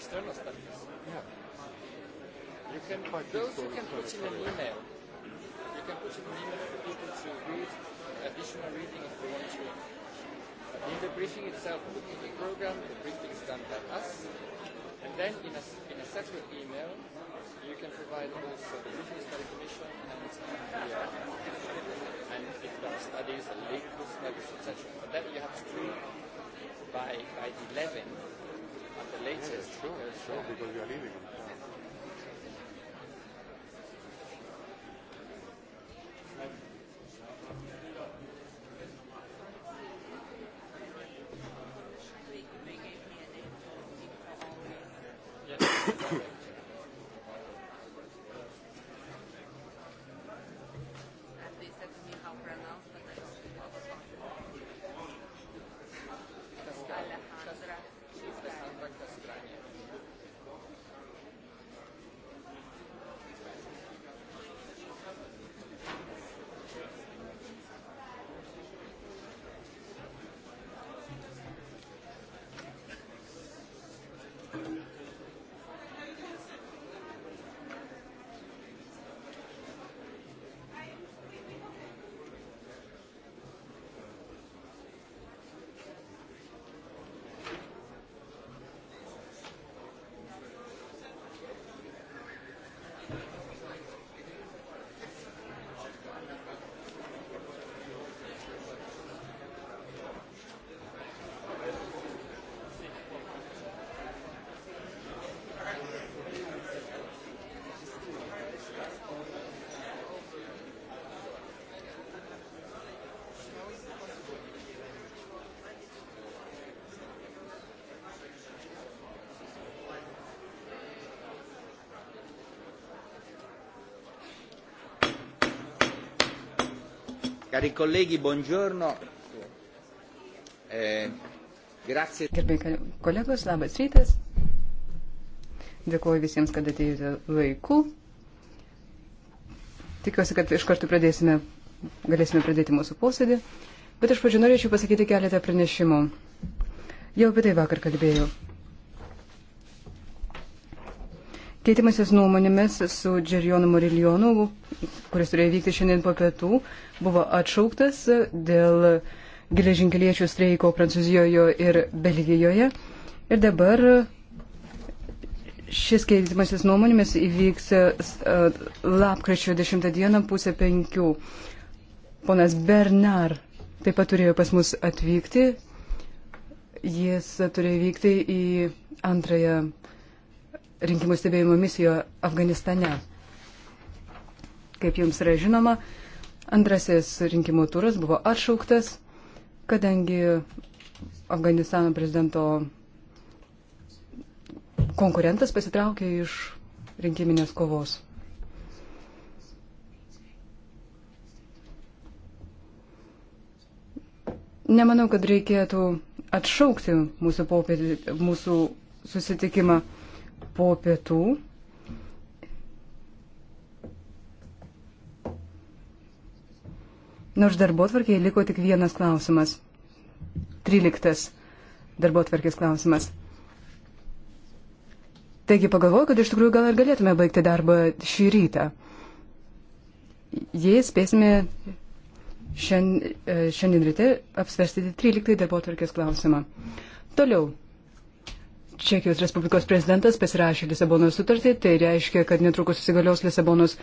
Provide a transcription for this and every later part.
external studies. Yeah. You can Quite those you can put in an email. You can put in an email for people to read additional reading if they want to. In the briefing itself, the briefing program, the briefing is done by us, and then in a, in a separate email, you can provide also the briefing study commission and, and the uh, and if there are studies, the link to studies, etc. But that you have to do by by the 11th the latest. Yeah, sure, because, sure, uh, because you are leaving on Cari colleghi, buongiorno. Eh, grazie. Gerbėjai kolegos, labas rytas. Dėkuoju visiems, kad atėjote laiku. Tikiuosi, kad iš karto pradėsime, galėsime pradėti mūsų posėdį. Bet aš pačiu norėčiau pasakyti keletą pranešimų. Jau apie tai vakar kalbėjau. Keitimasis nuomonėmis su Džerjonu Morilionu kuris turėjo vykti šiandien po pietų, buvo atšauktas dėl geležinkeliečių streiko Prancūzijoje ir Belgijoje. Ir dabar šis keitimasis nuomonėmis įvyks e, lapkričio 10 dieną pusę penkių. Ponas Bernard taip pat turėjo pas mus atvykti. Jis turėjo vykti į antrąją rinkimų stebėjimo misiją Afganistane. Kaip jums yra žinoma, antrasis rinkimų turas buvo atšauktas, kadangi Afganistano prezidento konkurentas pasitraukė iš rinkiminės kovos. Nemanau, kad reikėtų atšaukti mūsų, popietį, mūsų susitikimą po pietų. Nors darbo tvarkiai liko tik vienas klausimas. Tryliktas darbo tvarkės klausimas. Taigi pagalvoju, kad iš tikrųjų gal ir galėtume baigti darbą šį rytą. Jei spėsime šiandien, e, šiandien ryte apsvarstyti 13 darbo tvarkės klausimą. Toliau. Čekijos Respublikos prezidentas pasirašė Lisabonos sutartį, tai reiškia, kad netrukus įsigalios Lisabonos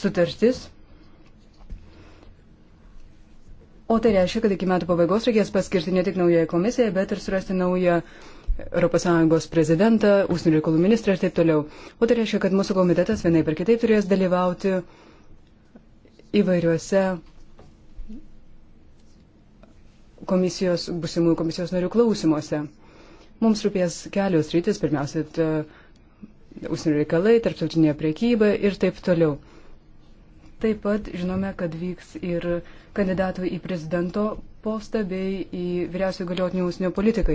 sutartis. O tai reiškia, kad iki metų pabaigos reikės paskirti ne tik naują komisiją, bet ir surasti naują ES prezidentą, užsienio reikalų ministrą ir taip toliau. O tai reiškia, kad mūsų komitetas vienai per kitaip turės dalyvauti įvairiuose komisijos, busimųjų komisijos narių klausimuose. Mums rūpės kelios rytis, pirmiausia, užsienio reikalai, tarptautinė priekyba ir taip toliau. Taip pat žinome, kad vyks ir kandidatų į prezidento postą bei į vyriausių galiotinių užsienio politikai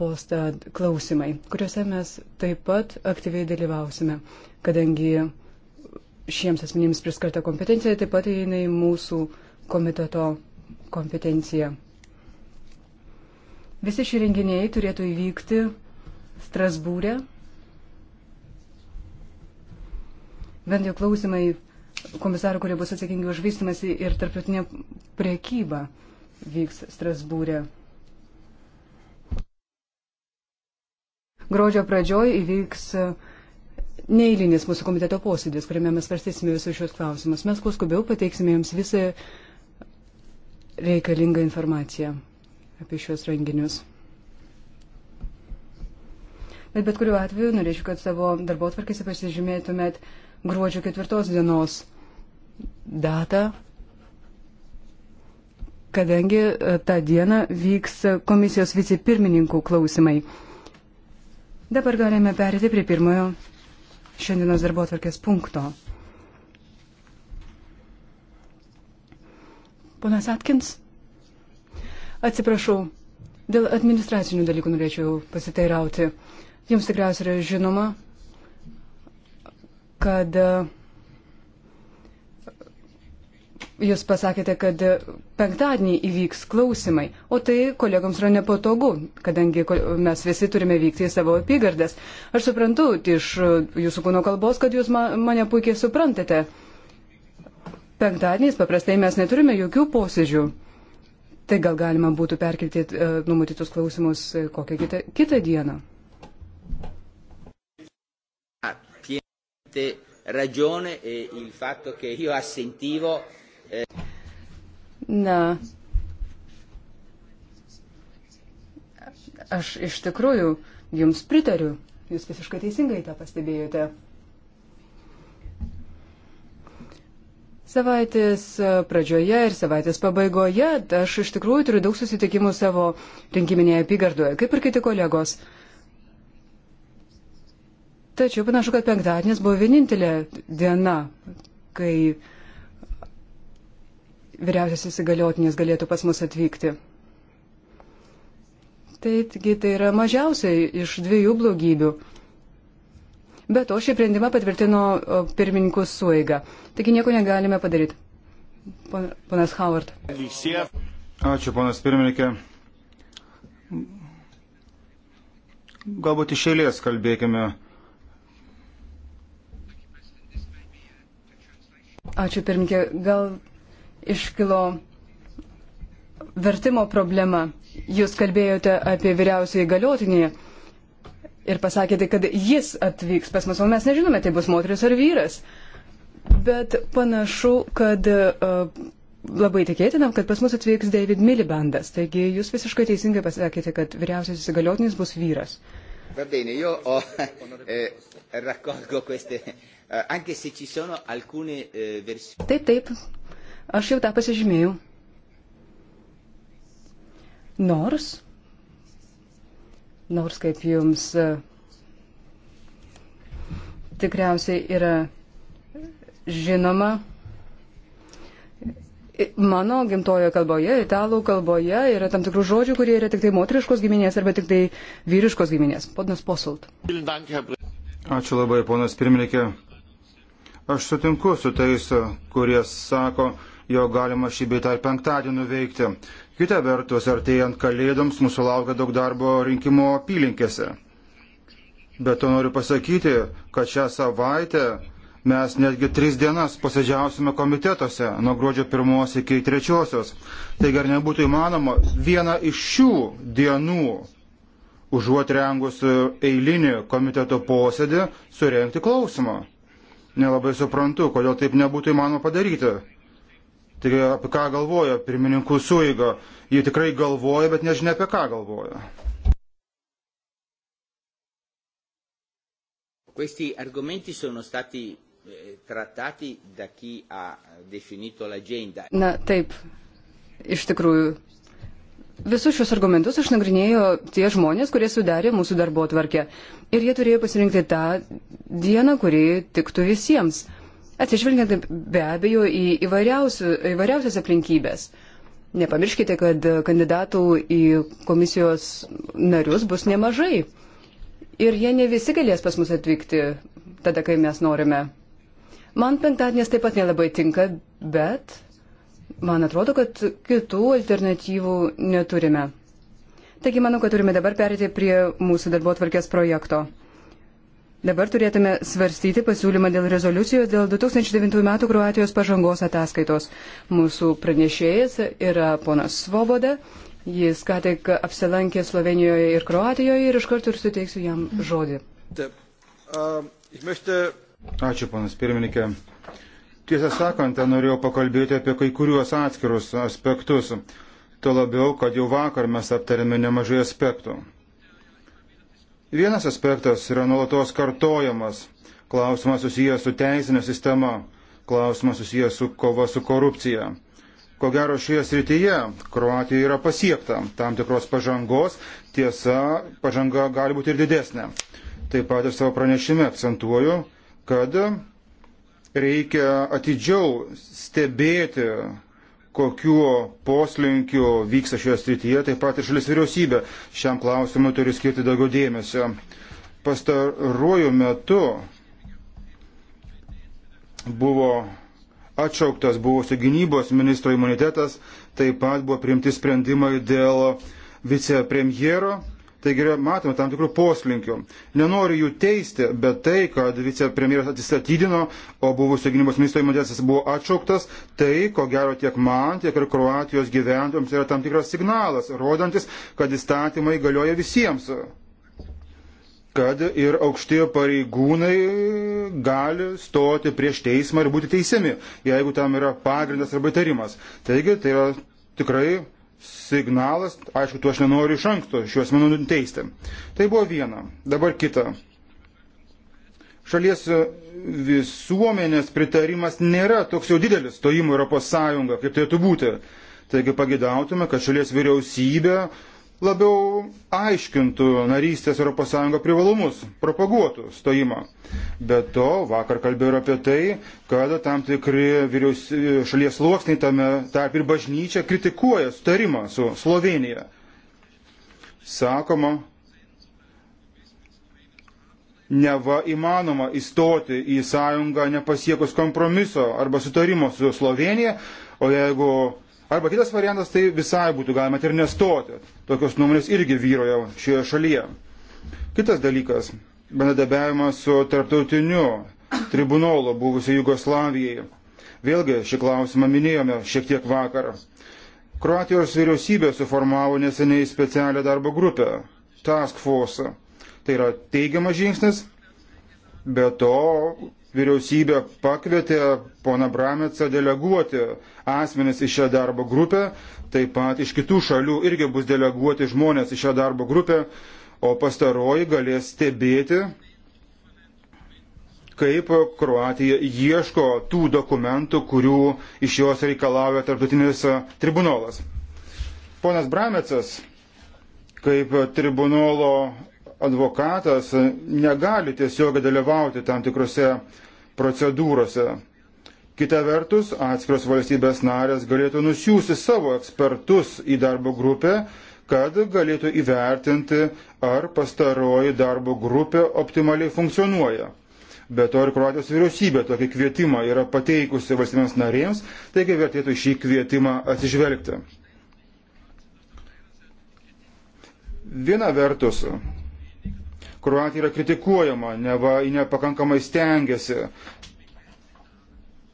postą klausimai, kuriuose mes taip pat aktyviai dalyvausime, kadangi šiems asmenims priskirta kompetencija taip pat įeina į mūsų komiteto kompetenciją. Visi šie renginiai turėtų įvykti Strasbūrė. Bent jau klausimai komisarų, kurie bus atsakingi už vystimąsi ir tarptautinė priekyba vyks Strasbūrė. Gruodžio pradžioj įvyks neįlinis mūsų komiteto posėdis, kuriame mes svarstysime visus šios klausimus. Mes kuo skubiau pateiksime jums visą reikalingą informaciją apie šios renginius. Bet bet kuriuo atveju norėčiau, kad savo darbo atvarkėse pasižymėtumėt gruodžio ketvirtos dienos datą, kadangi e, tą dieną vyks komisijos vicepirmininkų klausimai. Dabar galime perėti prie pirmojo šiandienos darbo atvarkės punkto. Ponas Atkins, atsiprašau, dėl administracinių dalykų norėčiau pasiteirauti. Jums tikriausiai yra žinoma, kad e, Jūs pasakėte, kad penktadienį įvyks klausimai, o tai kolegoms yra nepatogu, kadangi mes visi turime vykti į savo apygardas. Aš suprantu iš jūsų kūno kalbos, kad jūs mane puikiai suprantate. Penktadieniais paprastai mes neturime jokių posėdžių. Tai gal galima būtų perkelti e, numatytus klausimus e, kokią kitą, kitą dieną. Ragione e il fatto che io assentivo Na, aš iš tikrųjų jums pritariu. Jūs visiškai teisingai tą pastebėjote. Savaitės pradžioje ir savaitės pabaigoje aš iš tikrųjų turiu daug susitikimų savo rinkiminėje apygardoje, kaip ir kiti kolegos. Tačiau panašu, kad penktadienis buvo vienintelė diena, kai vyriausiasis įgaliotinis galėtų pas mus atvykti. Taigi tai yra mažiausiai iš dviejų blogybių. Be to, šį sprendimą patvirtino pirmininkų suiga. Taigi nieko negalime padaryti. Ponas Howard. Ačiū, ponas pirmininkė. Galbūt iš eilės kalbėkime. Ačiū, pirmininkė. Gal iškilo vertimo problema. Jūs kalbėjote apie vyriausiai galiotinį ir pasakėte, kad jis atvyks pas mus, o mes nežinome, tai bus moteris ar vyras. Bet panašu, kad uh, labai tikėtinam, kad pas mus atvyks David Milibandas. Taigi jūs visiškai teisingai pasakėte, kad vyriausiasis įgaliotinis bus vyras. Va bene, io ho, eh, raccolgo queste, eh, anche se ci sono alcune eh, versioni. Taip, taip, Aš jau tą pasižymėjau. Nors, nors kaip jums e, tikriausiai yra žinoma, mano gimtojo kalboje, italų kalboje yra tam tikrų žodžių, kurie yra tik tai moteriškos giminės arba tik tai vyriškos giminės. Podnas Posult. Ačiū labai, ponas pirmininkė. Aš sutinku su tais, kurie sako, jo galima šį beitą ir penktadienį nuveikti. Kita vertus, artėjant kalėdoms mūsų laukia daug darbo rinkimo apylinkėse. Bet to noriu pasakyti, kad šią savaitę mes netgi tris dienas posėdžiausime komitetuose nuo gruodžio pirmos iki trečiosios. Taigi ar nebūtų įmanoma vieną iš šių dienų, užuot rengus eilinį komiteto posėdį, surenkti klausimą? Nelabai suprantu, kodėl taip nebūtų įmanoma padaryti. Tai apie ką galvoja pirmininkų suiga. Jie tikrai galvoja, bet nežinia apie ką galvoja. Questi argomenti sono stati eh, trattati da chi ha definito l'agenda. Na taip, iš tikrųjų, visus šios argumentus išnagrinėjo tie žmonės, kurie sudarė mūsų darbo tvarkę. Ir jie turėjo pasirinkti tą dieną, kuri tiktų visiems. Atsižvelgiant be abejo į įvairiausias aplinkybės. Nepamirškite, kad kandidatų į komisijos narius bus nemažai. Ir jie ne visi galės pas mus atvykti tada, kai mes norime. Man penktadienis taip pat nelabai tinka, bet man atrodo, kad kitų alternatyvų neturime. Taigi manau, kad turime dabar perėti prie mūsų darbo atvarkės projekto. Dabar turėtume svarstyti pasiūlymą dėl rezoliucijos dėl 2009 m. Kroatijos pažangos ataskaitos. Mūsų pranešėjas yra ponas Svoboda. Jis ką tik apsilankė Slovenijoje ir Kroatijoje ir iš karto ir suteiksiu jam žodį. Ačiū, panas pirmininkė. Tiesą sakant, norėjau pakalbėti apie kai kuriuos atskirus aspektus. Tuo labiau, kad jau vakar mes aptarėme nemažai aspektų. Vienas aspektas yra nuolatos kartojamas. Klausimas susijęs su teisinė sistema, klausimas susijęs su kova su korupcija. Ko gero šioje srityje Kroatija yra pasiekta tam tikros pažangos, tiesa, pažanga gali būti ir didesnė. Taip pat ir savo pranešime akcentuoju, kad reikia atidžiau stebėti kokiu poslinkiu vyksta šioje srityje, taip pat ir šalis vyriausybė šiam klausimui turi skirti daugiau dėmesio. Pastaruoju metu buvo atšauktas buvusio gynybos ministro imunitetas, taip pat buvo priimti sprendimai dėl vicepremjero Taigi matome tam tikrų poslinkių. Nenoriu jų teisti, bet tai, kad vicepremjeras atsistatydino, o buvusio gynybos ministro imunitetas buvo atšauktas, tai, ko gero, tiek man, tiek ir Kroatijos gyventojams yra tam tikras signalas, rodantis, kad įstatymai galioja visiems kad ir aukšti pareigūnai gali stoti prieš teismą ir būti teisiami, jeigu tam yra pagrindas arba įtarimas. Taigi tai yra tikrai signalas, aišku, tu aš nenoriu iš anksto šiuos menų nuteisti. Tai buvo viena, dabar kita. Šalies visuomenės pritarimas nėra toks jau didelis stojimo Europos Sąjunga, kaip turėtų būti. Taigi pagidautume, kad šalies vyriausybė labiau aiškintų narystės ES privalumus, propaguotų stojimą. Be to, vakar kalbėjau apie tai, kad tam tikri vyriaus, šalies sluoksniai tame tarp ir bažnyčia kritikuoja sutarimą su Slovenija. Sakoma, neva įmanoma įstoti į sąjungą nepasiekus kompromiso arba sutarimo su Slovenija, o jeigu Arba kitas variantas, tai visai būtų galima ir nestoti. Tokios nuomonės irgi vyroja šioje šalyje. Kitas dalykas - bendradabiavimas su tarptautiniu tribunolu buvusiai Jugoslavijai. Vėlgi šį klausimą minėjome šiek tiek vakar. Kroatijos vyriausybė suformavo neseniai specialią darbo grupę - Task Force. Tai yra teigiamas žingsnis, bet to vyriausybė pakvietė poną Brametsą deleguoti asmenis į šią darbo grupę, taip pat iš kitų šalių irgi bus deleguoti žmonės į šią darbo grupę, o pastaroji galės stebėti, kaip Kroatija ieško tų dokumentų, kurių iš jos reikalauja tarptautinis tribunolas. Ponas Brametsas, kaip tribunolo advokatas negali tiesiog dalyvauti tam tikrose procedūrose. Kita vertus, atskiros valstybės narės galėtų nusiųsti savo ekspertus į darbo grupę, kad galėtų įvertinti, ar pastaroji darbo grupė optimaliai funkcionuoja. Be to ir Kroatijos vyriausybė tokį kvietimą yra pateikusi valstybėms narėms, taigi vertėtų šį kvietimą atsižvelgti. Viena vertus, Kroatija yra kritikuojama, neva ji nepakankamai stengiasi.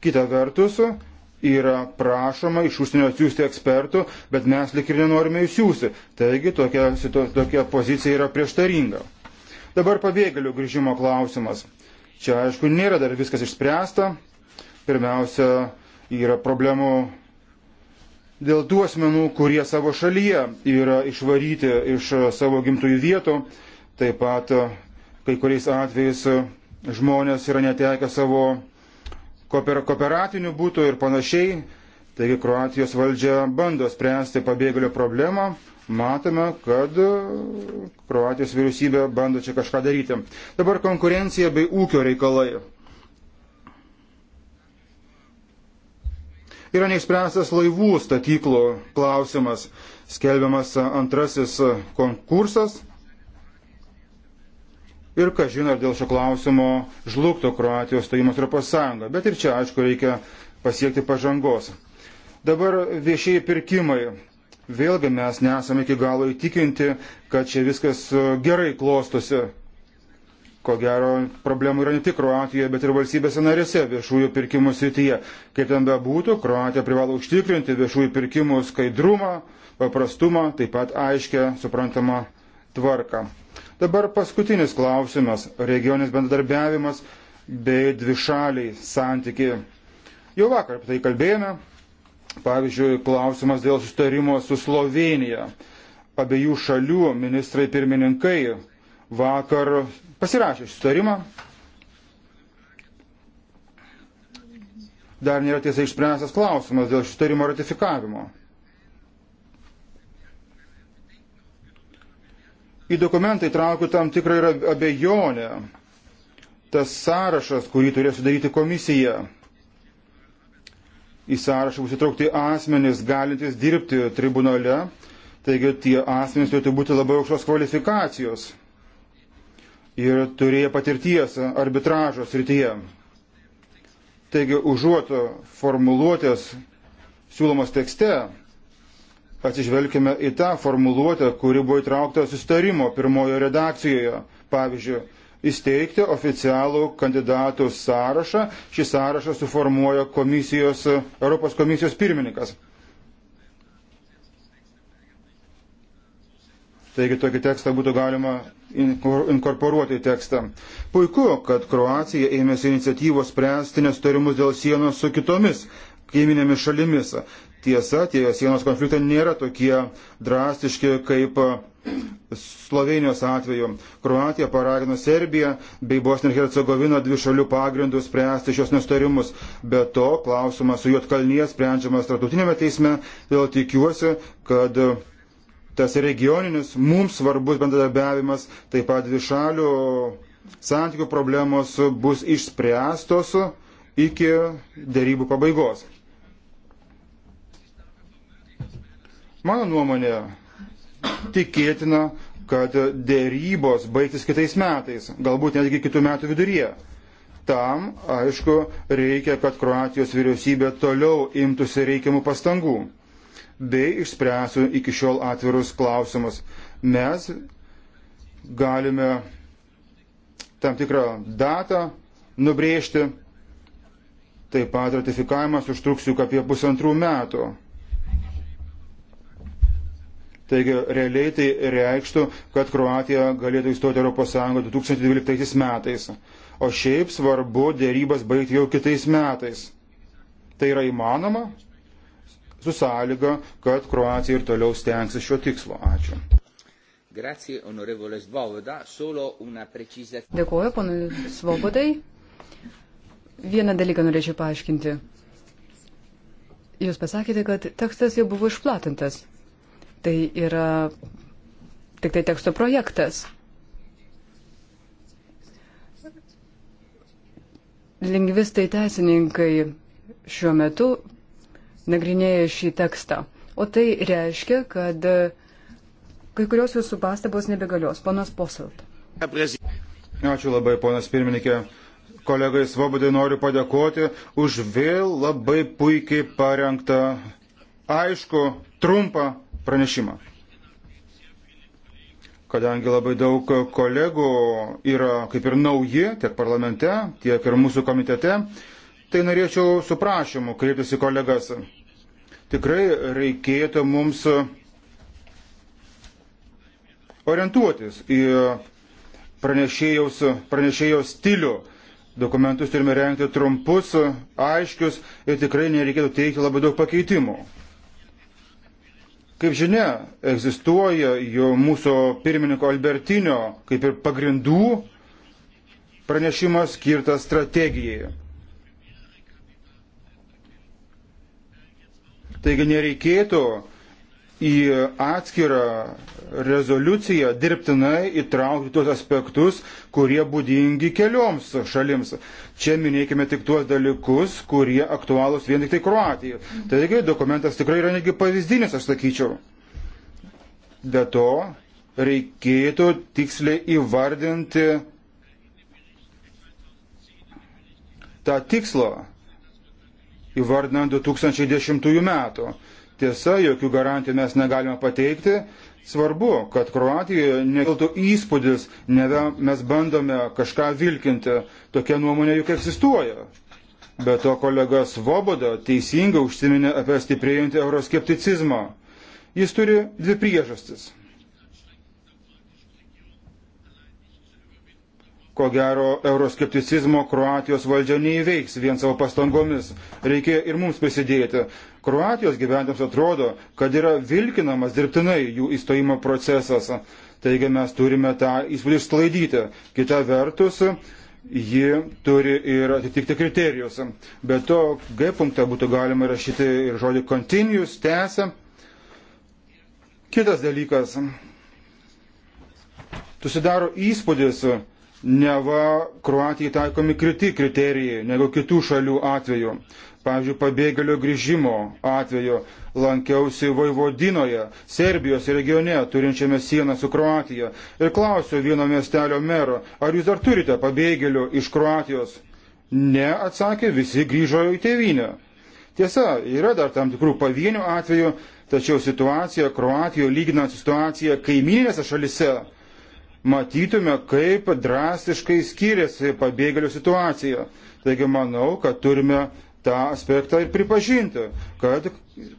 Kita vertus, yra prašoma iš užsienio atsiųsti ekspertų, bet mes lik ir nenorime jų siūsti. Taigi tokia, tokia pozicija yra prieštaringa. Dabar pabėgėlių grįžimo klausimas. Čia, aišku, nėra dar viskas išspręsta. Pirmiausia, yra problemų dėl tų asmenų, kurie savo šalyje yra išvaryti iš savo gimtųjų vietų. Taip pat e, kai kuriais atvejais e, žmonės yra netekę savo kooper, kooperatinių būtų ir panašiai. Taigi Kroatijos valdžia bando spręsti pabėgėlio problemą. Matome, kad e, Kroatijos vyriausybė bando čia kažką daryti. Dabar konkurencija bei ūkio reikalai. Yra neišspręstas laivų statyklų klausimas. Skelbiamas antrasis konkursas ir, ką žinai, dėl šio klausimo žlugtų Kroatijos stojimas Europos Sąjunga. Bet ir čia, aišku, reikia pasiekti pažangos. Dabar viešieji pirkimai. Vėlgi mes nesame iki galo įtikinti, kad čia viskas e, gerai klostosi. Ko gero, problemų yra ne tik Kroatijoje, bet ir valstybėse narėse viešųjų pirkimų srityje. Kaip ten bebūtų, Kroatija privalo užtikrinti viešųjų pirkimų skaidrumą, paprastumą, taip pat aiškę, suprantamą tvarką. Dabar paskutinis klausimas - regioninis bendradarbiavimas bei dvišaliai santykiai. Jau vakar apie tai kalbėjome. Pavyzdžiui, klausimas dėl sustarimo su Slovenija. Abiejų šalių ministrai pirmininkai vakar pasirašė sustarimą. Dar nėra tiesa išspręstas klausimas dėl sustarimo ratifikavimo. į dokumentą įtraukiu tam tikrą abejonę. Tas sąrašas, kurį turės sudaryti komisija, į sąrašą bus įtraukti asmenys galintys dirbti tribunale, taigi tie asmenys turėtų būti labai aukštos kvalifikacijos ir turėję patirties arbitražo srityje. Taigi užuot formuluotės siūlomos tekste atsižvelkime į tą formuluotę, kuri buvo įtraukta sustarimo pirmojo redakcijoje. Pavyzdžiui, įsteigti oficialų kandidatų sąrašą. Šį sąrašą suformuoja komisijos, Europos komisijos pirmininkas. Taigi tokį tekstą būtų galima inkorporuoti į tekstą. Puiku, kad Kroacija ėmėsi iniciatyvos spręsti nesutarimus dėl sienos su kitomis kaiminėmis šalimis. Tiesa, tie sienos konfliktai nėra tokie drastiški kaip Slovenijos atveju. Kroatija paragino Serbiją bei Bosniją ir Hercegoviną dvi šalių pagrindų spręsti šios nestarimus. Be to, klausimas su Jotkalnyje sprendžiamas tarptautinėme teisme, todėl tikiuosi, kad tas regioninis mums svarbus bendradarbiavimas, taip pat dvi šalių santykių problemos bus išspręstos iki dėrybų pabaigos. Mano nuomonė, tikėtina, kad dėrybos baigsis kitais metais, galbūt netgi kitų metų viduryje. Tam, aišku, reikia, kad Kroatijos vyriausybė toliau imtųsi reikiamų pastangų bei išspręsų iki šiol atvirus klausimus. Mes galime tam tikrą datą nubrėžti, taip pat ratifikavimas užtruks juk apie pusantrų metų. Taigi realiai tai reikštų, kad Kroatija galėtų įstoti Europos Sąjungą 2012 metais. O šiaip svarbu dėrybas baigti jau kitais metais. Tai yra įmanoma su sąlyga, kad Kroatija ir toliau stengsis šio tikslo. Ačiū. Grazie, onorevole Svoboda. Solo una precisa... Dėkuoju, ponui Svobodai. Vieną dalyką norėčiau paaiškinti. Jūs pasakėte, kad tekstas jau buvo išplatintas. Tai yra tik tai teksto projektas. Lingvistai teisininkai šiuo metu nagrinėja šį tekstą. O tai reiškia, kad kai kurios jūsų pastabos nebegalios. Ponas Posilt. Ačiū labai, ponas pirmininkė. Kolegai Svobodai noriu padėkoti už vėl labai puikiai parengtą, aišku, trumpą pranešimą. Kadangi labai daug kolegų yra kaip ir nauji tiek parlamente, tiek ir mūsų komitete, tai norėčiau su prašymu kreiptis į kolegas. Tikrai reikėtų mums orientuotis į pranešėjaus, pranešėjaus stilių. Dokumentus turime renkti trumpus, aiškius ir tikrai nereikėtų teikti labai daug pakeitimų. Kaip žinia, egzistuoja jo mūsų pirmininko Albertinio kaip ir pagrindų pranešimas skirtas strategijai. Taigi nereikėtų į atskirą rezoliuciją dirbtinai įtraukti tuos aspektus, kurie būdingi kelioms šalims. Čia minėkime tik tuos dalykus, kurie aktualūs vien tik tai Kroatijai. Taigi dokumentas tikrai yra negi pavyzdinis, aš sakyčiau. Be to, reikėtų tiksliai įvardinti tą tikslą, įvardinant 2010 metų Tiesa, jokių garantijų mes negalime pateikti. Svarbu, kad Kroatijoje nekiltų įspūdis, ne mes bandome kažką vilkinti. Tokia nuomonė juk egzistuoja. Be to kolega Svoboda teisingai užsiminė apie stiprėjantį euroskepticizmą. Jis turi dvi priežastis. Ko gero, euroskepticizmo Kroatijos valdžia neįveiks vien savo pastangomis. Reikia ir mums prisidėti. Kroatijos gyventojams atrodo, kad yra vilkinamas dirbtinai jų įstojimo procesas. Taigi mes turime tą įspūdį išsklaidyti. Kita vertus, ji turi ir atitikti kriterijus. Be to, G punktą būtų galima rašyti ir žodį continuous, tęsia. Kitas dalykas. Susidaro įspūdis, neva Kroatijai taikomi kriti kriterijai negu kitų šalių atveju. Pavyzdžiui, pabėgėlio grįžimo atveju lankiausi Vojvodinoje, Serbijos regione, turinčiame sieną su Kroatija. Ir klausiau vieno miestelio mero, ar jūs dar turite pabėgėlių iš Kroatijos? Ne, atsakė, visi grįžo į tėvynę. Tiesa, yra dar tam tikrų pavienių atvejų, tačiau situacija Kroatijoje lyginant situaciją kaimininėse šalise matytume, kaip drastiškai skiriasi pabėgėlių situacija. Taigi manau, kad turime tą aspektą ir pripažinti, kad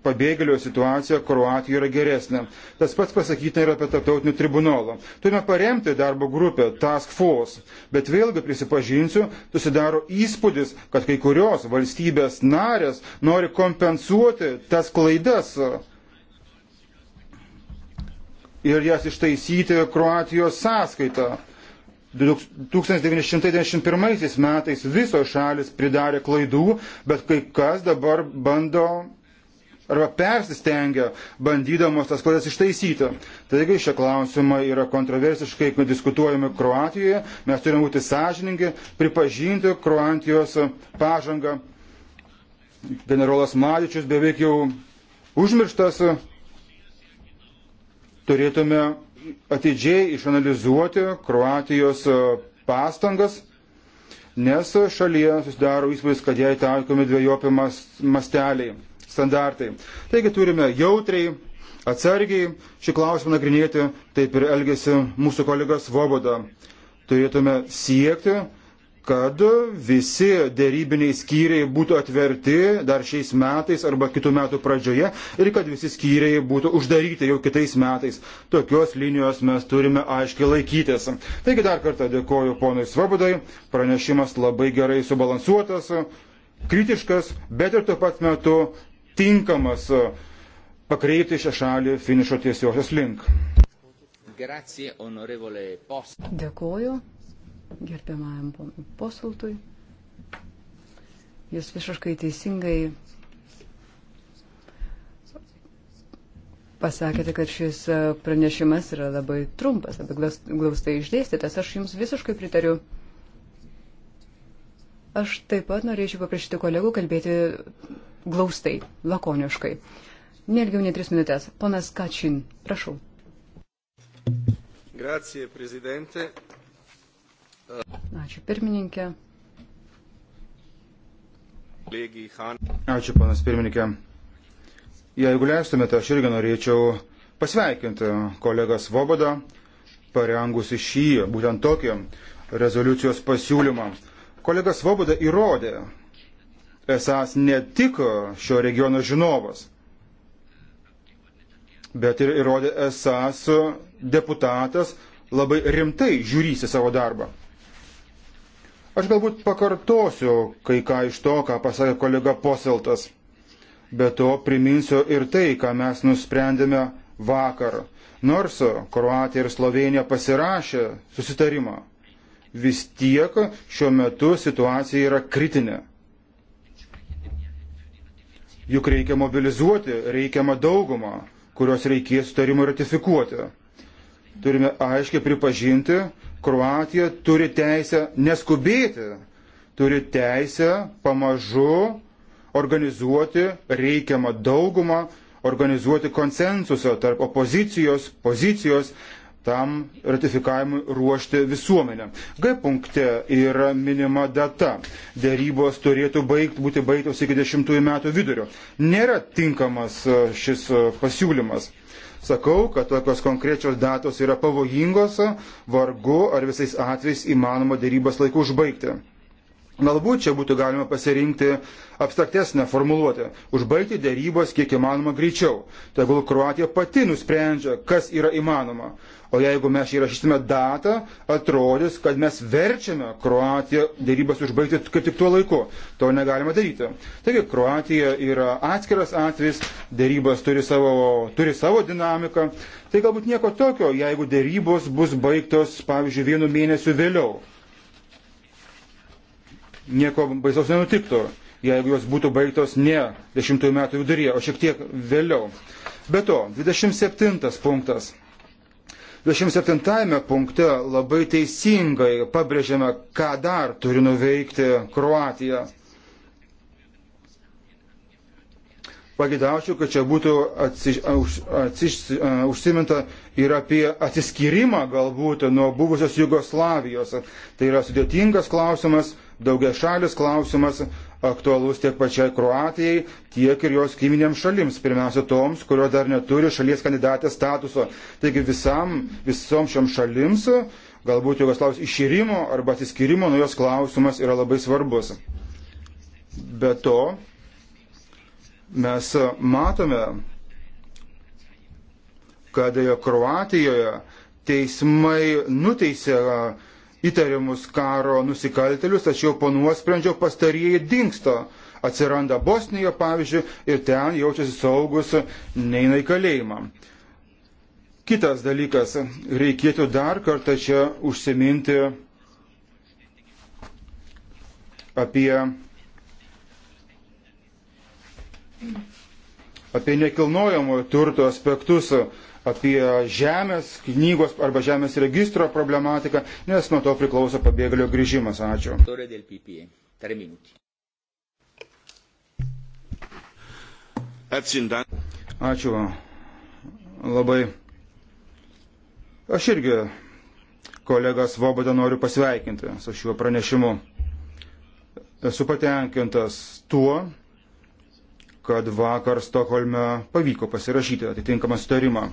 pabėgėlio situacija Kroatijoje yra geresnė. Tas pats pasakyta ir apie tarptautinį tribunolą. Turime paremti darbo grupę Task Force, bet vėlgi prisipažinsiu, susidaro įspūdis, kad kai kurios valstybės narės nori kompensuoti tas klaidas ir jas ištaisyti Kroatijos sąskaitą. 1991 metais visos šalis pridarė klaidų, bet kai kas dabar bando arba persistengia, bandydamos tas klaidas ištaisyti. Taigi šie klausimai yra kontroversiškai diskutuojami Kroatijoje, mes turime būti sąžiningi, pripažinti Kroatijos pažangą. Generolas Madičius beveik jau užmirštas, turėtume atidžiai išanalizuoti Kroatijos e, pastangas, nes šalyje susidaro įspūdis, kad jai taikomi dviejopi masteliai, standartai. Taigi turime jautriai, atsargiai šį klausimą nagrinėti, taip ir elgesi mūsų kolegas Voboda. Turėtume siekti, kad visi dėrybiniai skyriai būtų atverti dar šiais metais arba kitų metų pradžioje ir kad visi skyriai būtų uždaryti jau kitais metais. Tokios linijos mes turime aiškiai laikytis. Taigi dar kartą dėkoju ponui Svabudai, pranešimas labai gerai subalansuotas, kritiškas, bet ir tuo pat metu tinkamas pakreipti šią šalį finišo tiesiosios link. Grazie, Dėkuoju, gerbiamajam ponui Posultui. Jūs visiškai teisingai pasakėte, kad šis pranešimas yra labai trumpas, labai glaustai išdėstytas. Aš jums visiškai pritariu. Aš taip pat norėčiau paprašyti kolegų kalbėti glaustai, lakoniškai. Nelgiau nei tris minutės. Ponas Kačin, prašau. Grazie, prezidente. Ačiū pirmininkė. Ačiū, panas pirmininkė. Jeigu leistumėte, aš irgi norėčiau pasveikinti kolegą Svobodą, parengusi šį, būtent tokį rezoliucijos pasiūlymą. Kolega Svoboda įrodė, esas ne tik šio regiono žinovas, bet ir įrodė esas deputatas labai rimtai žiūrysi savo darbą. Aš galbūt pakartosiu kai ką iš to, ką pasakė kolega Poseltas. Be to priminsiu ir tai, ką mes nusprendėme vakar. Nors Kroatija ir Slovenija pasirašė susitarimą, vis tiek šiuo metu situacija yra kritinė. Juk reikia mobilizuoti reikiamą daugumą, kurios reikės sutarimą ratifikuoti. Turime aiškiai pripažinti, Kroatija turi teisę neskubėti, turi teisę pamažu organizuoti reikiamą daugumą, organizuoti konsensusą tarp opozicijos, pozicijos, tam ratifikavimui ruošti visuomenę. G punkte yra minima data. Dėrybos turėtų baigt, būti baigtos iki 10 metų vidurio. Nėra tinkamas e, šis e, pasiūlymas sakau, kad tokios konkrečios datos yra pavojingos, vargu ar visais atvejais įmanoma dėrybas laiku užbaigti. Galbūt čia būtų galima pasirinkti abstraktesnę formuluotę - užbaigti dėrybos kiek įmanoma greičiau. Tegul Kroatija pati nusprendžia, kas yra įmanoma. O jeigu mes įrašysime datą, atrodys, kad mes verčiame Kroatiją dėrybas užbaigti kaip tik tuo laiku. To negalima daryti. Taigi Kroatija yra atskiras atvejis, dėrybas turi savo, turi savo dinamiką. Tai galbūt nieko tokio, jeigu dėrybos bus baigtos, pavyzdžiui, vienu mėnesiu vėliau. Nieko baisaus nenutiktų jeigu jos būtų baigtos ne 10 metų viduryje, o šiek tiek vėliau. Be to, 27 punktas. 27 punkte labai teisingai pabrėžiame, ką dar turi nuveikti Kroatija. Pagidaučiau, kad čia būtų atsiž, už, atsiž, užsiminta ir apie atsiskyrimą galbūt nuo buvusios Jugoslavijos. Tai yra sudėtingas klausimas, daugia šalis klausimas, aktualus tiek pačiai Kroatijai, tiek ir jos kaiminėms šalims, pirmiausia toms, kurios dar neturi šalies kandidatės statuso. Taigi visam, visom šiom šalims, galbūt Jugoslavijos iširimo arba atsiskirimo nuo jos klausimas yra labai svarbus. Be to, mes matome, kad Kroatijoje teismai nuteisė įtariamus karo nusikaltelius, tačiau po nuosprendžio pastarieji dinksta. Atsiranda Bosnija, pavyzdžiui, ir ten jaučiasi saugus, neina į kalėjimą. Kitas dalykas, reikėtų dar kartą čia užsiminti apie, apie nekilnojamojo turto aspektus apie žemės knygos arba žemės registro problematiką, nes nuo to priklauso pabėgėlio grįžimas. Ačiū. E, Ačiū labai. Aš irgi kolegą Svobodą noriu pasveikinti su šiuo pranešimu. Esu patenkintas tuo, kad vakar Stokholme pavyko pasirašyti atitinkamą sutarimą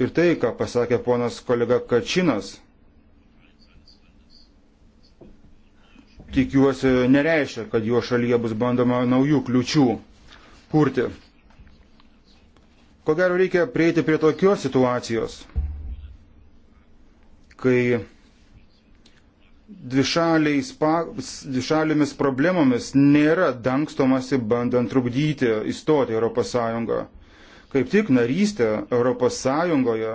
ir tai, ką pasakė ponas kolega Kačinas, tikiuosi, nereiškia, kad jo šalyje bus bandoma naujų kliučių kurti. Ko gero reikia prieiti prie tokios situacijos, kai dvišalėmis problemomis nėra dangstomasi bandant trukdyti įstoti Europos Sąjungą. Kaip tik narystė ES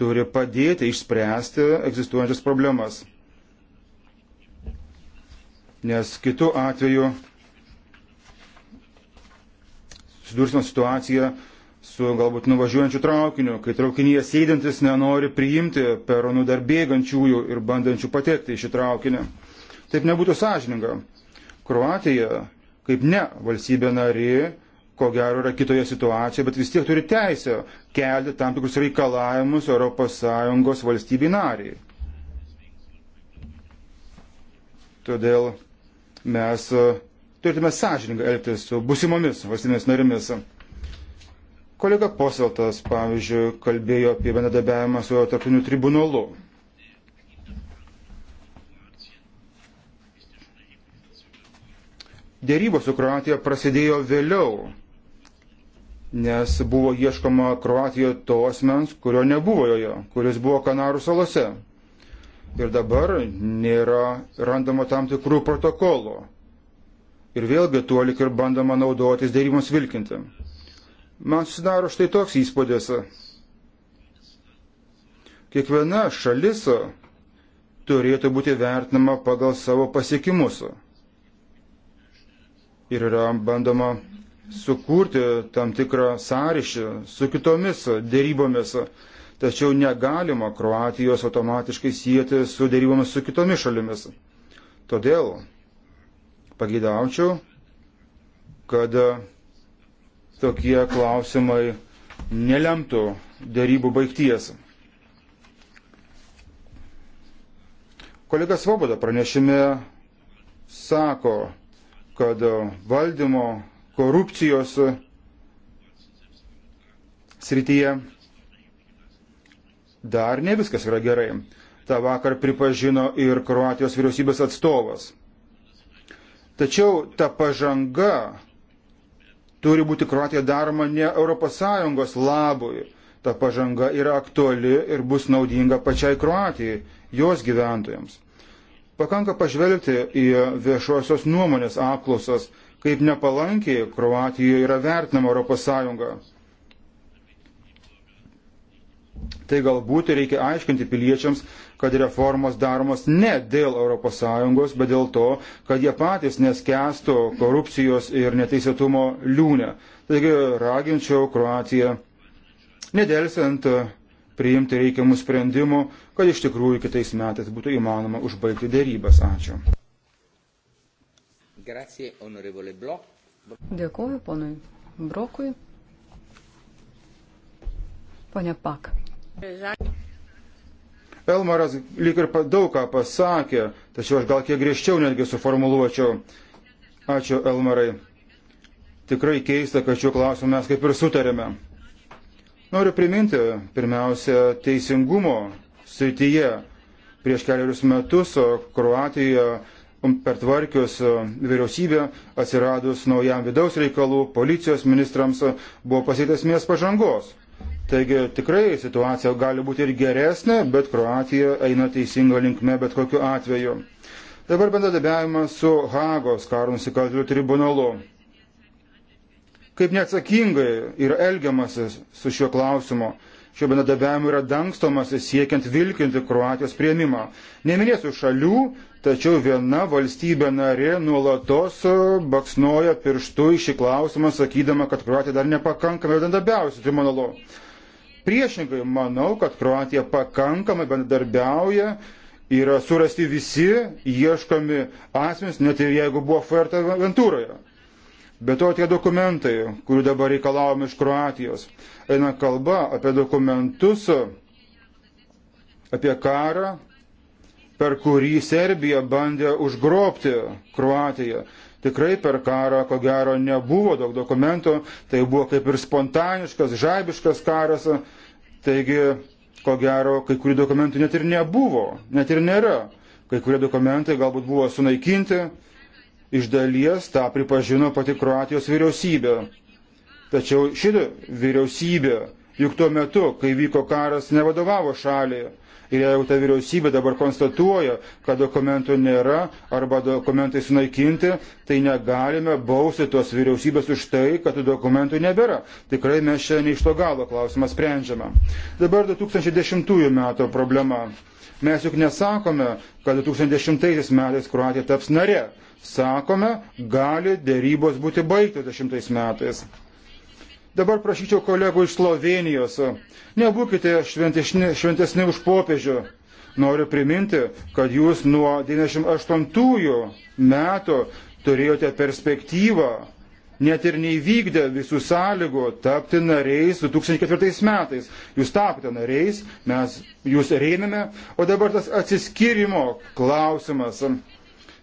turi padėti išspręsti egzistuojančias problemas. Nes kitu atveju susidursime situaciją su galbūt nuvažiuojančiu traukiniu, kai traukinyje sėdintis nenori priimti peronų dar bėgančiųjų ir bandančių patekti į šį traukinį. Taip nebūtų sąžininga. Kroatija, kaip ne valstybė narė, ko gero yra kitoje situacijoje, bet vis tiek turi teisę kelti tam tikrus reikalavimus ES valstybei nariai. Todėl mes e, turėtume sąžininkai elgtis su busimomis valstybės narimis. Kolega Poseltas, pavyzdžiui, kalbėjo apie bendradarbiavimą su tarptautiniu tribunolu. Dėrybos su Kroatija prasidėjo vėliau nes buvo ieškoma Kroatijoje to asmens, kurio nebuvo joje, kuris buvo Kanarų salose. Ir dabar nėra randama tam tikrų protokolų. Ir vėlgi tuo lik ir bandoma naudotis dėrybams vilkinti. Man susidaro štai toks įspūdis. Kiekviena šalis turėtų būti vertinama pagal savo pasiekimus. Ir yra bandoma sukurti tam tikrą sąryšį su kitomis dėrybomis, tačiau negalima Kroatijos automatiškai sieti su dėrybomis su kitomis šalimis. Todėl pagėdaučiau, kad tokie klausimai nelemtų dėrybų baigties. Kolega Svoboda pranešime sako, kad valdymo korupcijos e, srityje dar ne viskas yra gerai. Ta vakar pripažino ir Kroatijos vyriausybės atstovas. Tačiau ta pažanga turi būti Kroatija daroma ne ES labui. Ta pažanga yra aktuali ir bus naudinga pačiai Kroatijai, jos gyventojams. Pakanka pažvelgti į viešosios nuomonės apklausas kaip nepalankiai Kroatijoje yra vertinama ES. Tai galbūt reikia aiškinti piliečiams, kad reformos daromos ne dėl ES, bet dėl to, kad jie patys neskestų korupcijos ir neteisėtumo liūnę. Taigi raginčiau Kroatiją nedelsiant priimti reikiamų sprendimų, kad iš tikrųjų kitais metais būtų įmanoma užbaigti dėrybas. Ačiū. Grazie, honorevole Blok. Dėkuoju ponui Brokui. Pone Pak. Elmaras lyg ir daug ką pasakė, tačiau aš gal kiek griežčiau netgi suformuluočiau. Ačiū Elmarai. Tikrai keista, kad šiuo klausimu mes kaip ir sutarėme. Noriu priminti, pirmiausia, teisingumo srityje. Prieš keliarius metus Kroatijoje pertvarkius e, vyriausybę, atsiradus naujam vidaus reikalų, policijos ministrams e, buvo pasitesmės pažangos. Taigi tikrai situacija gali būti ir geresnė, bet Kroatija eina teisinga linkme bet kokiu atveju. Dabar bendradabiavimas su Hagos karo nusikaltėlių tribunolu. Kaip neatsakingai yra elgiamasi su šiuo klausimu šio bendradarbiavimo yra dangstomas siekiant vilkinti Kroatijos prieimimą. Neminėsiu šalių, tačiau viena valstybė narė nuolatos e, baksnoja pirštu į šį klausimą, sakydama, kad Kroatija dar nepakankamai bendradarbiausi, tai manau. Priešingai, manau, kad Kroatija pakankamai bendradarbiauja yra surasti visi ieškami asmenys, net ir jeigu buvo Fuerteventūroje. Be to tie dokumentai, kurių dabar reikalavome iš Kroatijos, eina kalba apie dokumentus, apie karą, per kurį Serbija bandė užgrobti Kroatiją. Tikrai per karą, ko gero, nebuvo daug dokumentų, tai buvo kaip ir spontaniškas, žaibiškas karas, taigi, ko gero, kai kurių dokumentų net ir nebuvo, net ir nėra. Kai kurie dokumentai galbūt buvo sunaikinti, Iš dalies tą pripažino pati Kroatijos vyriausybė. Tačiau šitą vyriausybę, juk tuo metu, kai vyko karas, nevadovavo šaliai. Ir jeigu ta vyriausybė dabar konstatuoja, kad dokumentų nėra arba dokumentai sunaikinti, tai negalime bausti tos vyriausybės už tai, kad tų dokumentų nebėra. Tikrai mes šiandien iš to galo klausimą sprendžiame. Dabar 2010 metų problema. Mes juk nesakome, kad 2010 metais Kroatija taps narė sakome, gali dėrybos būti baigtos dešimtais metais. Dabar prašyčiau kolegų iš Slovenijos, nebūkite šventesni, šventesni už popiežių. Noriu priminti, kad jūs nuo 98 metų turėjote perspektyvą, net ir neįvykdę visų sąlygų, tapti nariais 2004 metais. Jūs tapote nariais, mes jūs reiname, o dabar tas atsiskirimo klausimas.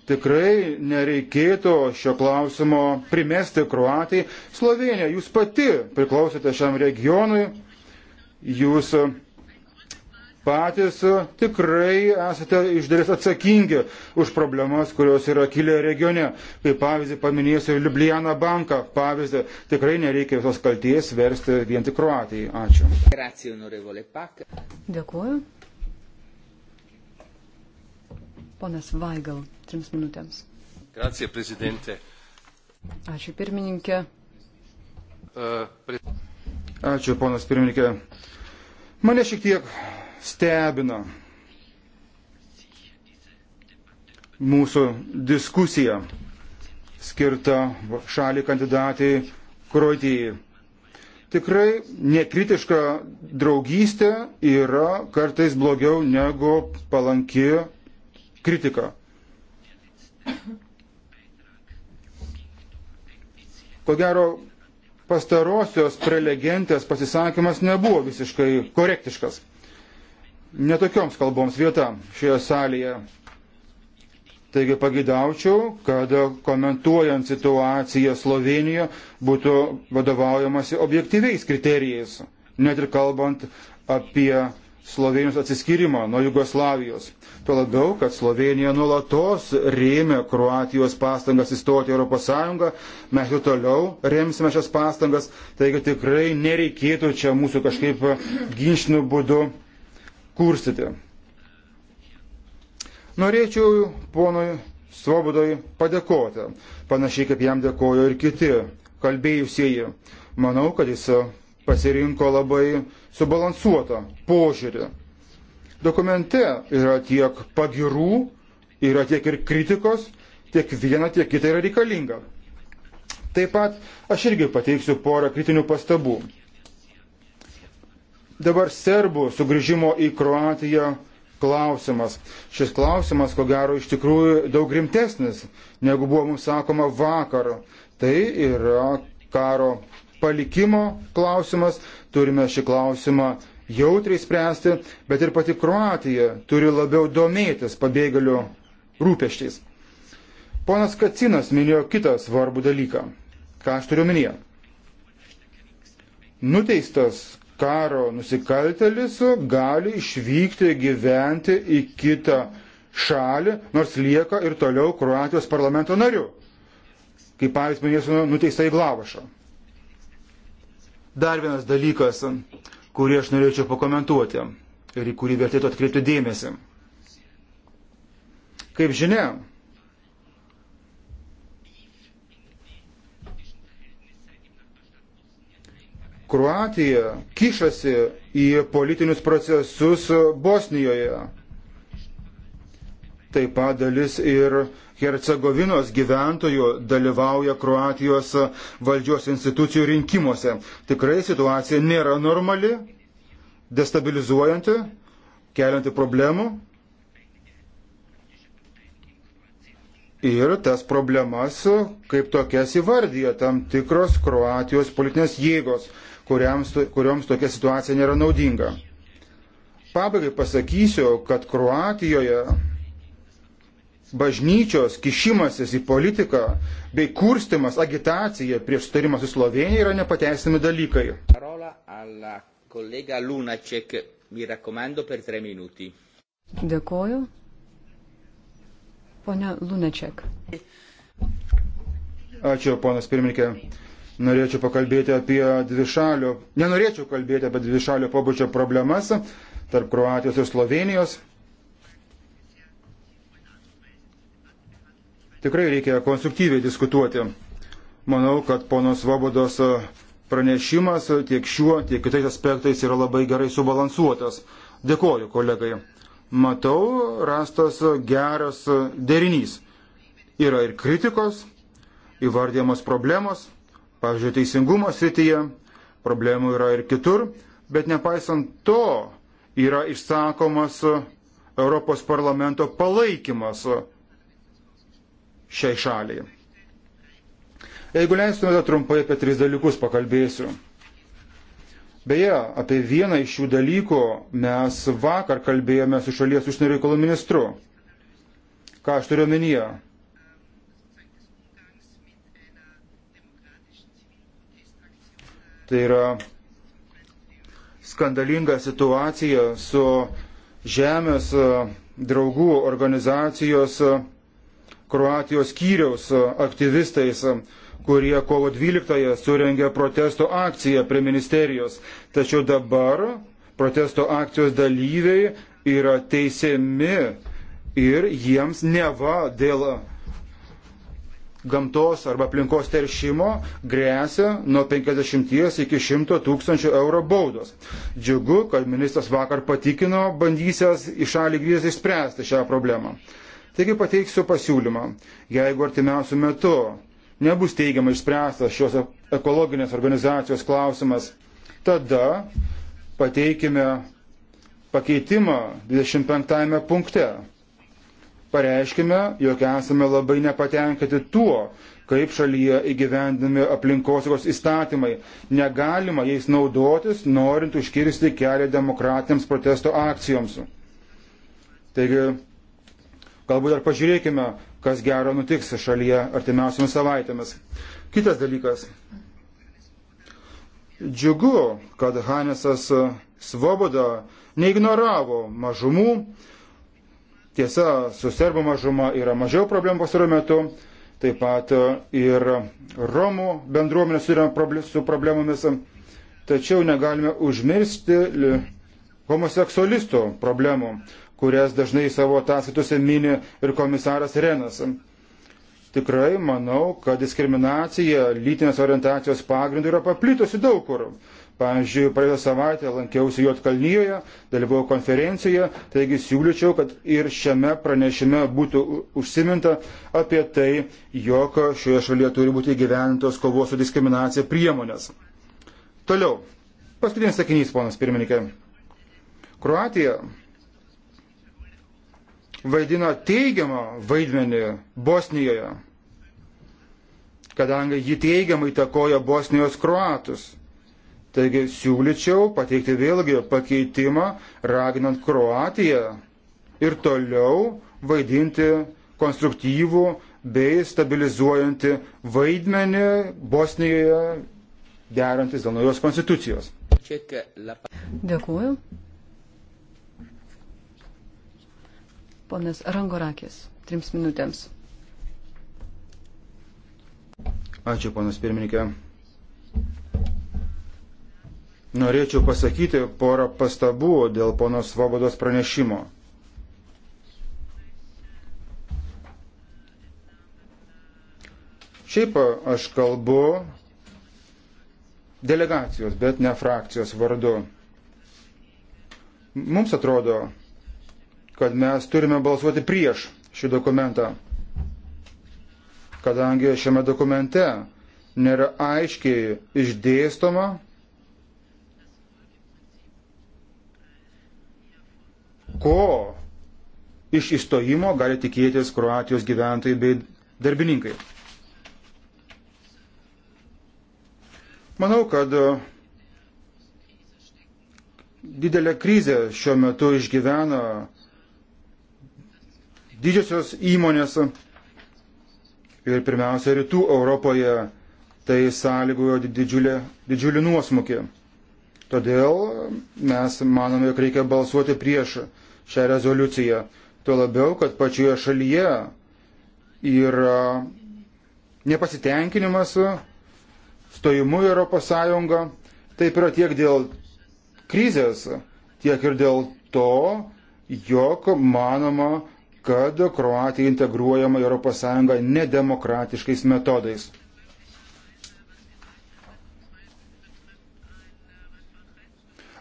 Tikrai nereikėtų šio klausimo primesti Kroatijai. Slovenija, jūs pati priklausote šiam regionui, jūs patys tikrai esate iš dalies atsakingi už problemas, kurios yra kilę regione. Kaip pavyzdį paminėsiu Ljubljana banką. Pavyzdį tikrai nereikia visos kalties versti vien tik Kroatijai. Ačiū. Dėkuoju. Ponas Vaigal trims minutėms. Grazie, prezidentė. Ačiū, pirmininkė. Uh, Ačiū, ponas pirmininkė. Mane šiek tiek stebina mūsų diskusija skirta šaliai kandidatai Kroatijai. Tikrai nekritiška draugystė yra kartais blogiau negu palanki kritika. Ko gero, pastarosios prelegentės pasisakymas nebuvo visiškai korektiškas. Netokioms kalboms vieta šioje salėje. Taigi pagidaučiau, kad komentuojant situaciją Slovenijoje būtų vadovaujamasi objektyviais kriterijais, net ir kalbant apie Slovenijos atsiskyrimą nuo Jugoslavijos. Tuo labiau, kad Slovenija nulatos rėmė Kroatijos pastangas įstoti Europos Sąjungą, mes ir toliau remsime šias pastangas, taigi tikrai nereikėtų čia mūsų kažkaip ginčinių būdų kurstyti. Norėčiau ponui Svobodoj padėkoti, panašiai kaip jam dėkojo ir kiti kalbėjusieji. Manau, kad jis pasirinko labai subalansuotą požiūrį. Dokumente yra tiek pagirų, yra tiek ir kritikos, tiek viena, tiek kita yra reikalinga. Taip pat aš irgi pateiksiu porą kritinių pastabų. Dabar serbų sugrįžimo į Kroatiją klausimas. Šis klausimas, ko gero, iš tikrųjų daug rimtesnis, negu buvo mums sakoma vakar. Tai yra karo palikimo klausimas, turime šį klausimą jautriai spręsti, bet ir pati Kroatija turi labiau domėtis pabėgėlių rūpeščiais. Ponas Kacinas minėjo kitą svarbų dalyką. Ką aš turiu minėję? Nuteistas karo nusikaltelis gali išvykti gyventi į kitą šalį, nors lieka ir toliau Kroatijos parlamento nariu. Kaip pavyzdys minėsiu nuteistą į Glavašą. Dar vienas dalykas, kurį aš norėčiau pakomentuoti ir į kurį vertėtų atkreipti dėmesį. Kaip žinia, Kroatija kišasi į politinius procesus Bosnijoje taip pat dalis ir Hercegovinos gyventojų dalyvauja Kroatijos valdžios institucijų rinkimuose. Tikrai situacija nėra normali, destabilizuojanti, kelianti problemų. Ir tas problemas kaip tokias įvardyja tam tikros Kroatijos politinės jėgos, kuriams, kurioms tokia situacija nėra naudinga. Pabaigai pasakysiu, kad Kroatijoje bažnyčios kišimasis į politiką bei kurstimas agitacija prieš sutarimą su Slovenija yra nepateisinami dalykai. Dėkoju. Pone Lunaček. Ačiū, ponas pirmininkė. Norėčiau pakalbėti apie dvišalio, nenorėčiau kalbėti apie dvišalio pobūdžio problemas tarp Kroatijos ir Slovenijos. Tikrai reikia konstruktyviai diskutuoti. Manau, kad ponos Vabodos e, pranešimas tiek šiuo, tiek kitais aspektais yra labai gerai subalansuotas. Dėkoju kolegai. Matau, rastas geras derinys. Yra ir kritikos, įvardėmas problemos, pavyzdžiui, teisingumo srityje, problemų yra ir kitur, bet nepaisant to yra išsakomas Europos parlamento palaikymas šiai šaliai. Jeigu leistumėte trumpai apie tris dalykus pakalbėsiu. Beje, apie vieną iš šių dalykų mes vakar kalbėjome su šalies užsienio reikalų ministru. Ką aš turiu omenyje? Tai yra skandalinga situacija su žemės e, draugų organizacijos e, Kroatijos kyriaus e, aktyvistais, e, kurie kovo 12-ąją surengė protesto akciją prie ministerijos. Tačiau dabar protesto akcijos dalyviai yra teisiami ir jiems neva dėl gamtos arba aplinkos teršimo grėsia nuo 50 iki 100 tūkstančių eurų baudos. Džiugu, kad ministras vakar patikino bandysias į šalį grįžęs išspręsti šią problemą. Taigi pateiksiu pasiūlymą. Jeigu artimiausių metų nebus teigiamai išspręstas šios ekologinės organizacijos klausimas, tada pateikime pakeitimą 25 punkte. Pareiškime, jog esame labai nepatenkinti tuo, kaip šalyje įgyvendinami aplinkosaugos įstatymai. Negalima jais naudotis, norint užkirsti kelią demokratiniams protesto akcijoms. Taigi Galbūt dar pažiūrėkime, kas gero nutiks šalyje artimiausiamis savaitėmis. Kitas dalykas. Džiugu, kad Hanesas Svoboda neignoravo mažumų. Tiesa, su serbų mažuma yra mažiau problemų pastaruoju metu. Taip pat ir Romų bendruomenė susiduria su problemomis. Tačiau negalime užmiršti homoseksualistų problemų kurias dažnai savo ataskaitose mini ir komisaras Renas. Tikrai manau, kad diskriminacija lytinės orientacijos pagrindų yra paplitusi daug kur. Pavyzdžiui, praėjusią savaitę lankiausi Jotkalnyje, dalyvau konferencijoje, taigi siūlyčiau, kad ir šiame pranešime būtų užsiminta apie tai, jog šioje šalyje turi būti gyventos kovos su diskriminacija priemonės. Toliau. Paskutinis sakinys, ponas pirmininkė. Kroatija vaidino teigiamą vaidmenį Bosnijoje, kadangi ji teigiamai įtakoja Bosnijos kruatus. Taigi siūlyčiau pateikti vėlgi pakeitimą, raginant Kroatiją ir toliau vaidinti konstruktyvų bei stabilizuojantį vaidmenį Bosnijoje derantis dėl naujos konstitucijos. Dėkuoju. Ponas Rangorakis, trims minutėms. Ačiū, ponas pirmininkė. Norėčiau pasakyti porą pastabų dėl ponos Svobodos pranešimo. Šiaip aš kalbu delegacijos, bet ne frakcijos vardu. Mums atrodo, kad mes turime balsuoti prieš šį dokumentą, kadangi šiame dokumente nėra aiškiai išdėstoma, ko iš įstojimo gali tikėtis Kroatijos gyventojai bei darbininkai. Manau, kad didelę krizę šiuo metu išgyvena didžiosios įmonės ir pirmiausia rytų Europoje tai sąlygojo didžiulė, didžiulį nuosmukį. Todėl mes manome, jog reikia balsuoti prieš šią rezoliuciją. Tuo labiau, kad pačioje šalyje yra nepasitenkinimas stojimu į ES. Taip yra tiek dėl krizės, tiek ir dėl to, jog manoma, kad Kroatija integruojama į ES nedemokratiškais metodais.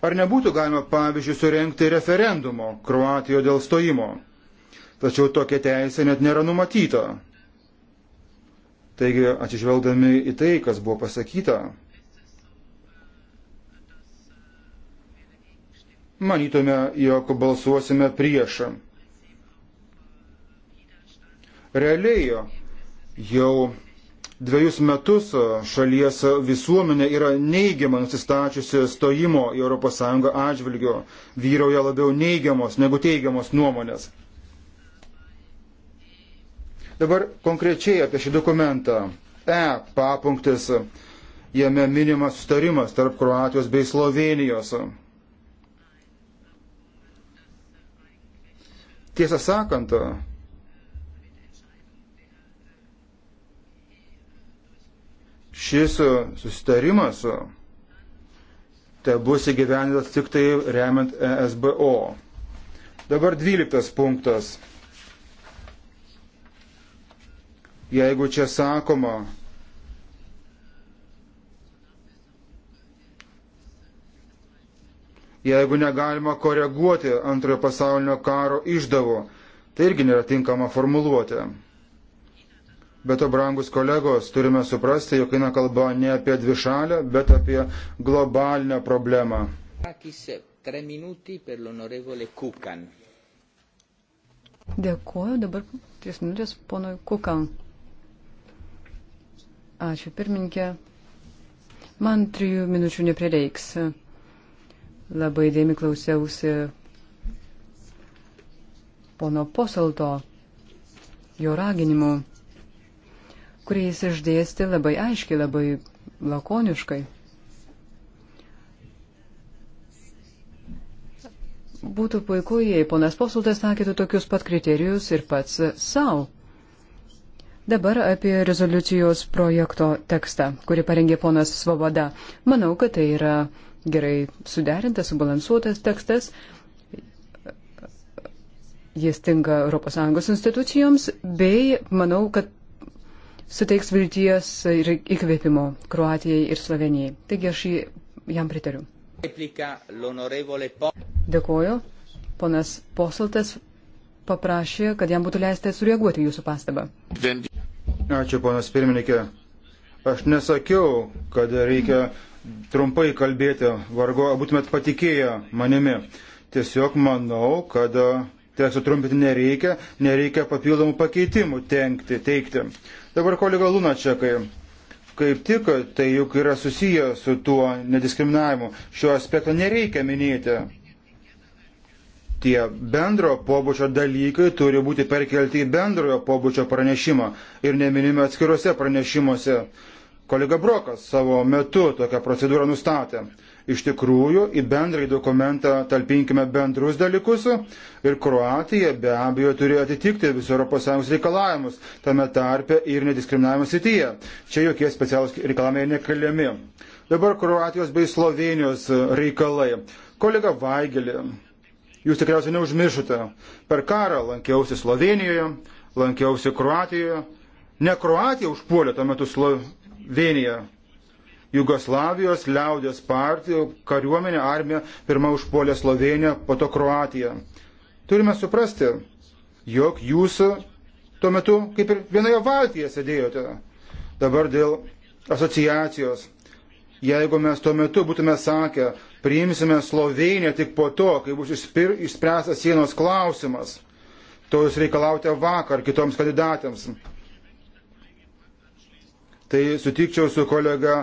Ar nebūtų galima, pavyzdžiui, surenkti referendumo Kroatijoje dėl stojimo? Tačiau tokia teisė net nėra numatyta. Taigi, atsižvelgdami į tai, kas buvo pasakyta, manytume, jog balsuosime priešą. Realiai jau dviejus metus šalies visuomenė yra neigiamai nusistačiusi stojimo į ES atžvilgiu, vyrauja labiau neigiamos negu teigiamos nuomonės. Dabar konkrečiai apie šį dokumentą. E papunktis jame minimas sustarimas tarp Kroatijos bei Slovenijos. Tiesą sakant, šis susitarimas te bus įgyvendintas tik tai remiant ESBO. Dabar 12 punktas. Jeigu čia sakoma, jeigu negalima koreguoti antrojo pasaulinio karo išdavo, tai irgi nėra tinkama formuluotė. Bet to, brangus kolegos, turime suprasti, jog eina kalba ne apie dvišalę, bet apie globalinę problemą. Dėkuoju, dabar tris minutės ponui Kukan. Ačiū, pirmininkė. Man trijų minučių neprireiks. Labai dėmi klausiausi pono Posalto, jo raginimu kurį jis išdėstė labai aiškiai, labai lakoniškai. Būtų puiku, jei ponas Posultas sakytų tokius pat kriterijus ir pats savo. Dabar apie rezoliucijos projekto tekstą, kurį parengė ponas Svoboda. Manau, kad tai yra gerai suderintas, subalansuotas tekstas. Jis tinka ES institucijoms, bei manau, kad suteiks vilties ir įkvėpimo Kroatijai ir Slovenijai. Taigi aš jam pritariu. Dėkoju. Ponas Posaltas paprašė, kad jam būtų leista sureaguoti jūsų pastabą. Ačiū, ponas pirmininkė. Aš nesakiau, kad reikia trumpai kalbėti, vargo būtumėt patikėję manimi. Tiesiog manau, kad teksto trumpinti nereikia, nereikia papildomų pakeitimų tenkti, teikti. Dabar kolega Lunačekai, kaip tik tai juk yra susiję su tuo nediskriminavimu, šio aspekto nereikia minėti. Tie bendro pobūdžio dalykai turi būti perkelti į bendrojo pobūdžio pranešimą ir neminime atskiruose pranešimuose. Kolega Brokas savo metu tokią procedūrą nustatė. Iš tikrųjų, į bendrąjį dokumentą talpinkime bendrus dalykus ir Kroatija be abejo turi atitikti visų ES reikalavimus, tame tarpe ir nediskriminavimo srityje. Čia jokie specialūs reikalavimai nekaliami. Dabar Kroatijos bei Slovenijos reikalai. Kolega Vaigelė, jūs tikriausiai neužmiršote, per karą lankiausi Slovenijoje, lankiausi Kroatijoje. Ne Kroatija užpuolė tuo metu Sloveniją. Jugoslavijos liaudės partijų kariuomenė, armija pirmą užpuolė Sloveniją, po to Kroatiją. Turime suprasti, jog jūs tuo metu kaip ir vienoje valtyje sėdėjote. Dabar dėl asociacijos. Jeigu mes tuo metu būtume sakę, priimsime Sloveniją tik po to, kai bus išspręstas sienos klausimas, to jūs reikalaujate vakar kitoms kandidatėms. Tai sutikčiau su kolega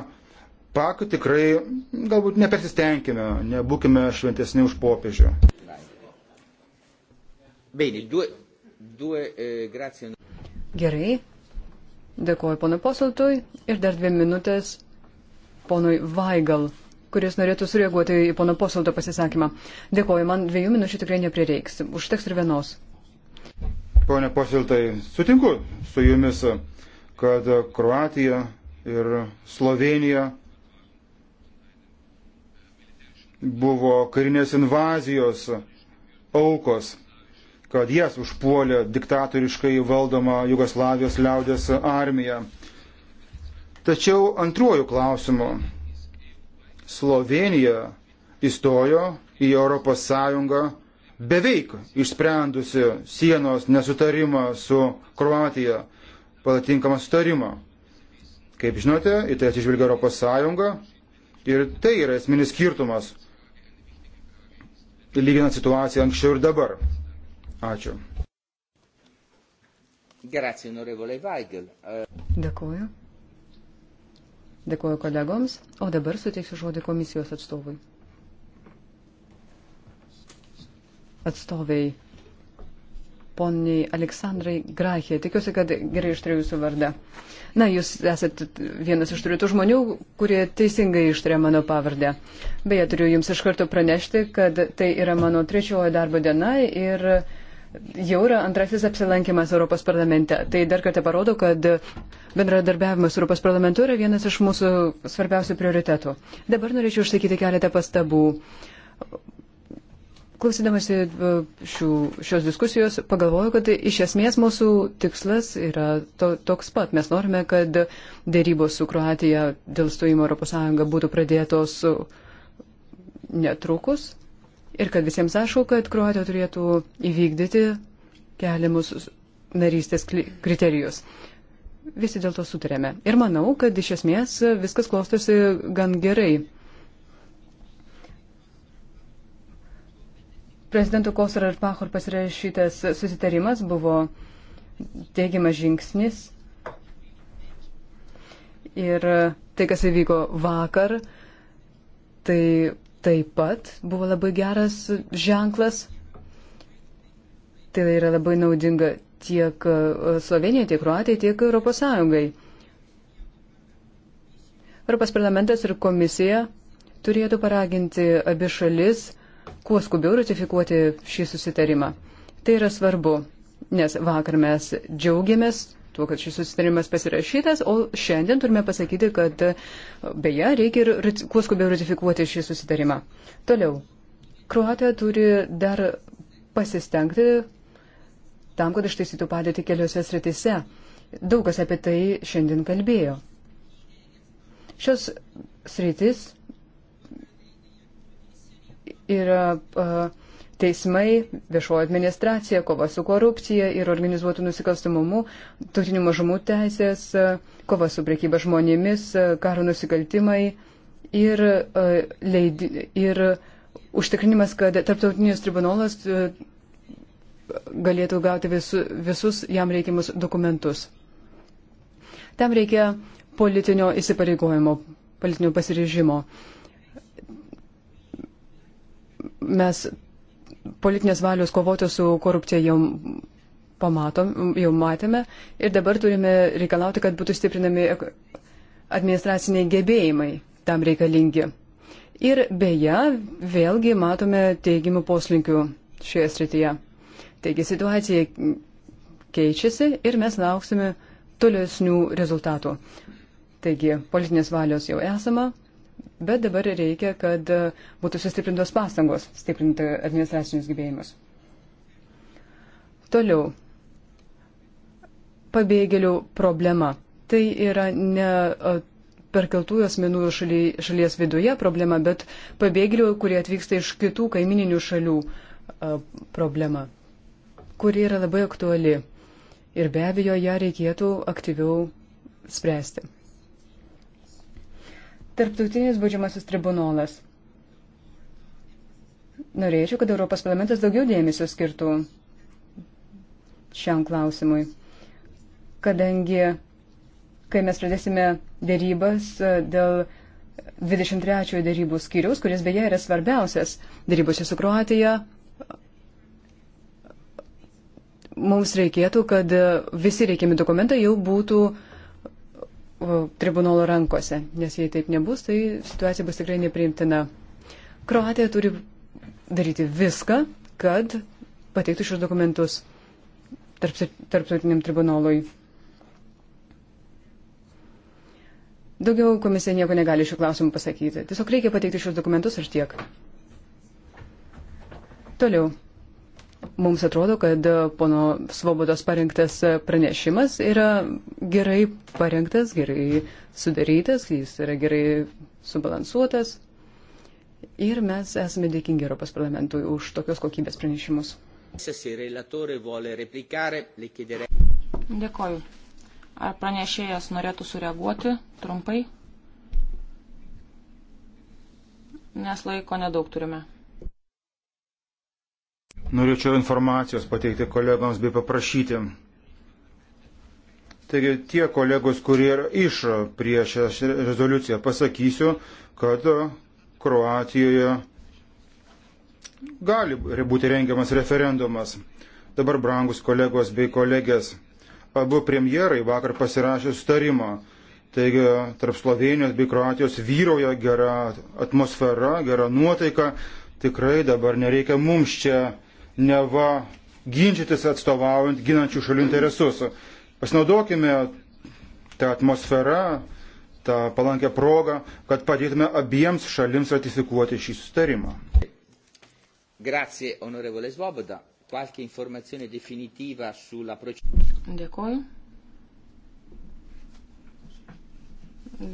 pak tikrai galbūt nepersistenkime, nebūkime šventesni už popiežių. Eh, Gerai, dėkuoju ponui Posaltui ir dar dvi minutės ponui Vaigal, kuris norėtų sureaguoti į pono Posalto pasisakymą. Dėkuoju, man dviejų minučių tikrai neprireiks, užteks ir vienos. Pone Posaltai, sutinku su jumis, kad Kroatija ir Slovenija buvo karinės invazijos aukos, kad jas užpuolė diktatoriškai valdoma Jugoslavijos liaudės armija. Tačiau antruoju klausimu Slovenija įstojo į ES beveik išsprendusi sienos nesutarimą su Kroatija, palatinkamą sutarimą. Kaip žinote, į tai atsižvelgia Europos Sąjunga ir tai yra esminis skirtumas lyginant situaciją anksčiau ir dabar. Ačiū. Grazie, onorevole Weigel. Dėkuoju. Dėkuoju kolegoms, o dabar suteiksiu žodį komisijos atstovui. Atstovai poniai Aleksandrai Grahė. Tikiuosi, kad gerai ištariu jūsų vardą. Na, jūs esate vienas iš turėtų žmonių, kurie teisingai ištarė mano pavardę. Beje, turiu jums iš karto pranešti, kad tai yra mano trečiojo darbo diena ir jau yra antrasis apsilankimas Europos parlamente. Tai dar kartą parodo, kad bendradarbiavimas Europos parlamentu yra vienas iš mūsų svarbiausių prioritetų. Dabar norėčiau išsakyti keletą pastabų Klausydamasi e, šių, šios diskusijos, pagalvoju, kad iš esmės mūsų tikslas yra to, toks pat. Mes norime, kad dėrybos su Kroatija dėl stojimo Europos Sąjunga būtų pradėtos netrukus ir kad visiems aišku, kad Kroatija turėtų įvykdyti keliamus narystės kriterijus. Visi dėl to sutarėme. Ir manau, kad iš esmės viskas klostosi gan gerai. Prezidento Kosaro ir Pahor pasirašytas susitarimas buvo teigiamas žingsnis. Ir tai, kas įvyko vakar, tai taip pat buvo labai geras ženklas. Tai yra labai naudinga tiek e, Slovenijai, tiek Kroatijai, tiek Europos Sąjungai. Europos parlamentas ir komisija turėtų paraginti abi šalis kuo skubiau ratifikuoti šį susitarimą. Tai yra svarbu, nes vakar mes džiaugiamės tuo, kad šis susitarimas pasirašytas, o šiandien turime pasakyti, kad beje, reikia ir kuo skubiau ratifikuoti šį susitarimą. Toliau. Kruatija turi dar pasistengti tam, kad ištaisytų padėti keliose sritise. Daug kas apie tai šiandien kalbėjo. Šios sritis yra teismai, viešoji administracija, kova su korupcija ir organizuotų nusikalstamumu, tautinių mažumų teisės, kova su priekyba žmonėmis, karo nusikaltimai ir, leidi, ir užtikrinimas, kad tarptautinis tribunolas galėtų gauti visu, visus jam reikiamus dokumentus. Tam reikia politinio įsipareigojimo, politinio pasirežimo. Uh, mes politinės valios kovoti su korupcija jau, pamatom, jau matėme ir dabar turime reikalauti, kad būtų stiprinami administraciniai gebėjimai tam reikalingi. Ir beje, vėlgi matome teigiamų poslinkių šioje srityje. Taigi situacija keičiasi ir mes lauksime tolesnių rezultatų. Taigi politinės valios jau esama, Bet dabar reikia, kad būtų sustiprintos pastangos stiprinti administracinius gyvėjimus. Toliau. Pabėgėlių problema. Tai yra ne perkeltųjų asmenų šaly, šalies viduje problema, bet pabėgėlių, kurie atvyksta iš kitų kaimininių šalių problema, kuri yra labai aktuali. Ir be abejo, ją reikėtų aktyviau spręsti tarptautinis baudžiamasis tribunolas. Norėčiau, kad Europos parlamentas daugiau dėmesio skirtų šiam klausimui, kadangi, kai mes pradėsime dėrybas e, dėl 23 dėrybų skyrius, kuris beje yra svarbiausias dėrybose su Kroatija, mums reikėtų, kad visi reikiami dokumentai jau būtų uh, tribunolo rankose, nes jei taip nebus, tai situacija bus tikrai nepriimtina. Kroatija turi daryti viską, kad pateiktų šios dokumentus tarptautiniam tribunolui. Daugiau komisija nieko negali šių klausimų pasakyti. Tiesiog reikia pateikti šios dokumentus ir tiek. Toliau. Mums atrodo, kad e, pono Svobodos parengtas e, pranešimas yra gerai parengtas, gerai sudarytas, jis yra gerai subalansuotas. Ir mes esame dėkingi Europos parlamentui už tokios kokybės pranešimus. Dėkoju. Ar pranešėjas norėtų sureaguoti trumpai? Nes laiko nedaug turime. Norėčiau informacijos pateikti kolegams bei paprašyti. Taigi tie kolegos, kurie yra iš prieš šią rezoliuciją, pasakysiu, kad Kroatijoje gali būti rengiamas referendumas. Dabar, brangus kolegos bei kolegės, abu premjerai vakar pasirašė sutarimą. Taigi tarp Slovenijos bei Kroatijos vyrauja gera atmosfera, gera nuotaika. Tikrai dabar nereikia mums čia neva ginčytis atstovaujant ginančių šalių interesus. Pasinaudokime tą atmosferą, tą palankę progą, kad padėtume abiems šalims ratifikuoti šį sustarimą. Grazie, onorevole Svoboda. Qualche informazione definitiva sulla procedura. Dėkoju.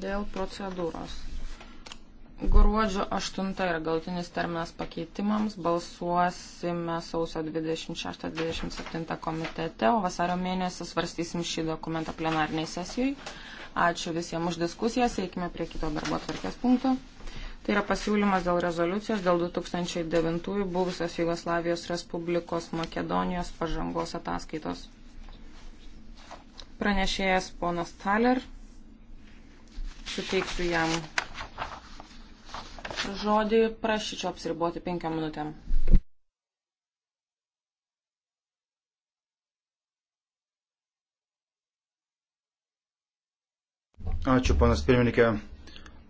Dėl procedūros. Gruodžio 8 yra galtinis terminas pakeitimams, balsuosime sausio 26-27 komitete, o vasario mėnesį svarstysim šį dokumentą plenarniai sesijai. Ačiū visiems už diskusijas, eikime prie kito darbo atvarkės punkto. Tai yra pasiūlymas dėl rezoliucijos dėl 2009 buvusios Jugoslavijos Respublikos Makedonijos pažangos ataskaitos. Pranešėjas ponas Taler. Suteiksiu jam žodį prašyčiau apsiriboti penkiam minutėm. Ačiū, panas pirmininkė.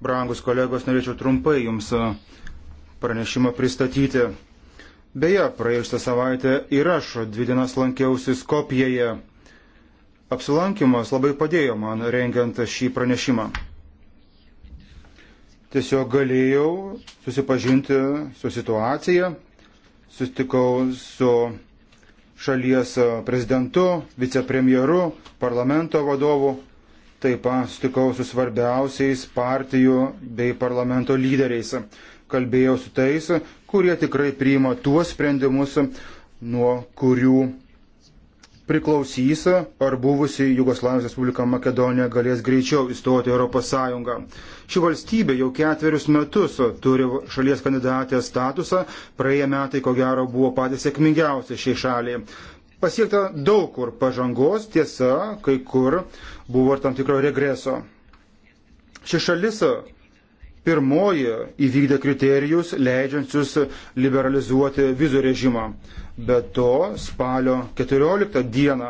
Brangus kolegos, norėčiau trumpai Jums e, pranešimą pristatyti. Beje, praėjusią savaitę ir aš dvi dienas lankiausi Skopijoje. Apsilankimas labai padėjo man rengiant šį pranešimą tiesiog galėjau susipažinti su situacija, sustikau su šalies prezidentu, vicepremjeru, parlamento vadovu, taip pat sutikau su svarbiausiais partijų bei parlamento lyderiais. Kalbėjau su tais, kurie tikrai priima tuos sprendimus, nuo kurių priklausys, ar buvusi Jugoslavijos Respublika Makedonija galės greičiau įstoti Europos Sąjungą. Ši valstybė jau ketverius metus turi šalies kandidatės statusą, praėję metai ko gero buvo patys sėkmingiausi šiai šaliai. Pasiekta daug kur pažangos, tiesa, kai kur buvo ir tam tikro regreso. Ši šalis pirmoji įvykdė kriterijus leidžiančius liberalizuoti vizų režimą. Be to, spalio 14 dieną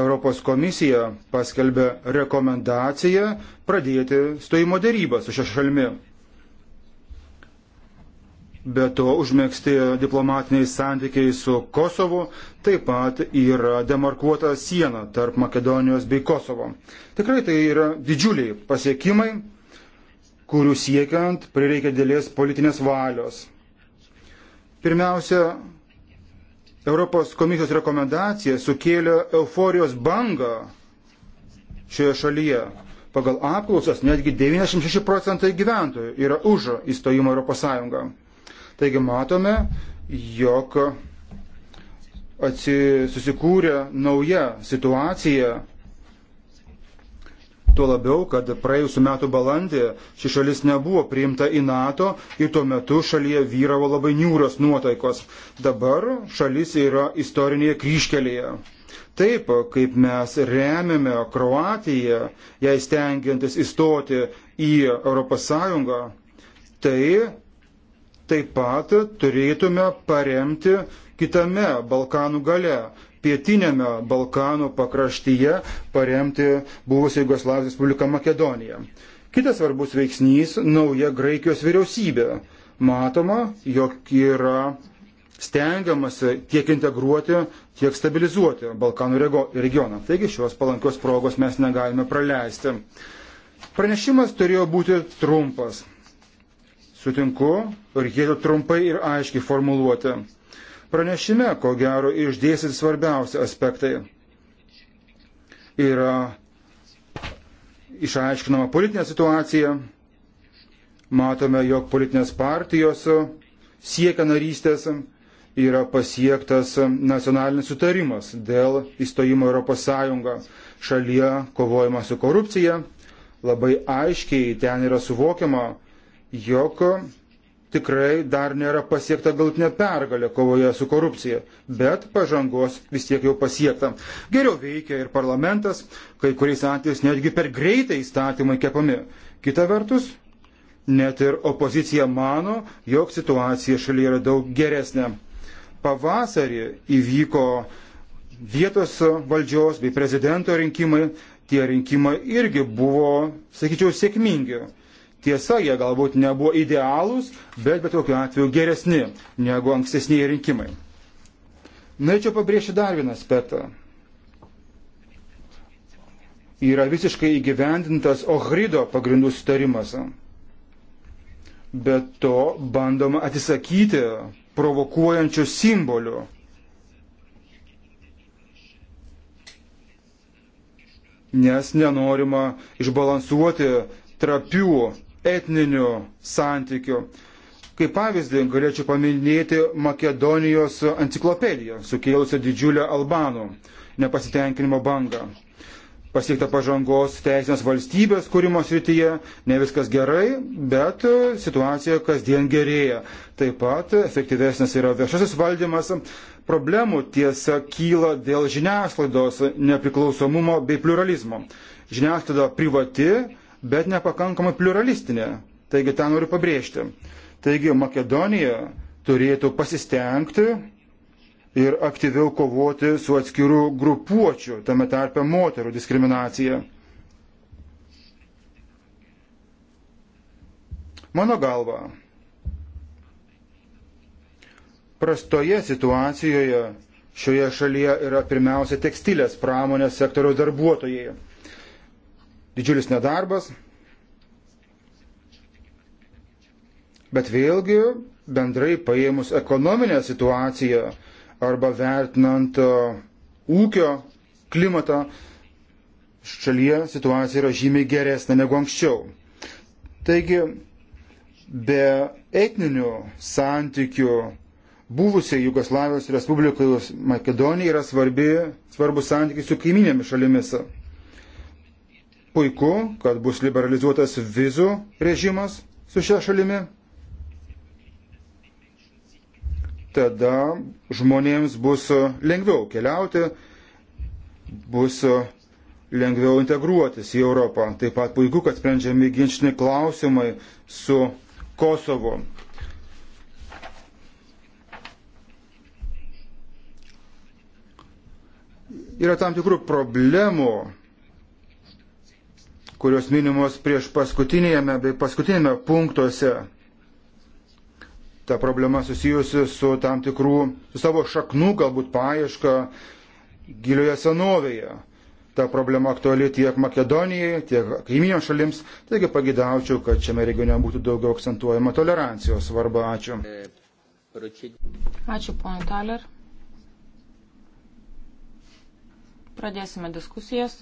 Europos komisija paskelbė rekomendaciją pradėti stojimo dėrybą su šia šalmi. Be to, užmėgsti diplomatiniai santykiai su Kosovu taip pat yra demarkuota siena tarp Makedonijos bei Kosovo. Tikrai tai yra didžiuliai pasiekimai kurių siekiant prireikia dėlės politinės valios. Pirmiausia, Europos komisijos rekomendacija sukėlė euforijos bangą šioje šalyje. Pagal apklausas netgi 96 procentai gyventojų yra už įstojimą Europos Sąjungą. Taigi matome, jog atsi, susikūrė nauja situacija Tuo labiau, kad praėjusiu metu balandį ši šalis nebuvo priimta į NATO ir tuo metu šalyje vyravo labai niūrios nuotaikos. Dabar šalis yra istorinėje kryškelėje. Taip, kaip mes remiame Kroatiją, jai stengiantis įstoti į ES, tai taip pat turėtume paremti kitame Balkanų gale pietinėme Balkanų pakraštyje paremti buvusią Jugoslavijos Respubliką Makedoniją. Kitas svarbus veiksnys - nauja Graikijos vyriausybė. Matoma, jog yra stengiamasi tiek integruoti, tiek stabilizuoti Balkanų regioną. Taigi šios palankios progos mes negalime praleisti. Pranešimas turėjo būti trumpas. Sutinku, reikėtų trumpai ir aiškiai formuluoti. Pranešime, ko gero, išdėsit svarbiausi aspektai. Yra išaiškinama politinė situacija, matome, jog politinės partijos siekia narystės, yra pasiektas nacionalinis sutarimas dėl įstojimo Europos Sąjungą. Šalyje kovojama su korupcija, labai aiškiai ten yra suvokiama, jog tikrai dar nėra pasiekta galtinė pergalė kovoje su korupcija, bet pažangos vis tiek jau pasiekta. Geriau veikia ir parlamentas, kai kuriais atvejais netgi per greitai įstatymai kepami. Kita vertus, net ir opozicija mano, jog situacija šalyje yra daug geresnė. Pavasarį įvyko vietos valdžios bei prezidento rinkimai. Tie rinkimai irgi buvo, sakyčiau, sėkmingi Tiesa, jie galbūt nebuvo idealūs, bet bet kokiu atveju geresni negu ankstesniai rinkimai. Norėčiau pabrėžti dar vieną aspektą. Yra visiškai įgyvendintas Ohrido pagrindų sutarimas. Bet to bandoma atsisakyti provokuojančių simbolių. Nes nenorima išbalansuoti trapių etninių santykių. Kaip pavyzdį galėčiau paminėti Makedonijos enciklopediją, sukėlusią didžiulę albanų nepasitenkinimo bangą. Pasiekta pažangos teisinės valstybės kūrimo srityje, ne viskas gerai, bet situacija kasdien gerėja. Taip pat efektyvesnis yra viešasis valdymas, problemų tiesa kyla dėl žiniasklaidos nepriklausomumo bei pluralizmo. Žiniasklaida privati, bet nepakankamai pluralistinė. Taigi tą noriu pabrėžti. Taigi Makedonija turėtų pasistengti ir aktyviau kovoti su atskirų grupuočių, tame tarpe moterų diskriminacija. Mano galva, prastoje situacijoje šioje šalyje yra pirmiausia tekstilės pramonės sektoriaus darbuotojai didžiulis nedarbas, bet vėlgi bendrai paėmus ekonominę situaciją arba vertinant uh, ūkio klimatą, šalyje situacija yra žymiai geresnė negu anksčiau. Taigi, be etninių santykių buvusiai Jugoslavijos Respublikos Makedonija yra svarbi, svarbus santykiai su kaiminėmis šalimis puiku, kad bus liberalizuotas vizų režimas su šia šalimi. Tada žmonėms bus lengviau keliauti, bus lengviau integruotis į Europą. Taip pat puiku, kad sprendžiami ginčiniai klausimai su Kosovu. Yra tam tikrų problemų kurios minimos prieš paskutinėme bei paskutinėme punktuose. Ta problema susijusi su tam tikrų su savo šaknų galbūt paieška gilioje senovėje. Ta problema aktuali tiek Makedonijai, tiek kaiminio šalims, taigi pagidaučiau, kad šiame regione būtų daugiau akcentuojama tolerancijos svarba. Ačiū. Ačiū, ponai Taler. Pradėsime diskusijas.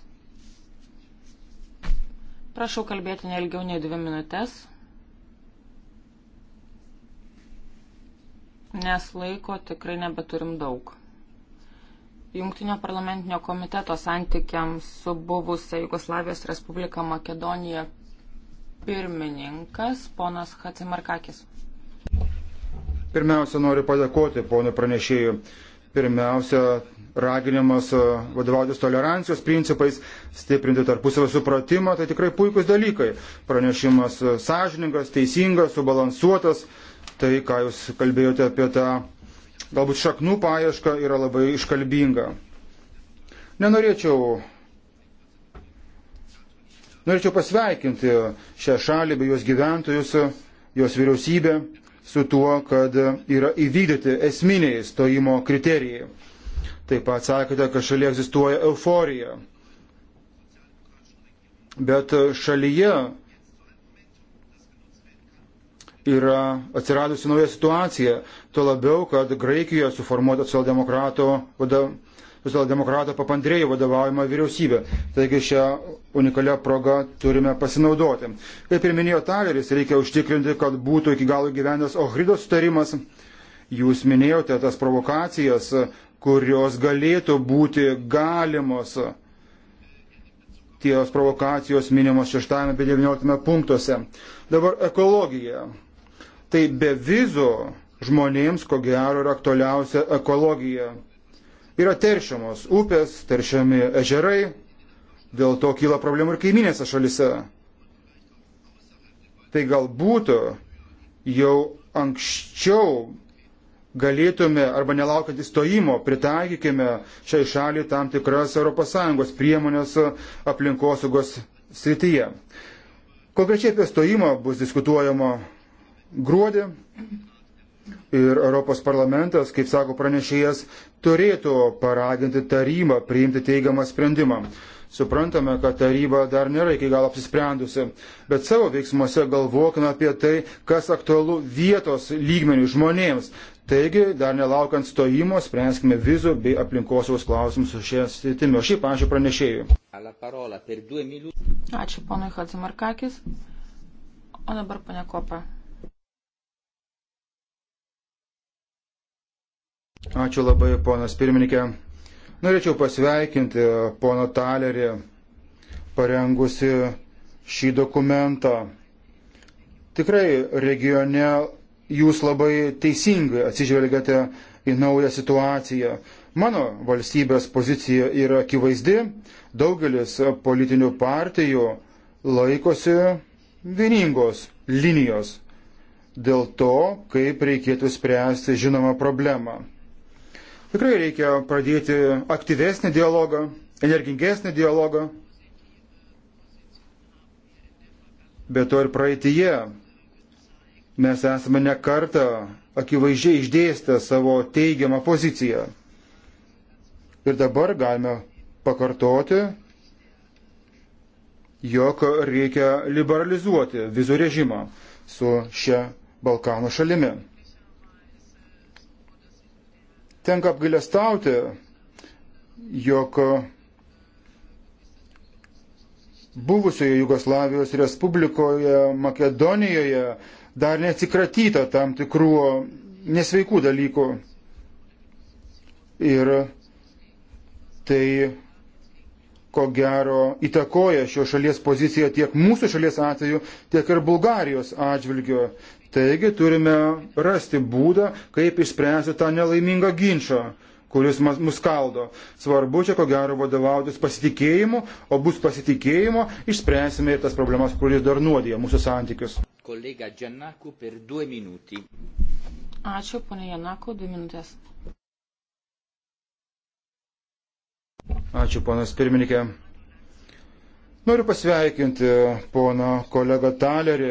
Prašau kalbėti neilgiau nei dvi minutės, nes laiko tikrai nebeturim daug. Jungtinio parlamentinio komiteto santykiams su buvusia Jugoslavijos Respublika Makedonija pirmininkas ponas Hacimarkakis. Pirmiausia, noriu padėkoti ponui pranešėjui. Pirmiausia, raginimas e, vadovautis tolerancijos principais, stiprinti tarpusavio supratimą, tai tikrai puikus dalykai. Pranešimas e, sąžiningas, teisingas, subalansuotas, tai ką jūs kalbėjote apie tą galbūt šaknų paiešką yra labai iškalbinga. Nenorėčiau. Norėčiau pasveikinti šią šalį bei jos gyventojus, jos vyriausybę su tuo, kad yra įvykdyti esminiai stojimo kriterijai. Taip pat sakėte, kad šalyje egzistuoja euforija. Bet šalyje yra atsiradusi nauja situacija. Tuo labiau, kad Graikijoje suformuota socialdemokrato, socialdemokrato papandrėjų vadovaujama vyriausybė. Taigi šią unikalią progą turime pasinaudoti. Kaip ir minėjo Taleris, reikia užtikrinti, kad būtų iki galo gyvenęs Ohrido sutarimas. Jūs minėjote tas provokacijas, kurios galėtų būti galimos. Tieos provokacijos minimos 6 bei 19 punktuose. Dabar ekologija. Tai be vizo žmonėms, ko gero, yra aktualiausia ekologija. Yra teršiamos upės, teršiami ežerai, dėl to kyla problemų ir kaiminėse šalise. Tai galbūt jau anksčiau galėtume arba nelaukiant įstojimo pritaikykime šiai šaliai tam tikras ES priemonės aplinkosaugos srityje. Konkrečiai apie stojimą bus diskutuojama gruodį ir Europos parlamentas, kaip sako pranešėjas, turėtų paraginti tarybą priimti teigiamą sprendimą. Suprantame, kad taryba dar nėra iki galo apsisprendusi, bet savo veiksmuose galvokime apie tai, kas aktualu vietos lygmenių žmonėms, Taigi, dar nelaukiant stojimo, spręskime vizų bei aplinkosaus klausimus su šia sritimi. O šiaip ačiū pranešėjui. Ačiū ponui Hatsimarkakis. O dabar pane Kopa. Ačiū labai, ponas pirmininkė. Norėčiau pasveikinti pono Talerį, parengusi šį dokumentą. Tikrai regione jūs labai teisingai atsižvelgiate į naują situaciją. Mano valstybės pozicija yra akivaizdi, daugelis politinių partijų laikosi vieningos linijos dėl to, kaip reikėtų spręsti žinomą problemą. Tikrai reikia pradėti aktyvesnį dialogą, energingesnį dialogą, bet to ir praeitie Mes esame nekartą akivaizdžiai išdėstę savo teigiamą poziciją. Ir dabar galime pakartoti, jog reikia liberalizuoti vizų režimą su šia Balkanų šalimi. Tenka apgailestauti, jog buvusioje Jugoslavijos Respublikoje, Makedonijoje dar neatsikratyta tam tikrų nesveikų dalykų. Ir tai ko gero įtakoja šio šalies poziciją tiek mūsų šalies atveju, tiek ir Bulgarijos atžvilgiu. Taigi turime rasti būdą, kaip išspręsti tą nelaimingą ginčą kuris mus kaldo. Svarbu čia ko gero vadovautis pasitikėjimu, o bus pasitikėjimo išspręsime ir tas problemas, kuris dar nuodija mūsų santykius. Kolega Džanaku per 2 minutį. Ačiū, ponė Janaku, 2 minutės. Ačiū, ponas pirmininkė. Noriu pasveikinti pono kolegą Talerį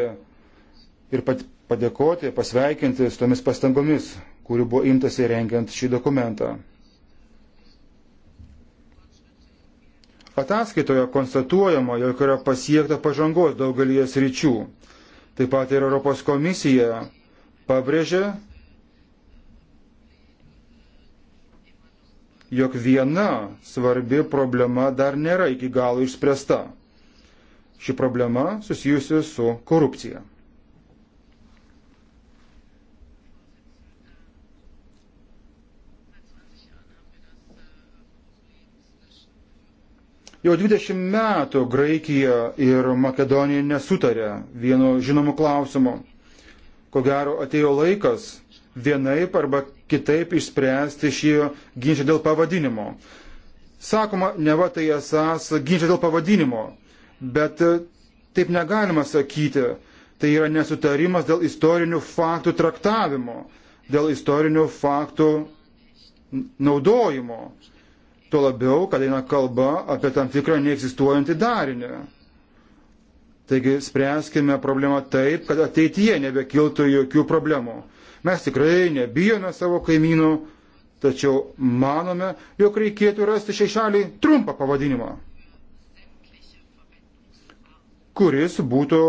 ir padėkoti, pasveikinti su tomis pastangomis, kurių buvo imtasi rengiant šį dokumentą. Ataskaitoje konstatuojama, jog yra pasiekta pažangos daugelį sričių. Taip pat ir Europos komisija pabrėžė, jog viena svarbi problema dar nėra iki galo išspręsta. Ši problema susijusi su korupcija. Jau 20 metų Graikija ir Makedonija nesutarė vienu žinomu klausimu. Ko gero atėjo laikas vienaip arba kitaip išspręsti šį ginčą dėl pavadinimo. Sakoma, ne va tai esas ginčia dėl pavadinimo, bet taip negalima sakyti. Tai yra nesutarimas dėl istorinių faktų traktavimo, dėl istorinių faktų naudojimo. Tuo labiau, kad eina kalba apie tam tikrą neegzistuojantį darinį. Taigi spręskime problemą taip, kad ateityje nebekiltų jokių problemų. Mes tikrai nebijome savo kaimynų, tačiau manome, jog reikėtų rasti šiai šaliai trumpą pavadinimą, kuris būtų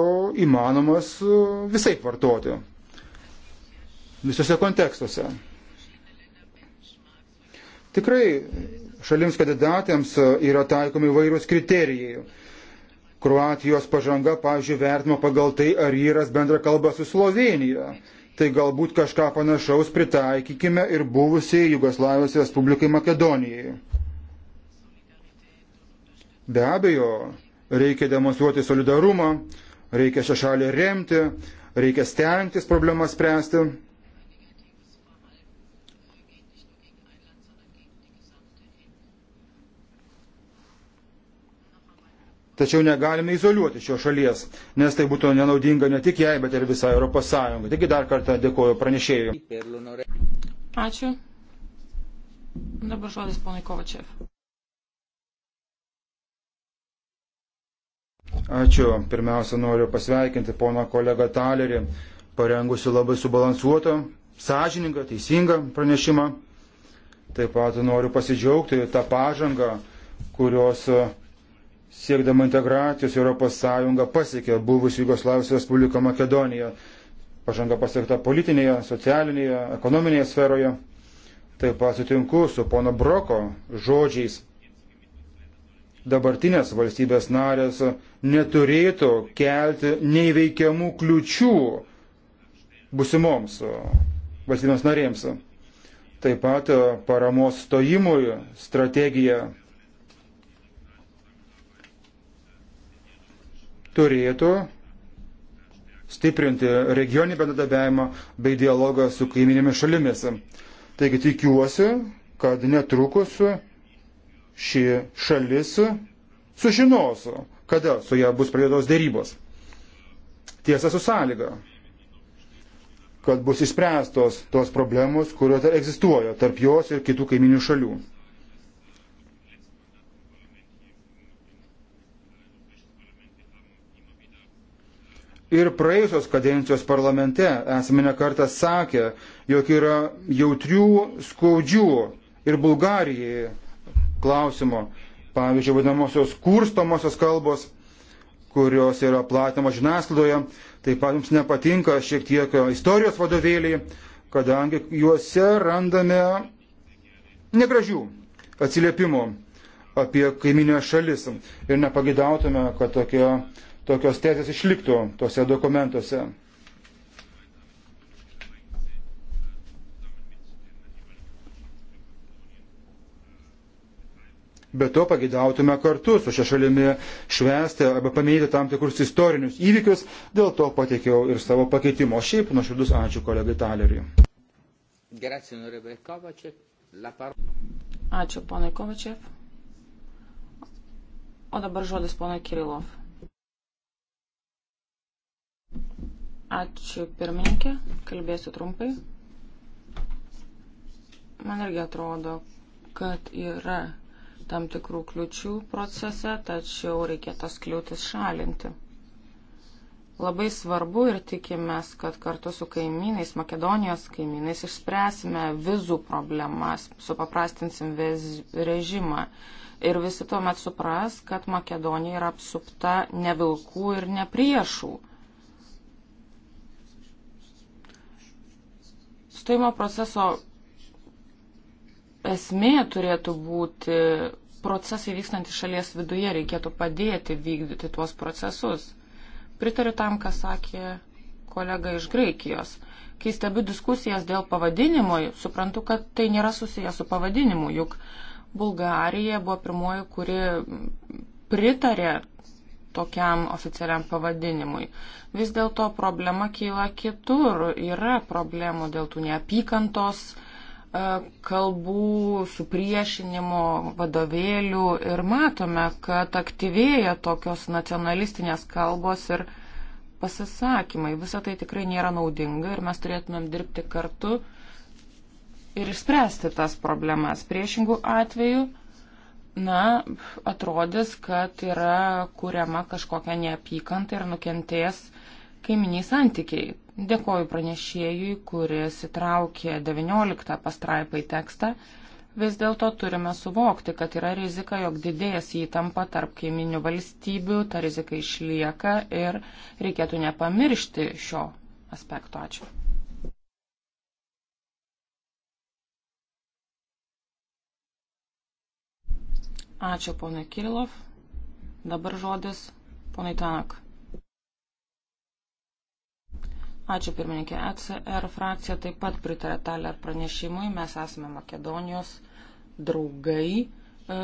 įmanomas e, visai vartoti. Visose kontekstuose. Tikrai šalims kandidatėms e, yra taikomi vairūs kriterijai. Kroatijos pažanga, pavyzdžiui, vertimo pagal tai, ar vyras bendra kalba su Slovenija. Tai galbūt kažką panašaus pritaikykime ir buvusiai Jugoslavijos Respublikai Makedonijai. Be abejo, reikia demonstruoti solidarumą, reikia šią šalį remti, reikia stengtis problemas spręsti. Tačiau negalime izoliuoti šios šalies, nes tai būtų nenaudinga ne tik jai, bet ir visai ES. Taigi dar kartą dėkoju pranešėjui. Ačiū. Dabar žodis ponai Kovačev. Ačiū. Pirmiausia, noriu pasveikinti poną kolegą Talerį, parengusi labai subalansuotą, sąžiningą, teisingą pranešimą. Taip pat noriu pasidžiaugti tą pažangą, kurios siekdama integracijos Europos Sąjunga pasiekė buvusi Jugoslavijos Respublika Makedonija. Pažanga pasiekta politinėje, socialinėje, ekonominėje sferoje. Taip pat sutinku su pono Broko žodžiais. Dabartinės valstybės narės neturėtų kelti neįveikiamų kliučių busimoms valstybėms narėms. Taip pat paramos stojimui strategija turėtų stiprinti regioninį bendradarbiavimą bei dialogą su kaiminėmis šalimis. Taigi tikiuosi, kad netrukus ši šalis sužinos, kada su ją bus pradėtos dėrybos. Tiesa su sąlyga, kad bus išspręstos tos problemos, kurios dar egzistuoja tarp jos ir kitų kaiminių šalių. Ir praėjusios kadencijos parlamente esame nekartą sakę, jog yra jautrių, skaudžių ir Bulgarijai klausimo, pavyzdžiui, vadinamosios kurstomosios kalbos, kurios yra platinamos žiniasklaidoje. Taip pat jums nepatinka šiek tiek istorijos vadovėliai, kadangi juose randame negražių atsiliepimų apie kaiminę šalis ir nepagidautume, kad tokie tokios teisės išliktų tose dokumentuose. Be to pagidautume kartu su šia šalimi švęsti arba paminėti tam tikrus istorinius įvykius, dėl to pateikiau ir savo pakeitimo. Šiaip nuoširdus ačiū kolegai Taleriui. Ačiū, ponai Kovačiev. O dabar žodis ponai Kirilov. Ačiū pirmininkė, kalbėsiu trumpai. Man irgi atrodo, kad yra tam tikrų kliučių procese, tačiau reikia tas kliūtis šalinti. Labai svarbu ir tikimės, kad kartu su kaimynais, Makedonijos kaimynais išspręsime vizų problemas, supaprastinsim viz, režimą. Ir visi tuomet supras, kad Makedonija yra apsupta ne vilkų ir ne priešų. Stojimo proceso esmė turėtų būti procesai vykstantys šalies viduje, reikėtų padėti vykdyti tuos procesus. Pritariu tam, ką sakė kolega iš Graikijos. Kai stebiu diskusijas dėl pavadinimo, suprantu, kad tai nėra susiję su pavadinimu, juk Bulgarija buvo pirmoji, kuri pritarė tokiam oficialiam pavadinimui. Vis dėlto problema kyla kitur. Yra problemų dėl tų neapykantos e, kalbų, supriešinimo vadovėlių ir matome, kad aktyvėja tokios nacionalistinės kalbos ir pasisakymai. Visą tai tikrai nėra naudinga ir mes turėtumėm dirbti kartu ir išspręsti tas problemas. Priešingų atveju na, atrodys, kad yra kuriama kažkokia neapykanta ir nukentės kaiminiai santykiai. Dėkoju pranešėjui, kuris įtraukė 19 pastraipą į tekstą. Vis dėlto turime suvokti, kad yra rizika, jog didėjęs įtampa tarp kaiminių valstybių, ta rizika išlieka ir reikėtų nepamiršti šio aspekto. Ačiū. Ačiū, ponai Kirilov. Dabar žodis ponai Tanak. Ačiū pirmininkė. ECR frakcija taip pat pritarė Taler pranešimui. Mes esame Makedonijos draugai. E,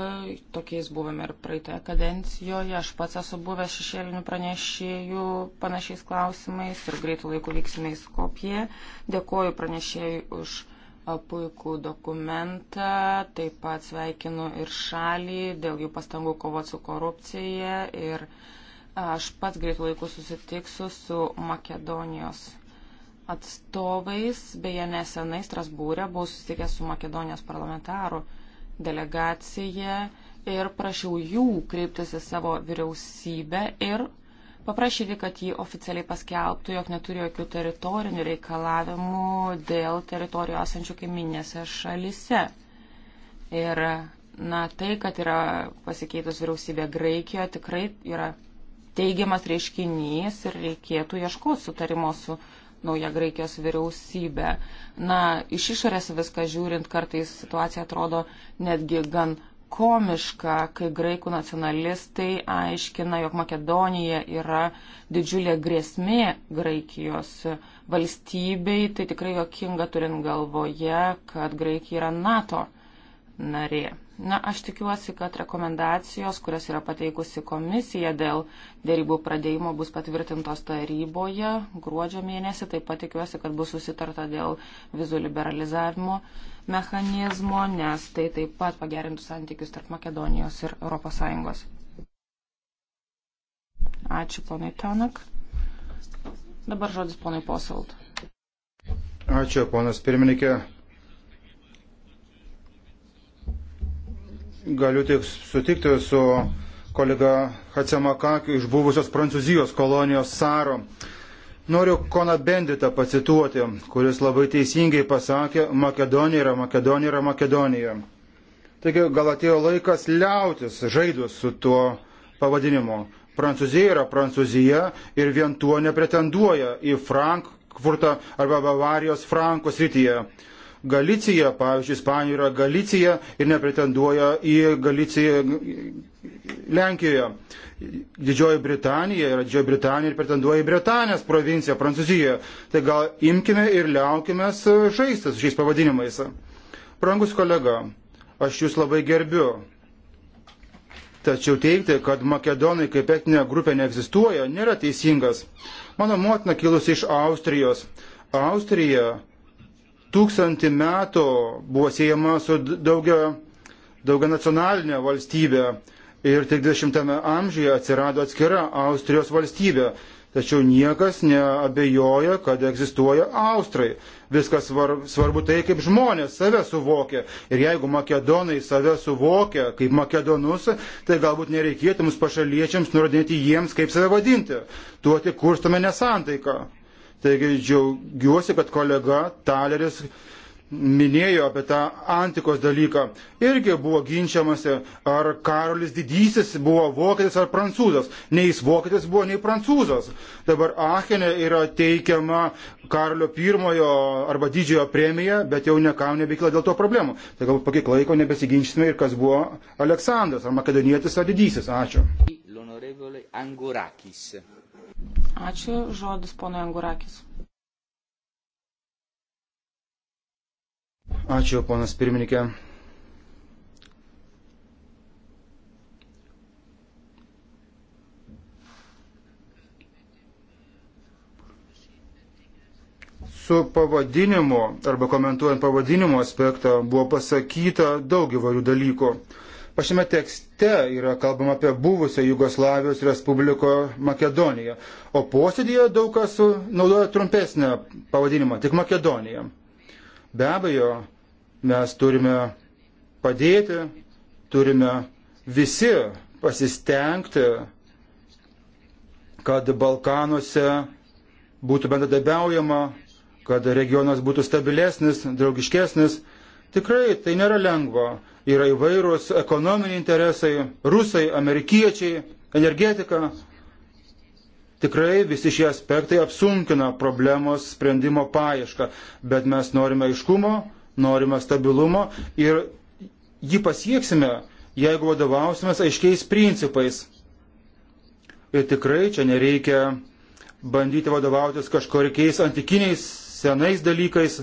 tokiais buvome ir praeitoje kadencijoje. Aš pats esu buvęs šešėlinių pranešėjų panašiais klausimais ir greitų laikų vyksime į Skopiją. Dėkoju pranešėjui už puikų dokumentą, taip pat sveikinu ir šalį dėl jų pastangų kovoti su korupcija ir aš pats greit laiku susitiksiu su Makedonijos atstovais, beje nesenai Strasbūrė buvau susitikęs su Makedonijos parlamentarų delegacija ir prašiau jų kreiptis į savo vyriausybę ir paprašyti, kad jį oficialiai paskelbtų, jog neturi jokių teritorinių reikalavimų dėl teritorijų esančių kaiminėse šalise. Ir na, tai, kad yra pasikeitus vyriausybė Graikijoje, tikrai yra teigiamas reiškinys ir reikėtų ieškoti sutarimo su nauja Graikijos vyriausybė. Na, iš išorės viską žiūrint, kartais situacija atrodo netgi gan komiška, kai graikų nacionalistai aiškina, jog Makedonija yra didžiulė grėsmė Graikijos valstybei. Tai tikrai jokinga turint galvoje, kad Graikija yra NATO narė. Na, aš tikiuosi, kad rekomendacijos, kurias yra pateikusi komisija dėl dėrybų pradėjimo, bus patvirtintos taryboje gruodžio mėnesį. Taip pat tikiuosi, kad bus susitarta dėl vizų liberalizavimo. Uh, mechanizmo, nes tai taip pat pagerintų santykius tarp Makedonijos ir ES. Ačiū ponai Tanak. Dabar žodis ponai Posalt. Ačiū ponas pirmininkė. Galiu tik sutikti su kolega Hacemakakiu iš buvusios Prancūzijos kolonijos Saro. Uh, Noriu Kona Benditą pacituoti, kuris labai teisingai pasakė, Makedonija yra Makedonija yra Makedonija. Taigi gal atėjo laikas liautis žaidus su tuo pavadinimu. Prancūzija yra Prancūzija ir vien tuo nepretenduoja į Frankfurtą arba Bavarijos Franko srityje. Galicija, pavyzdžiui, Ispanija yra Galicija ir nepretenduoja į Galiciją Lenkijoje. Didžioji Britanija yra Didžioji Britanija ir pretenduoja į Britanijos provinciją Prancūzijoje. Tai gal imkime ir liaukime žaisti su šiais pavadinimais. Prangus kolega, aš jūs labai gerbiu. Tačiau teikti, kad makedonai kaip etinė grupė neegzistuoja, nėra teisingas. Mano motina kilusi iš Austrijos. Austrija tūkstantį metų buvo siejama su daugia, daugia nacionalinė valstybė ir tik 20-ame amžiuje atsirado atskira Austrijos valstybė. Tačiau niekas neabejoja, kad egzistuoja Austrai. Viskas svar, svarbu tai, kaip žmonės save suvokia. Ir jeigu makedonai save suvokia kaip makedonus, tai galbūt nereikėtų mums pašaliečiams nurodinėti jiems, kaip save vadinti. Tuo tik kurstame nesantaiką. Taigi džiaugiuosi, kad kolega Taleris minėjo apie tą antikos dalyką, irgi buvo ginčiamasi, ar Karolis Didysis buvo vokietis ar prancūzas. Nei jis vokietis buvo, nei prancūzas. Dabar Achenė yra teikiama Karolio pirmojo arba didžiojo premija, bet jau nekam nebekyla dėl to problemų. Tai gal po kiek laiko nebesiginčysime ir kas buvo Aleksandras, ar makedonietis, ar didysis. Ačiū. Ačiū, žodis ponui Angurakis. Ačiū, ponas pirmininkė. Su pavadinimu arba komentuojant pavadinimo aspektą buvo pasakyta daug įvairių dalykų. Pačiame tekste yra kalbama apie buvusią Jugoslavijos Respubliko Makedoniją, o posėdėje daug kas naudoja trumpesnę pavadinimą, tik Makedonija. Be abejo, mes turime padėti, turime visi pasistengti, kad Balkanuose būtų bendradabiaujama, kad regionas būtų stabilesnis, draugiškesnis. Tikrai tai nėra lengva. Yra įvairūs ekonominiai interesai, rusai, amerikiečiai, energetika, Tikrai visi šie aspektai apsunkina problemos sprendimo paiešką, bet mes norime aiškumo, norime stabilumo ir jį pasieksime, jeigu vadovausimės aiškiais principais. Ir tikrai čia nereikia bandyti vadovautis kažkokiais antikiniais senais dalykais,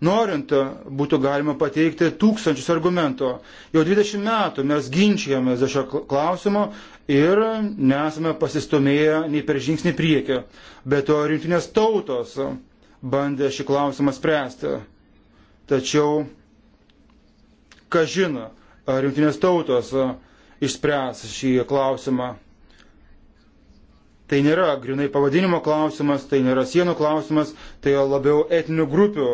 Norint e, būtų galima pateikti tūkstančius argumentų. Jau 20 metų mes ginčijomės dėl šio klausimo ir nesame pasistumėję nei per žingsnį priekį. Bet to rinktinės tautos bandė šį klausimą spręsti. Tačiau, ką žino, ar rinktinės tautos e, išspręs šį klausimą. Tai nėra grinai pavadinimo klausimas, tai nėra sienų klausimas, tai labiau etinių grupių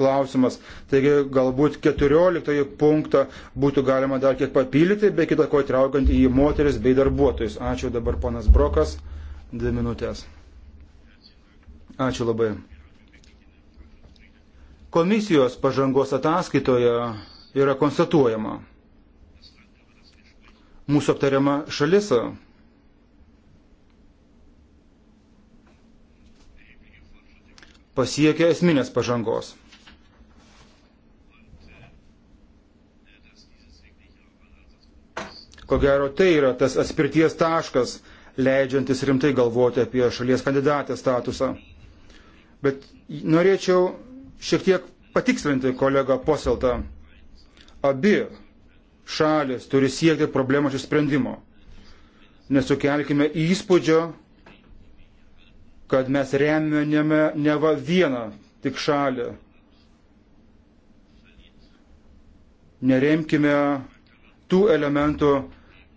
klausimas. Taigi galbūt 14 punktą būtų galima dar kiek papildyti, be kita ko įtraukiant į moteris bei darbuotojus. Ačiū dabar ponas Brokas, dvi minutės. Ačiū labai. Komisijos pažangos ataskaitoje yra konstatuojama. Mūsų aptariama šalisa pasiekė esminės pažangos. Ko gero, tai yra tas atspirties taškas, leidžiantis rimtai galvoti apie šalies kandidatės statusą. Bet norėčiau šiek tiek patikslinti kolegą Poseltą. Abi šalis turi siekti problemų išsprendimo. Nesukelkime įspūdžio, kad mes remiame neva vieną tik šalį. Neremkime tų elementų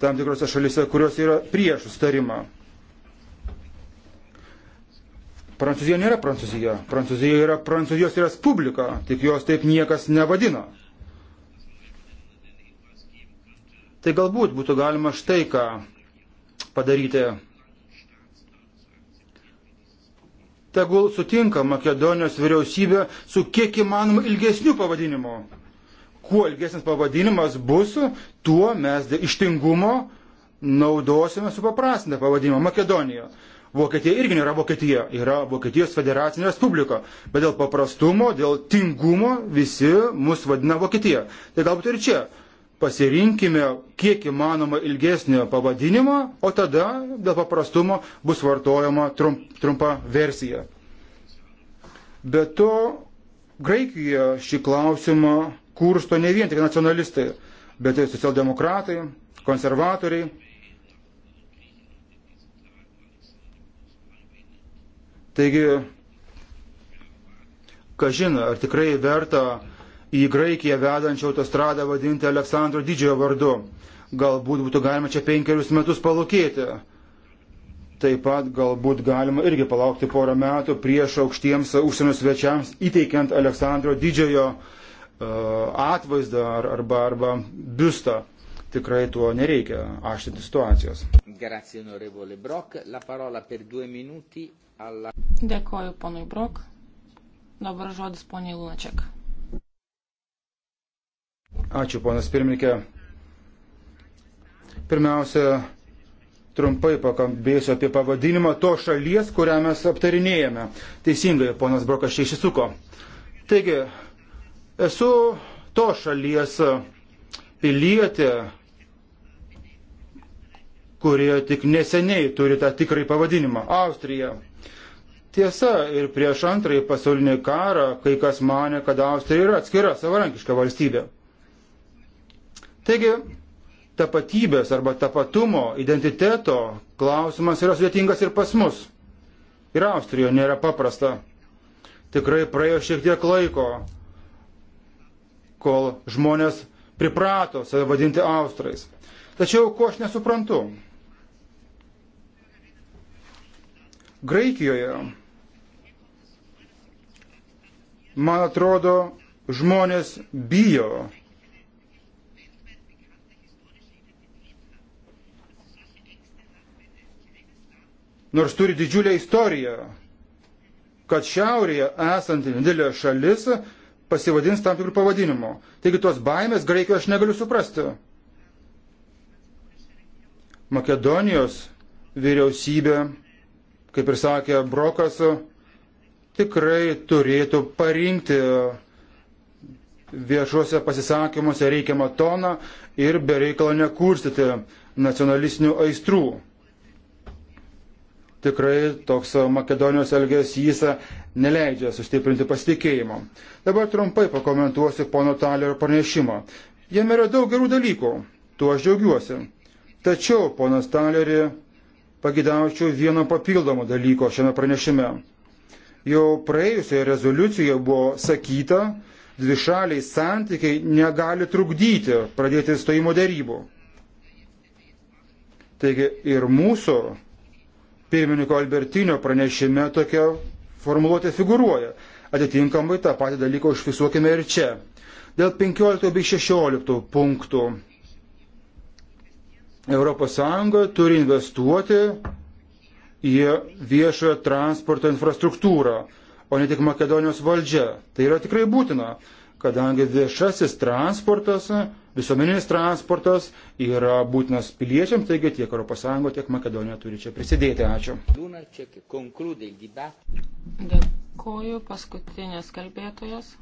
tam tikrose šalise, kurios yra prieš sustarimą. Prancūzija nėra Prancūzija. Prancūzija yra Prancūzijos Respublika, tik jos taip niekas nevadina. Tai galbūt būtų galima štai ką padaryti tegul sutinka Makedonijos vyriausybė su kiek įmanoma ilgesniu pavadinimu. Kuo ilgesnis pavadinimas bus, tuo mes ištingumo naudosime supaprastintą pavadinimą Makedonija. Vokietija irgi nėra Vokietija, yra Vokietijos federacinė respublika, bet dėl paprastumo, dėl tingumo visi mus vadina Vokietija. Tai galbūt ir čia pasirinkime kiek įmanoma ilgesnį pavadinimą, o tada dėl paprastumo bus vartojama trump, trumpa versija. Be to, Graikijoje šį klausimą kursto ne vien tik nacionalistai, bet ir socialdemokratai, konservatoriai. Taigi, kažin, ar tikrai verta į Graikiją vedančią autostradą vadinti Aleksandro didžiojo vardu. Galbūt būtų galima čia penkerius metus palūkėti. Taip pat galbūt galima irgi palaukti porą metų prieš aukštiems užsienio svečiams įteikiant Aleksandro didžiojo uh, atvaizdą ar, arba, arba biustą. Tikrai tuo nereikia aštinti situacijos. Grazie, Brok. La parola per due minuti alla... Dėkoju, ponui Brok. Dabar žodis poniai Lunačiak. Ačiū, ponas pirmininkė. Pirmiausia, trumpai pakambėsiu apie pavadinimą to šalies, kurią mes aptarinėjame. Teisingai, ponas Brokas čia išsisuko. Taigi, esu to šalies pilietė, kurie tik neseniai turi tą tikrai pavadinimą - Austrija. Tiesa, ir prieš antrąjį pasaulinį karą kai kas mane, kad Austrija yra atskira savarankiška valstybė. Taigi, tapatybės arba tapatumo, identiteto klausimas yra sudėtingas ir pas mus. Ir Austrijoje nėra paprasta. Tikrai praėjo šiek tiek laiko, kol žmonės priprato save vadinti Austrais. Tačiau ko aš nesuprantu? Graikijoje, man atrodo, žmonės bijo nors turi didžiulę istoriją, kad šiaurėje esanti didelė šalis pasivadins tam tikrų pavadinimų. Taigi tos baimės graikijoje aš negaliu suprasti. Makedonijos vyriausybė, kaip ir sakė Brokas, tikrai turėtų parinkti viešuose pasisakymuose reikiamą toną ir bereikalą nekurstyti nacionalistinių aistrų tikrai toks Makedonijos elgesys neleidžia sustiprinti pasitikėjimo. Dabar trumpai pakomentuosiu pono Talerio pranešimą. Jame yra daug gerų dalykų, tuo aš džiaugiuosi. Tačiau, ponas Talerį, pagidaučiau vieno papildomo dalyko šiame pranešime. Jau praėjusioje rezoliucijoje buvo sakyta, dvišaliai santykiai negali trukdyti pradėti stojimo dėrybų. Taigi ir mūsų pirmininko Albertinio pranešime tokia formuluotė figuruoja. Atitinkamai tą patį dalyką užfiksuokime ir čia. Dėl 15 bei 16 punktų. ES turi investuoti į viešojo transporto infrastruktūrą, o ne tik Makedonijos valdžia. Tai yra tikrai būtina kadangi viešasis transportas, visuomeninis transportas yra būtinas piliečiams, taigi tiek ES, tiek Makedonija turi čia prisidėti. Ačiū. Dėkoju, paskutinės kalbėtojas,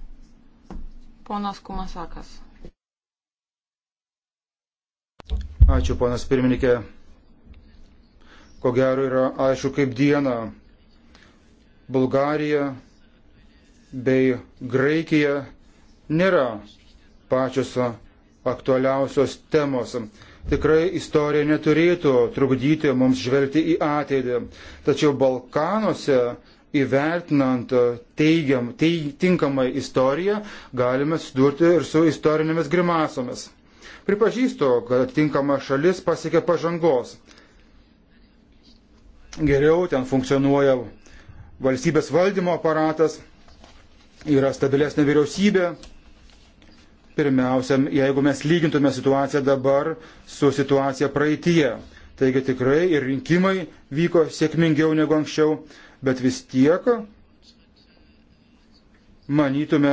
ponas Kumasakas. Ačiū, ponas pirmininkė. Ko gero yra aišku kaip diena. Bulgarija bei Graikija nėra pačios aktualiausios temos. Tikrai istorija neturėtų trukdyti mums žvelgti į ateitį. Tačiau Balkanuose įvertinant teigiam, teig, tinkamai istoriją galime sudurti ir su istorinėmis grimasomis. Pripažįstu, kad atitinkama šalis pasiekė pažangos. Geriau ten funkcionuoja valstybės valdymo aparatas, yra stabilesnė vyriausybė, Pirmiausia, jeigu mes lygintume situaciją dabar su situacija praeitie. Taigi tikrai ir rinkimai vyko sėkmingiau negu anksčiau, bet vis tiek manytume,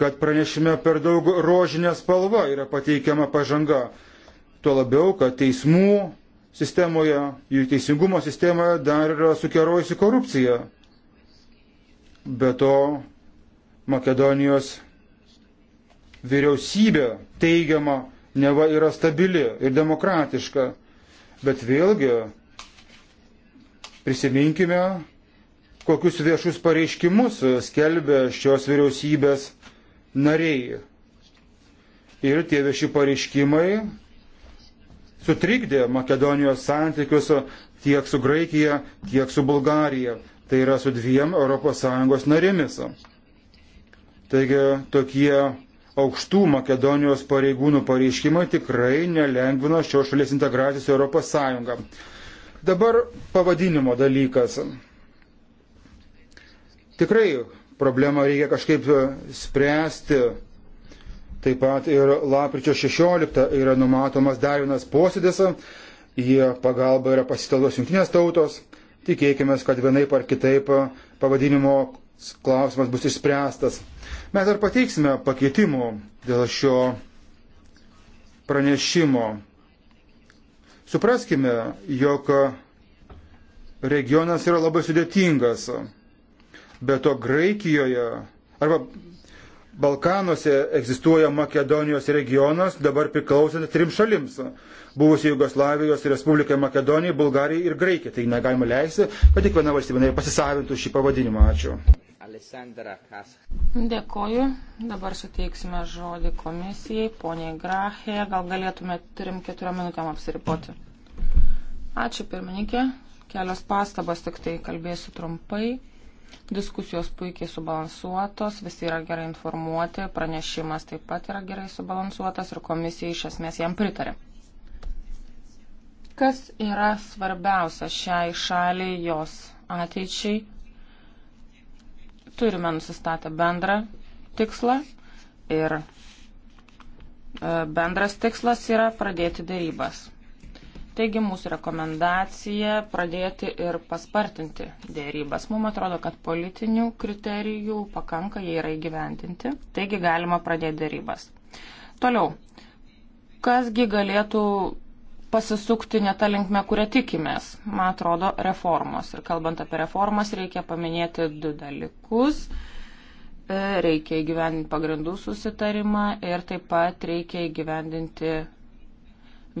kad pranešime per daug rožinė spalva yra pateikiama pažanga. Tuo labiau, kad teismų sistemoje, jų teisingumo sistemoje dar yra sukerojusi korupcija. Be to, Makedonijos vyriausybė teigiama neva yra stabili ir demokratiška. Bet vėlgi prisiminkime, kokius viešus pareiškimus skelbė šios vyriausybės nariai. Ir tie vieši pareiškimai sutrikdė Makedonijos santykius tiek su Graikija, tiek su Bulgarija. Tai yra su dviem ES narėmis. Taigi tokie aukštų Makedonijos pareigūnų pareiškimai tikrai nelengvino šios šalies integracijos į ES. Dabar pavadinimo dalykas. Tikrai problemą reikia kažkaip e, spręsti. Taip pat ir lapkričio 16 yra numatomas dar vienas posėdis, į pagalbą yra pasitelktos jungtinės tautos. Tikėkime, kad vienaip ar kitaip pavadinimo klausimas bus išspręstas. Mes dar pateiksime pakeitimų dėl šio pranešimo. Supraskime, jog regionas yra labai sudėtingas. Be to Graikijoje arba Balkanuose egzistuoja Makedonijos regionas, dabar priklausantis trim šalims - buvusiai Jugoslavijos Respublikai Makedonijai, Bulgarijai ir Graikijai. Tai negalima leisti, kad tik viena valstybė pasisavintų šį pavadinimą. Ačiū. Alessandra Kasha. Dėkoju. Dabar suteiksime žodį komisijai, poniai Grahė. Gal galėtume, turim keturiom minutėm apsiripoti. Ačiū pirmininkė. Kelios pastabas, tik tai kalbėsiu trumpai. Diskusijos puikiai subalansuotos, visi yra gerai informuoti, pranešimas taip pat yra gerai subalansuotas ir komisija iš esmės jam pritarė. Kas yra svarbiausia šiai šaliai jos ateičiai turime nusistatę bendrą tikslą ir e, bendras tikslas yra pradėti dėrybas. Taigi mūsų rekomendacija pradėti ir paspartinti dėrybas. Mums atrodo, kad politinių kriterijų pakanka, jie yra įgyventinti, taigi galima pradėti dėrybas. Toliau, kasgi galėtų pasisukti ne tą linkmę, kurią tikimės. Man atrodo, reformos. Ir kalbant apie reformas, reikia paminėti du dalykus. E, reikia įgyvendinti pagrindų susitarimą ir taip pat reikia įgyvendinti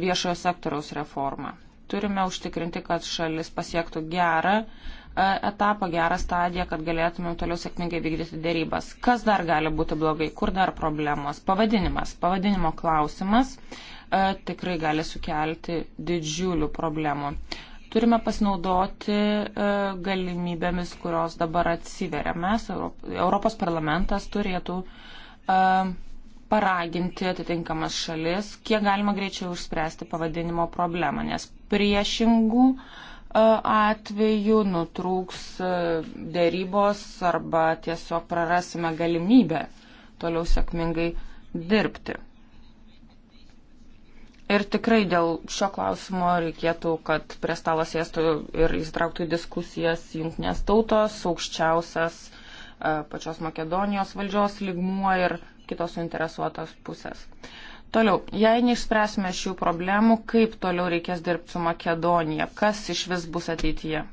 viešojo sektoriaus reformą. Turime užtikrinti, kad šalis pasiektų gerą e, etapą, gerą stadiją, kad galėtumėm toliau sėkmingai vykdyti dėrybas. Kas dar gali būti blogai, kur dar problemos? Pavadinimas, pavadinimo klausimas. E, tikrai gali sukelti didžiulių problemų. Turime pasinaudoti e, galimybėmis, kurios dabar atsiveria. Mes, Europos parlamentas, turėtų e, paraginti atitinkamas šalis, kiek galima greičiau išspręsti pavadinimo problemą, nes priešingų atveju nutrūks dėrybos arba tiesiog prarasime galimybę toliau sėkmingai dirbti. Ir tikrai dėl šio klausimo reikėtų, kad prie stalo sėstų ir įsitrauktų į diskusijas jungtinės tautos, aukščiausias e, pačios Makedonijos valdžios lygmuo ir kitos suinteresuotos pusės. Toliau, jei neišspręsime šių problemų, kaip toliau reikės dirbti su Makedonija, kas iš vis bus ateityje?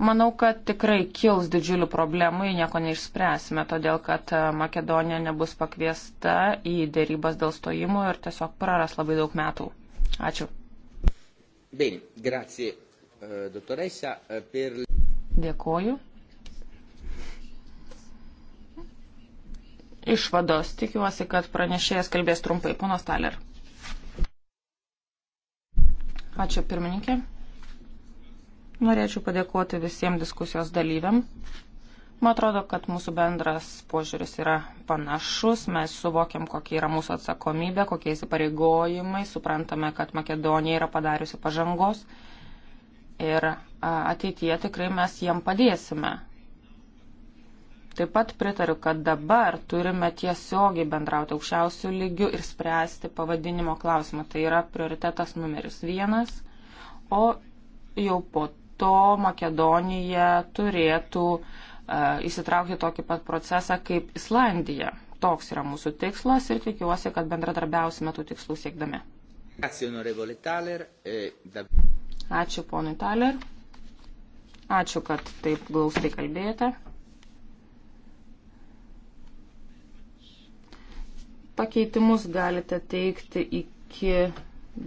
Manau, kad tikrai kils didžiulių problemų, nieko neišspręsime, todėl kad e, Makedonija nebus pakviesta į dėrybas dėl stojimo ir tiesiog praras labai daug metų. Ačiū. Bene, grazie, e, doktoresa, e, per... Dėkoju. Išvados. Tikiuosi, kad pranešėjas kalbės trumpai. Ponas Taler. Ačiū pirmininkė. Norėčiau padėkoti visiems diskusijos dalyviam. Man atrodo, kad mūsų bendras požiūris yra panašus, mes suvokiam, kokia yra mūsų atsakomybė, kokie įsipareigojimai, suprantame, kad Makedonija yra padariusi pažangos ir ateityje tikrai mes jiem padėsime. Taip pat pritariu, kad dabar turime tiesiogiai bendrauti aukščiausių lygių ir spręsti pavadinimo klausimą. Tai yra prioritetas numeris vienas, o jau po to Makedonija turėtų e, įsitraukti tokį pat procesą kaip Islandija. Toks yra mūsų tikslas ir tikiuosi, kad bendradarbiausime tų tikslų siekdami. E, Ačiū ponui Taler. Ačiū, kad taip glaustai kalbėjote. Pakeitimus galite teikti iki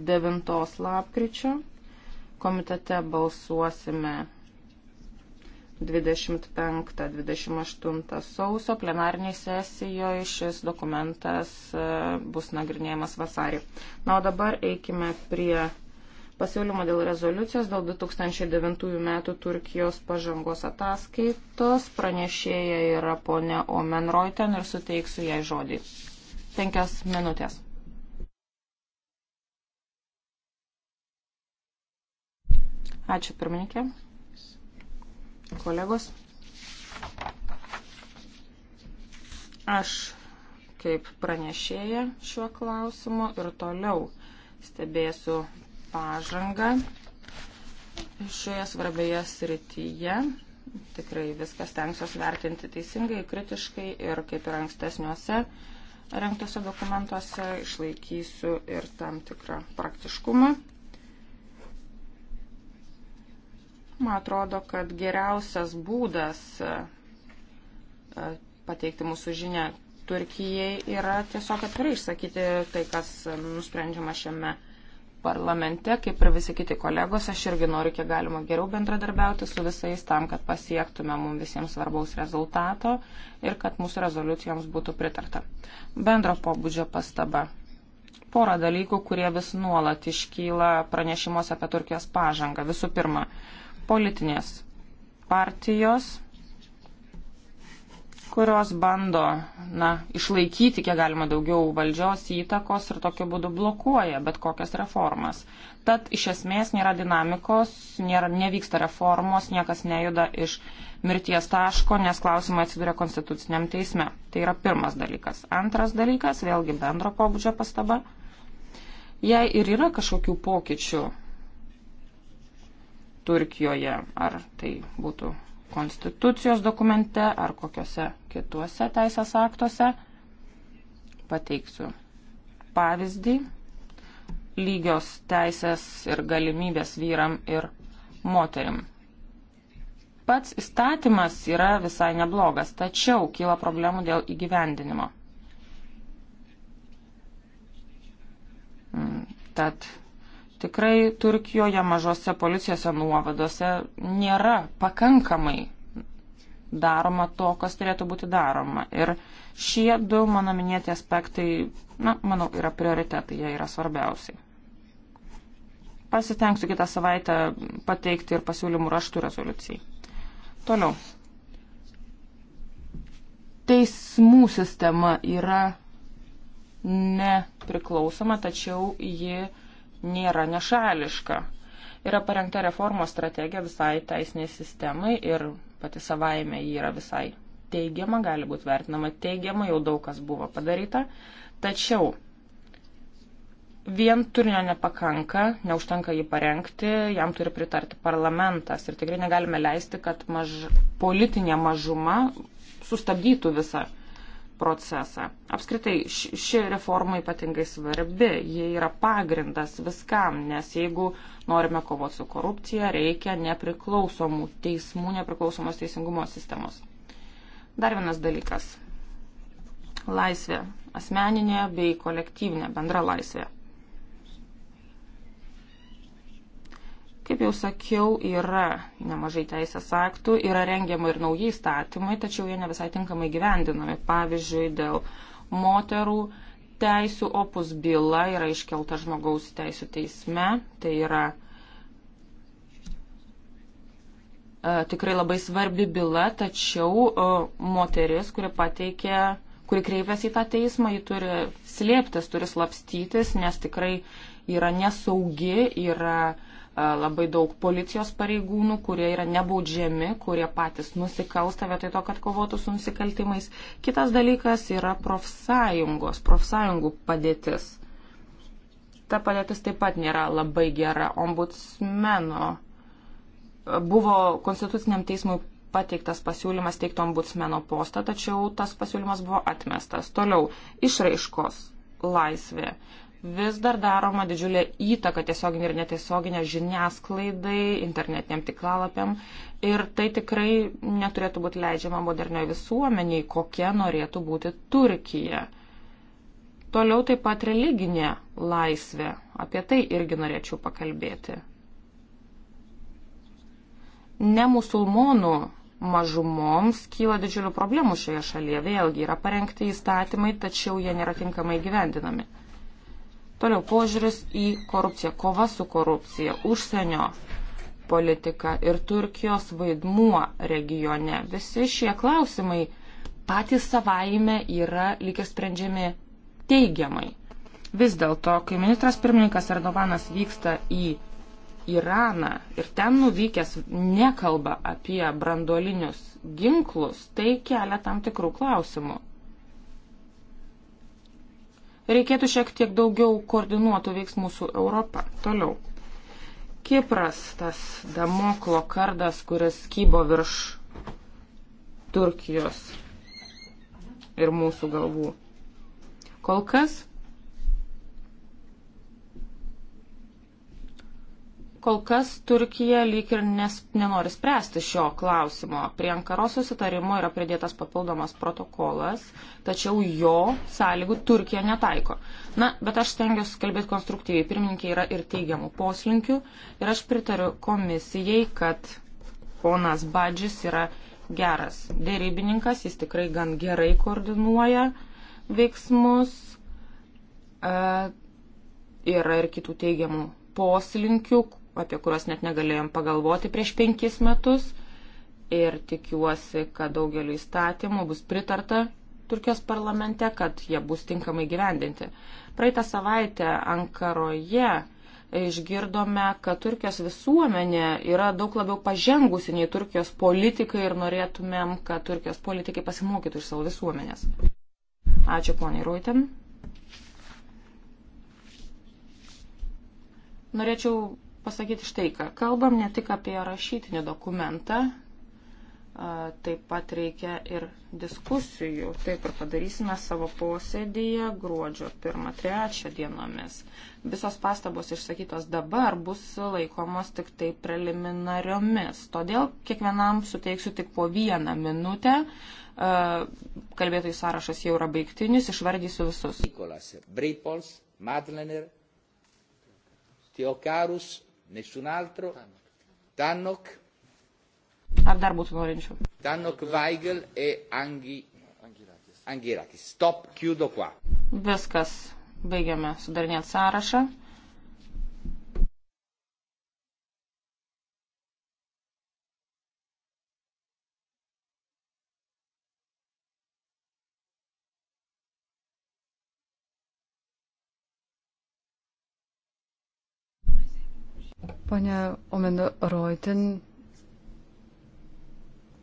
9 lapkričio komitete balsuosime 25-28 sausio plenarniai sesijoje šis dokumentas e, bus nagrinėjamas vasarį. Na, o dabar eikime prie pasiūlymo dėl rezoliucijos dėl 2009 metų Turkijos pažangos ataskaitos. Pranešėja yra ponia Omen Reuten ir suteiksiu jai žodį. Penkias minutės. Ačiū pirmininkė. Kolegos. Aš kaip pranešėja šiuo klausimu ir toliau stebėsiu pažangą šioje svarbioje srityje. Tikrai viskas tenksiuos vertinti teisingai, kritiškai ir kaip ir ankstesniuose rengtuose dokumentuose išlaikysiu ir tam tikrą praktiškumą. Man atrodo, kad geriausias būdas e, e, pateikti mūsų žinę Turkijai yra tiesiog atvirai išsakyti tai, kas nusprendžiama šiame parlamente, kaip ir visi kiti kolegos. Aš irgi noriu kiek galima geriau bendradarbiauti su visais tam, kad pasiektume mums visiems svarbaus rezultato ir kad mūsų rezoliucijoms būtų pritarta. Bendro pobūdžio pastaba. Porą dalykų, kurie vis nuolat iškyla pranešimuose apie Turkijos pažangą. Visų pirma, uh, politinės partijos, kurios bando na, išlaikyti kiek galima daugiau valdžios įtakos ir tokiu būdu blokuoja bet kokias reformas. Tad iš esmės nėra dinamikos, nėra, nevyksta reformos, niekas nejuda iš mirties taško, nes klausimai atsiduria konstituciniam teisme. Tai yra pirmas dalykas. Antras dalykas, vėlgi bendro pobūdžio pastaba. Jei ir yra kažkokių pokyčių Turkijoje, ar tai būtų konstitucijos dokumente, ar kokiuose kituose teisės aktuose. Pateiksiu pavyzdį. Lygios teisės ir galimybės vyram ir moterim. Pats įstatymas yra visai neblogas, tačiau kyla problemų dėl įgyvendinimo. Mm, tad Tikrai Turkijoje mažose policijose nuovadose nėra pakankamai daroma to, kas turėtų būti daroma. Ir šie du mano minėti aspektai, na, manau, yra prioritetai, jie yra svarbiausiai. Pasitengsiu kitą savaitę pateikti ir pasiūlymų raštų rezoliucijai. Toliau. Teismų sistema yra nepriklausoma, tačiau ji nėra nešališka. Yra parengta reformos strategija visai teisiniai sistemai ir pati savaime ji yra visai teigiama, gali būti vertinama teigiama, jau daug kas buvo padaryta. Tačiau vien turinio nepakanka, neužtenka jį parengti, jam turi pritarti parlamentas ir tikrai negalime leisti, kad maž... politinė mažuma sustabdytų visą procesą. Apskritai, ši reforma ypatingai svarbi, jie yra pagrindas viskam, nes jeigu norime kovoti su korupcija, reikia nepriklausomų teismų, nepriklausomos teisingumo sistemos. Dar vienas dalykas - laisvė, asmeninė bei kolektyvinė bendra laisvė. Kaip jau sakiau, yra nemažai teisės aktų, yra rengiama ir nauji įstatymai, tačiau jie ne visai tinkamai gyvendinami. Pavyzdžiui, dėl moterų teisų opus byla yra iškelta žmogaus teisų teisme. Tai yra e, tikrai labai svarbi byla, tačiau e, moteris, kuri pateikė kuri kreipiasi į tą teismą, ji turi slėptis, turi slapstytis, nes tikrai yra nesaugi, yra E, labai daug policijos pareigūnų, kurie yra nebaudžiami, kurie patys nusikalsta vietoj to, kad kovotų su nusikaltimais. Kitas dalykas yra profsąjungos, profsąjungų padėtis. Ta padėtis taip pat nėra labai gera. Ombudsmeno e, buvo konstituciniam teismui pateiktas pasiūlymas teikti ombudsmeno postą, tačiau tas pasiūlymas buvo atmestas. Toliau, išraiškos laisvė vis dar daroma didžiulė įtaka tiesioginė ir netiesioginė žiniasklaidai, internetiniam tiklalapiam. Ir tai tikrai neturėtų būti leidžiama modernioje visuomeniai, kokia norėtų būti Turkija. Toliau taip pat religinė laisvė. Apie tai irgi norėčiau pakalbėti. Ne musulmonų mažumoms kyla didžiulių problemų šioje šalyje. Vėlgi yra parengti įstatymai, tačiau jie nėra tinkamai gyvendinami. Toliau požiūris į korupciją, kova su korupcija, užsienio politika ir Turkijos vaidmuo regione. Visi šie klausimai patys savaime yra lyg ir sprendžiami teigiamai. Vis dėlto, kai ministras pirmininkas Erdovanas vyksta į Iraną ir ten nuvykęs nekalba apie branduolinius ginklus, tai kelia tam tikrų klausimų. Reikėtų šiek tiek daugiau koordinuotų veiksmų su Europa. Toliau. Kipras, tas damoklo kardas, kuris kybo virš Turkijos ir mūsų galvų. Kol kas Kol kas Turkija lyg ir nes, nenori spręsti šio klausimo. Prie Ankaros susitarimo yra pridėtas papildomas protokolas, tačiau jo sąlygų Turkija netaiko. Na, bet aš stengiuosi kalbėti konstruktyviai. Pirmininkė yra ir teigiamų poslinkių ir aš pritariu komisijai, kad ponas Badžis yra geras dėrybininkas, jis tikrai gan gerai koordinuoja veiksmus. E, yra ir kitų teigiamų poslinkių, apie kuriuos net negalėjom pagalvoti prieš penkis metus. Ir tikiuosi, kad daugeliu įstatymų bus pritarta Turkijos parlamente, kad jie bus tinkamai gyvendinti. Praeitą savaitę Ankaroje išgirdome, kad Turkijos visuomenė yra daug labiau pažengusi nei Turkijos politikai ir norėtumėm, kad Turkijos politikai pasimokytų iš savo visuomenės. Ačiū poniai Ruitin. Norėčiau pasakyti štai ką. Kalbam ne tik apie rašytinį dokumentą, taip pat reikia ir diskusijų. Taip ir padarysime savo posėdėje gruodžio 1-3 dienomis. Visos pastabos išsakytos dabar bus laikomos tik tai preliminariomis. Todėl kiekvienam suteiksiu tik po vieną minutę. Kalbėtojų sąrašas jau yra baigtinis, išvardysiu visus. Nikolas Bripols, Madlener, Teokarus, Nessun altro? Tannock? Ar dar būtų norinčių? Tannock, Weigel e Anghi. Angirakis. Stop, chiudo qua. Viskas, baigiame sudarinėti sąrašą. Pone Omen Reutin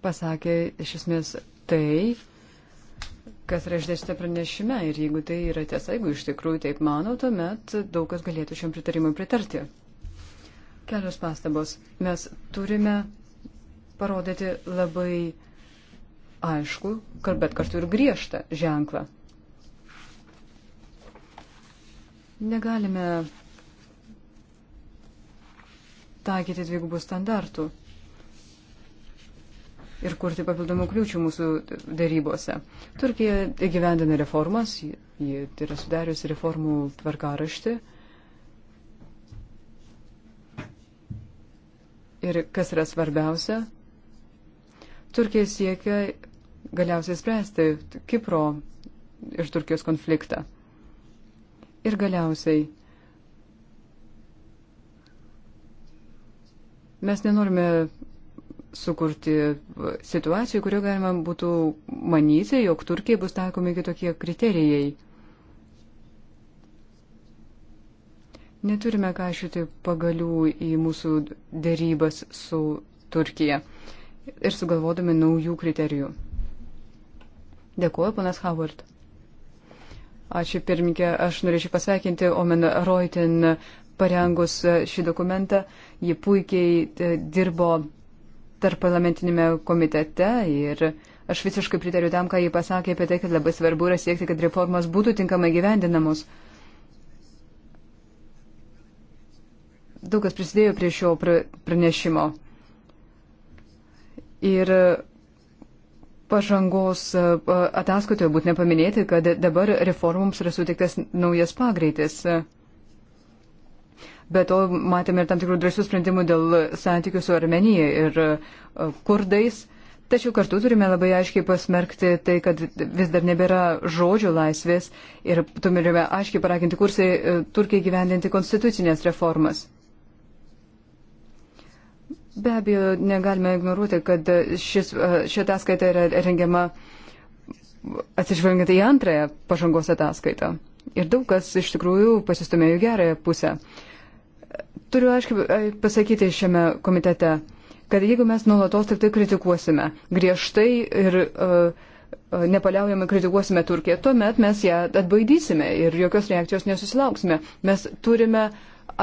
pasakė iš esmės tai, kas yra išdėstyta pranešime ir jeigu tai yra tiesa, jeigu iš tikrųjų taip manau, tuomet daug kas galėtų šiam pritarimui pritarti. Kelios pastabos. Mes turime parodyti labai aišku, bet kartu ir griežtą ženklą. Negalime taikyti dvigubų standartų ir kurti papildomų kliūčių mūsų darybose. Turkija įgyvendina reformas, ji yra sudariusi reformų tvarkaraštį. Ir kas yra svarbiausia, Turkija siekia galiausiai spręsti Kipro ir Turkijos konfliktą. Ir galiausiai Mes nenorime sukurti situacijų, kurio galima būtų manyti, jog Turkijai bus taikomi kitokie kriterijai. Neturime kažyti pagalių į mūsų dėrybas su Turkija ir sugalvodami naujų kriterijų. Dėkuoju, panas Howard. Ačiū pirmininkė, aš norėčiau pasveikinti Omen Reuten parengus šį dokumentą. Uh, Ji puikiai e, dirbo tarp parlamentinėme komitete ir aš visiškai pritariu tam, ką ji pasakė apie tai, kad labai svarbu yra siekti, kad reformos būtų tinkamai gyvendinamos. Daug kas prisidėjo prie šio pranešimo. Ir pažangos e, ataskaitoje būtina paminėti, kad dabar reformoms yra suteiktas naujas pagreitis bet to matėme ir tam tikrų drąsių sprendimų dėl santykių su Armenija ir e, kurdais. Tačiau kartu turime labai aiškiai pasmerkti tai, kad vis dar nebėra žodžio laisvės ir turime aiškiai paraginti kursai e, Turkiai gyvendinti konstitucinės reformas. Be abejo, negalime ignoruoti, kad šis, e, ši ataskaita yra rengiama atsižvelgiant į antrąją pažangos ataskaitą. Ir daug kas iš tikrųjų pasistumėjo gerąją pusę. Turiu aiškiai e, pasakyti šiame komitete, kad jeigu mes nuolatos tik tai kritikuosime griežtai ir uh, nepaliaujamai kritikuosime Turkiją, tuomet mes ją atbaidysime ir jokios reakcijos nesusilauksime. Mes turime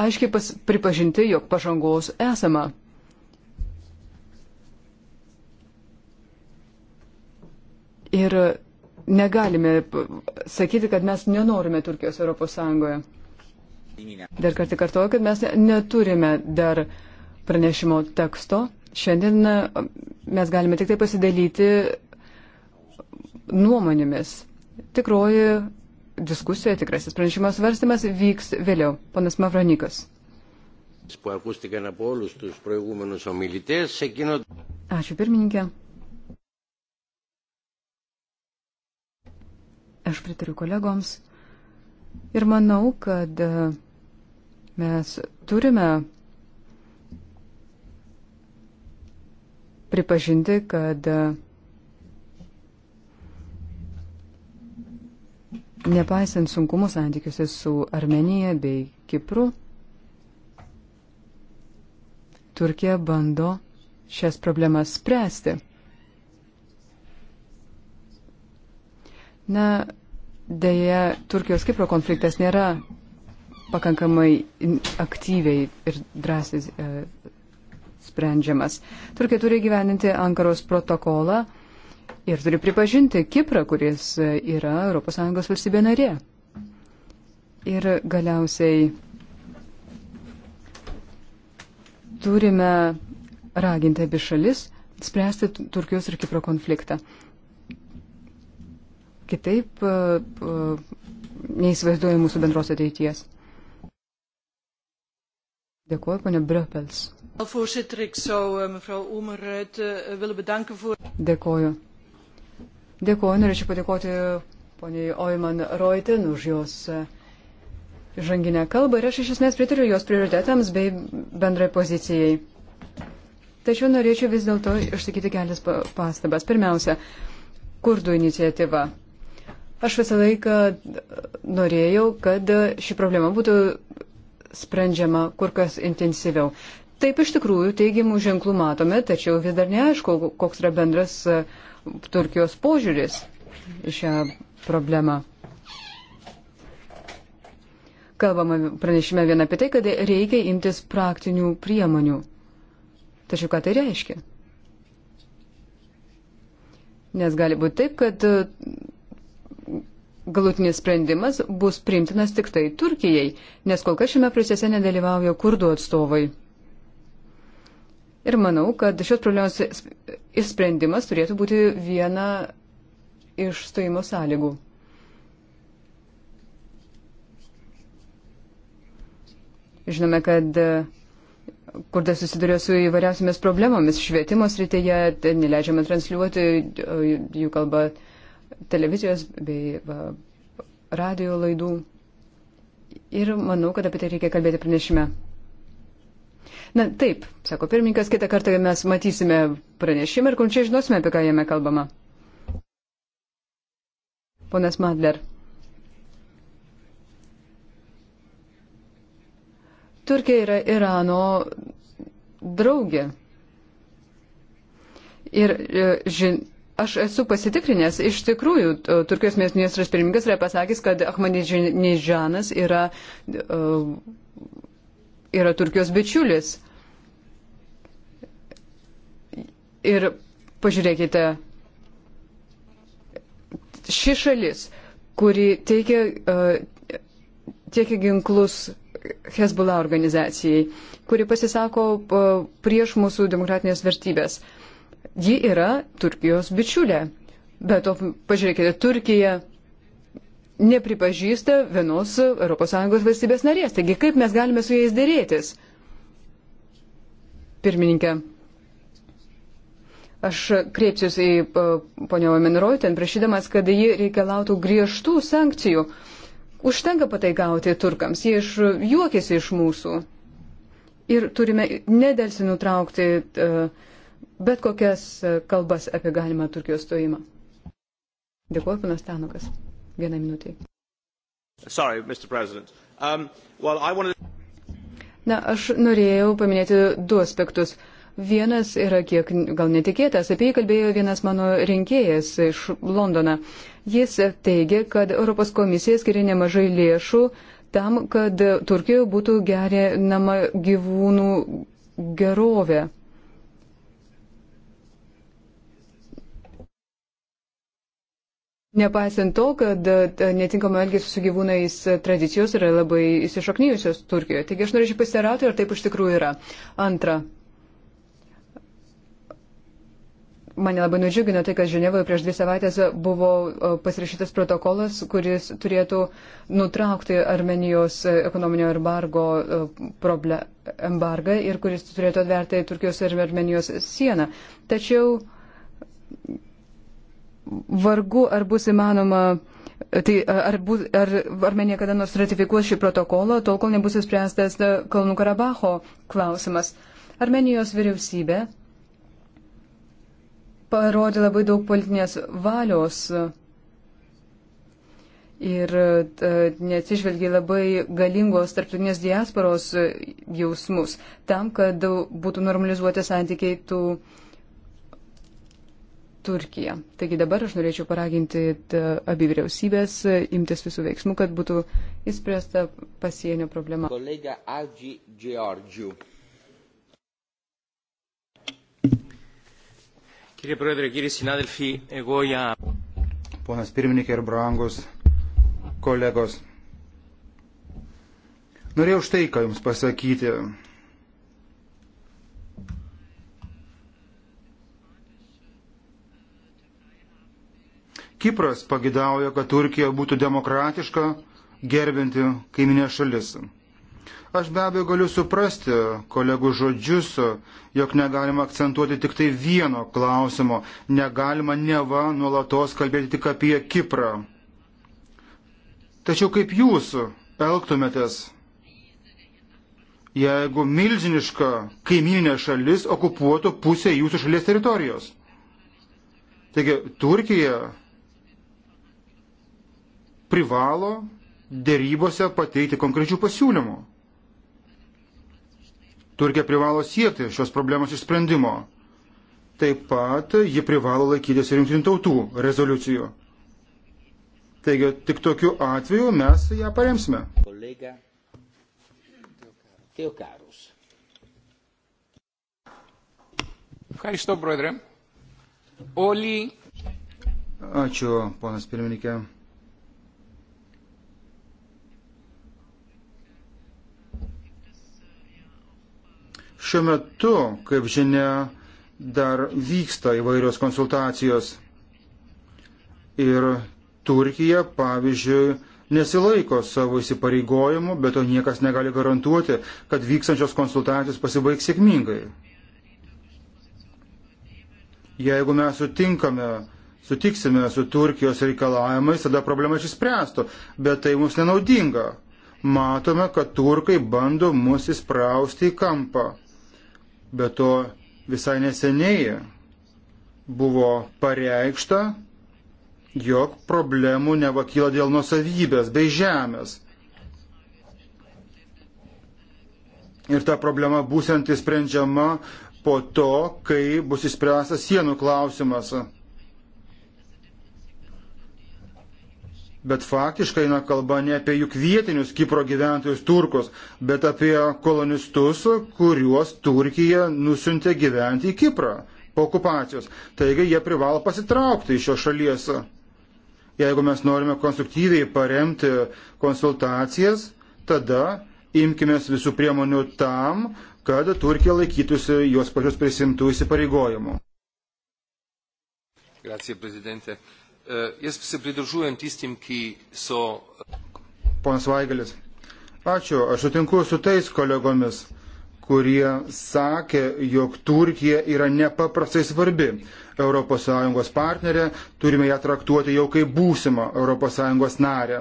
aiškiai pas, pripažinti, jog pažangos esama. Ir negalime sakyti, kad mes nenorime Turkijos Europos Sąjungoje. Dar kartą kartuoju, kad mes neturime dar pranešimo teksto. Šiandien mes galime tik tai pasidalyti nuomonėmis. Tikroji diskusija, tikrasis pranešimas svarstymas vyks vėliau. Ponas Mavronikas. Ačiū pirmininkė. Aš pritariu kolegoms ir manau, kad Mes turime pripažinti, kad nepaisant sunkumų santykiuose su Armenija bei Kipru, Turkija bando šias problemas spręsti. Na, dėja, Turkijos Kipro konfliktas nėra pakankamai aktyviai ir drąsiai e, sprendžiamas. Turkija turi gyveninti Ankaros protokolą ir turi pripažinti Kiprą, kuris e, yra ES valstybė narė. Ir galiausiai turime raginti abi šalis spręsti Turkijos ir Kipro konfliktą. Kitaip e, neįsivaizduoja mūsų bendros ateities. Dėkuoju, ponė Briopels. Eh, eh, Dėkuoju. Dėkuoju, norėčiau padėkoti poniai Oiman Reutin už jos eh, žanginę kalbą ir aš iš esmės pritariu jos prioritetams bei bendrai pozicijai. Tačiau norėčiau vis dėlto išsakyti kelias pastabas. Pirmiausia, kurdų iniciatyva. Aš visą laiką norėjau, kad ši problema būtų sprendžiama kur kas intensyviau. Taip iš tikrųjų teigiamų ženklų matome, tačiau vis dar neaišku, koks yra bendras e, Turkijos požiūris šią problemą. Kalbama pranešime vien apie tai, kad reikia imtis praktinių priemonių. Tačiau ką tai reiškia? Nes gali būti taip, kad galutinis sprendimas bus priimtinas tik tai Turkijai, nes kol kas šiame procese nedalyvauja kurdų atstovai. Ir manau, kad šios problemos išsprendimas turėtų būti viena iš stojimo sąlygų. Žinome, kad kurdas susiduria su įvairiausiamis problemomis švietimo srityje, neleidžiama transliuoti jų kalbą televizijos bei radio laidų. Ir manau, kad apie tai reikia kalbėti pranešime. Na taip, sako pirmininkas, kitą kartą mes matysime pranešimą ir konkrečiai žinosime, apie ką jame kalbama. Ponas Madler. Turkija yra Irano draugė. Ir e, žin, Aš esu pasitikrinęs, iš tikrųjų, Turkijos ministras pirmininkas yra pasakęs, kad Ahmadinėžanas yra, e, yra Turkijos bičiulis. Ir pažiūrėkite, ši šalis, kuri teikia, e, teikia ginklus Hezbollah organizacijai, kuri pasisako e, prieš mūsų demokratinės vertybės. Ji yra Turkijos bičiulė. Bet to, pažiūrėkite, Turkija nepripažįsta vienos ES valstybės narės. Taigi kaip mes galime su jais dėrėtis? Pirmininkė. Aš kreipsiuosi į e, ponio Minroitin, prašydamas, kad ji reikalautų griežtų sankcijų. Užtenka pataikauti turkams, jie iš, juokiasi iš mūsų. Ir turime nedelsi nutraukti uh, bet kokias e, kalbas apie galimą Turkijos stojimą. Dėkuoju, panas Tanukas. Vieną minutį. Sorry, Mr. President. Um, well, I wanted... Na, aš norėjau paminėti du aspektus. Vienas yra kiek gal netikėtas, apie jį kalbėjo vienas mano rinkėjas iš Londono. Jis teigia, kad Europos komisija skiria nemažai lėšų tam, kad Turkijoje būtų gerinama gyvūnų gerovė. Nepaisant to, kad e, netinkamo elgesio su gyvūnais e, tradicijos yra labai įsišaknyjusios Turkijoje. Taigi aš norėčiau pasirauti, ar taip iš tikrųjų yra. Antra. Mane labai nudžiugino tai, kad Ženevoje prieš dvi savaitės buvo e, pasirašytas protokolas, kuris turėtų nutraukti Armenijos ekonominio embargo embargą ir kuris turėtų atverti Turkijos ir Armenijos sieną. Tačiau vargu ar bus įmanoma. Tai ar, bus, ar Armenija kada nors ratifikuos šį protokolą, tol kol nebus įspręstas e, Kalnų Karabaho klausimas. Armenijos vyriausybė parodė labai daug politinės valios e, ir e, neatsižvelgė labai galingos tarptautinės diasporos jausmus tam, kad būtų normalizuoti santykiai tų uh, Turkiją. Taigi dabar aš norėčiau paraginti e, abi vyriausybės e, imtis visų veiksmų, kad būtų įspręsta pasienio problema. Kolega Algi Georgiu. Κύριε Πρόεδρε, κύριοι συνάδελφοι, εγώ για... Ponas pirmininkė ir brangus kolegos. Norėjau štai ką Jums pasakyti. Kipras pagidauja, kad Turkija būtų demokratiška, gerbinti kaiminė šalis. Aš be abejo galiu suprasti kolegų žodžius, jog negalima akcentuoti tik tai vieno klausimo, negalima neva nuolatos kalbėti tik apie Kiprą. Tačiau kaip jūs elgtumėtės, jeigu milžiniška kaiminė šalis okupuotų pusę jūsų šalies teritorijos? Taigi Turkija privalo dėrybose pateikti konkrečių pasiūlymų. Turkija privalo siekti šios problemos išsprendimo. Taip pat ji privalo laikytis rinktinių tautų rezoliucijų. Taigi tik tokiu atveju mes ją paremsime. Kolega Teokarus. Ačiū, ponas pirmininkė. Šiuo metu, kaip žinia, dar vyksta įvairios konsultacijos. Ir Turkija, pavyzdžiui, nesilaiko savo įsipareigojimų, bet to niekas negali garantuoti, kad vykstančios konsultacijos pasibaigs sėkmingai. Jeigu mes sutinkame, sutiksime su Turkijos reikalavimais, tada problema išspręstų, bet tai mums nenaudinga. Matome, kad turkai bando mus įsprausti į kampą. Be to visai neseniai buvo pareikšta, jog problemų nevakyla dėl nusavybės bei žemės. Ir ta problema būsianti sprendžiama po to, kai bus įspręstas sienų klausimas. Bet faktiškai eina kalba ne apie juk vietinius Kipro gyventojus turkus, bet apie kolonistus, kuriuos Turkija nusintė gyventi į Kiprą po okupacijos. Taigi jie privalo pasitraukti iš šios šalies. Jeigu mes norime konstruktyviai paremti konsultacijas, tada imkime visų priemonių tam, kad Turkija laikytųsi jos pačios prisimtų įsipareigojimų. Grazie, prezidente. E, jaz se pridružujem tistim, ki so. Ponas Vaigelis. Ačiū, aš sutinku su tais kolegomis, kurie sakė, jog Turkija yra nepaprastai svarbi ES partnerė, turime ją traktuoti jau kaip būsimą ES narę.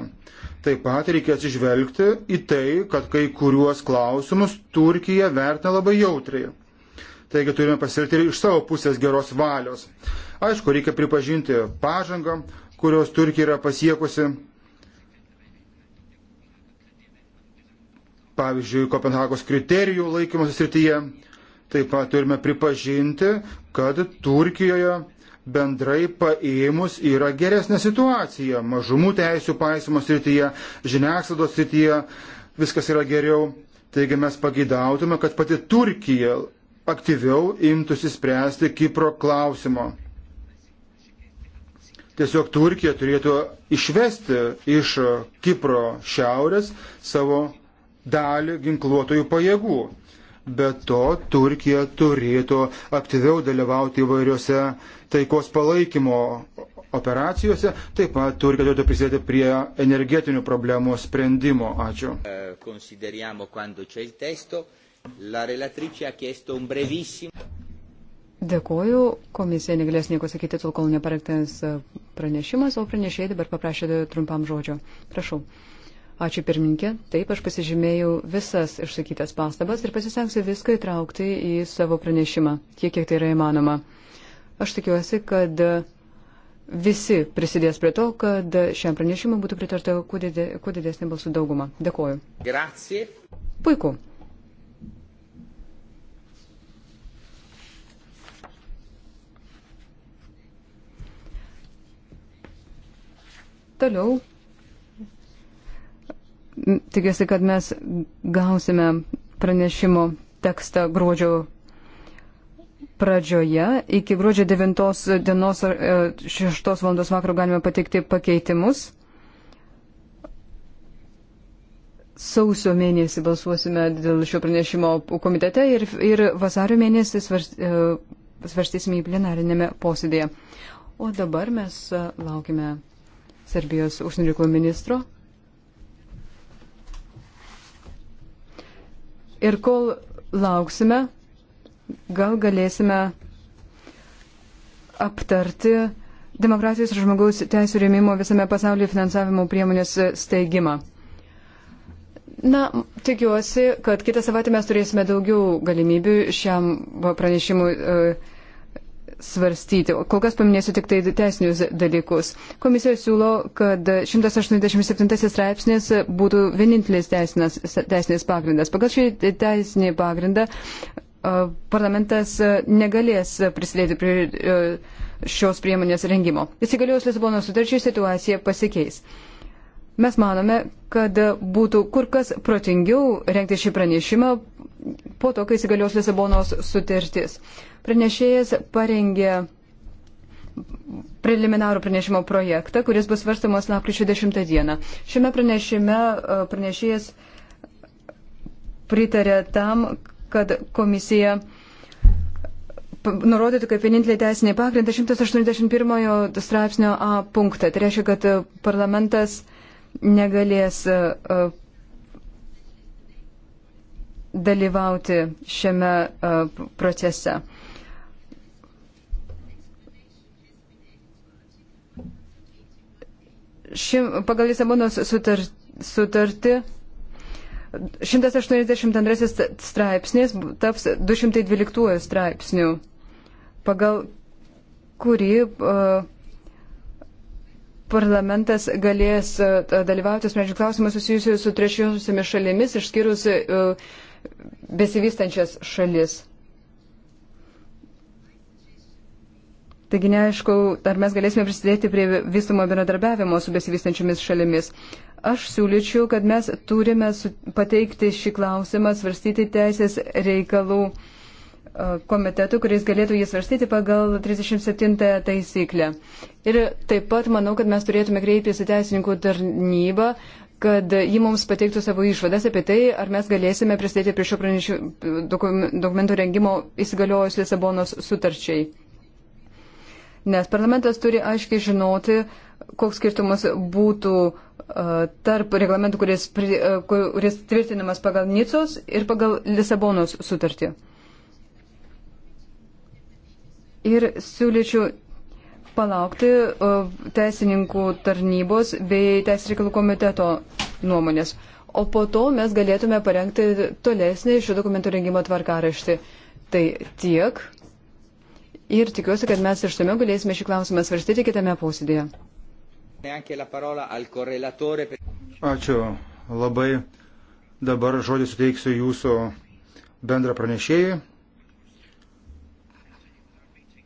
Taip pat reikia atsižvelgti į tai, kad kai kuriuos klausimus Turkija vertina labai jautriai. Taigi turime pasirinkti ir iš savo pusės geros valios. Aišku, reikia pripažinti pažangą, kurios Turkija yra pasiekusi. Pavyzdžiui, Kopenhagos kriterijų laikymosi srityje. Taip pat turime pripažinti, kad Turkijoje bendrai paėmus yra geresnė situacija. Mažumų teisų paisimo srityje, žiniasklaidos srityje viskas yra geriau. Taigi mes pagaidautume, kad pati Turkija aktyviau imtųsi spręsti Kipro klausimo. Tiesiog Turkija turėtų išvesti iš Kipro šiaurės savo dalį ginkluotojų pajėgų. Be to, Turkija turėtų aktyviau dalyvauti įvairiose taikos palaikymo operacijose. Taip pat Turkija turėtų prisidėti prie energetinių problemų sprendimo. Ačiū. Eh, Dėkuoju, komisija negalės nieko sakyti, tol kol neparektas pranešimas, o pranešėjai dabar paprašė trumpam žodžio. Prašau. Ačiū pirminkė. Taip, aš pasižymėjau visas išsakytas pastabas ir pasisengsiu viską įtraukti į savo pranešimą, tiek kiek tai yra įmanoma. Aš tikiuosi, kad visi prisidės prie to, kad šiam pranešimui būtų pritarta kuo didesnė balsų dauguma. Dėkoju. Grazie. Puiku. Toliau. Tikiuosi, kad mes gausime pranešimo tekstą gruodžio pradžioje. Iki gruodžio 9 dienos 6 e, val. vakaro galime pateikti pakeitimus. Sausio mėnesį balsuosime dėl šio pranešimo komitete ir, ir vasario mėnesį e, svarstysime į plenarinėme posėdėje. O dabar mes e, laukime Serbijos užsienio reikalų ministro. Ir kol lauksime, gal galėsime aptarti demokratijos ir žmogaus teisų rėmimo visame pasaulyje finansavimo priemonės steigimą. Na, tikiuosi, kad kitą savaitę mes turėsime daugiau galimybių šiam pranešimui. Uh, svarstyti. Kol kas paminėsiu tik tai teisinius dalykus. Komisija siūlo, kad 187 straipsnis būtų vienintelis teisinas, teisinis pagrindas. Pagal šį teisinį pagrindą parlamentas negalės prisidėti prie šios priemonės rengimo. Įsigaliojus Lisabono sutarčiai situacija pasikeis. Mes manome, kad būtų kur kas protingiau rengti šį pranešimą po to, kai įsigalios Lisabonos sutartis. Pranešėjas parengė preliminarų pranešimo projektą, kuris bus svarstamas lapkričio 10 dieną. Šiame pranešime e, pranešėjas pritarė tam, kad komisija nurodyti kaip vienintelį teisinį pagrindą 181 straipsnio A punktą. Tai reiškia, kad e, parlamentas negalės e, dalyvauti šiame e, procese. Ši, pagal Lisabonos sutartį, sutartį 182 straipsnis taps 212 straipsnių, pagal kurį uh, parlamentas galės e, dalyvauti sprendžiant klausimus susijusius su trečiosiomis šalimis, išskyrus uh, besivystančias šalis. Taigi neaišku, ar mes galėsime prisidėti prie visumo bendradarbiavimo su besivystančiomis šalimis. Aš siūlyčiau, kad mes turime pateikti šį klausimą, svarstyti teisės reikalų e, komitetų, kuris galėtų jį svarstyti pagal 37 taisyklę. Ir taip pat manau, kad mes turėtume kreiptis į teisininkų tarnybą kad ji mums pateiktų savo išvadas apie tai, ar mes galėsime pristatyti prie šio pranešių dokumentų rengimo įsigaliojus Lisabonos sutarčiai. Nes parlamentas turi aiškiai žinoti, koks skirtumas būtų tarp reglamentų, kuris, kuris tvirtinamas pagal Nicos ir pagal Lisabonos sutartį. Ir siūlyčiau palaukti teisininkų tarnybos bei teisės reikalų komiteto nuomonės. O po to mes galėtume parengti tolesnį šio dokumento rengimo tvarkaraštį. Tai tiek. Ir tikiuosi, kad mes išsamiau galėsime šį klausimą svarstyti kitame posėdėje. Ačiū labai. Dabar žodį suteiksiu jūsų bendra pranešėjai,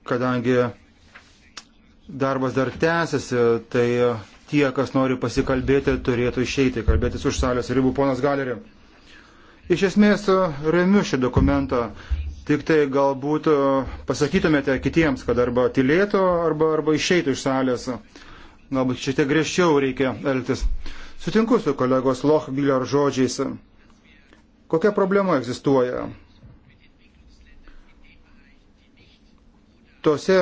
kadangi darbas dar tęsiasi, tai tie, kas nori pasikalbėti, turėtų išeiti, kalbėtis už salės ribų, ponas Galerė. Iš esmės remiu šį dokumentą, tik tai galbūt pasakytumėte kitiems, kad arba tylėtų, arba, arba išeitų iš salės. Galbūt šiek tiek griežčiau reikia elgtis. Sutinku su kolegos Lochbiller žodžiais. Kokia problema egzistuoja? Tose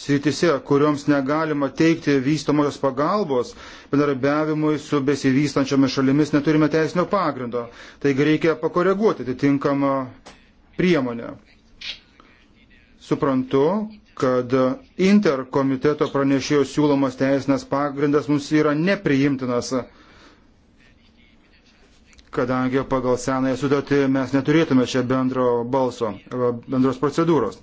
sritise, kurioms negalima teikti vystomosios pagalbos, bendarbiavimui su besivystančiomis šalimis neturime teisinio pagrindo. Taigi reikia pakoreguoti atitinkamą priemonę. Suprantu, kad interkomiteto pranešėjo siūlomas teisinės pagrindas mums yra nepriimtinas, kadangi pagal senąją sudatį mes neturėtume čia bendro balso, bendros procedūros.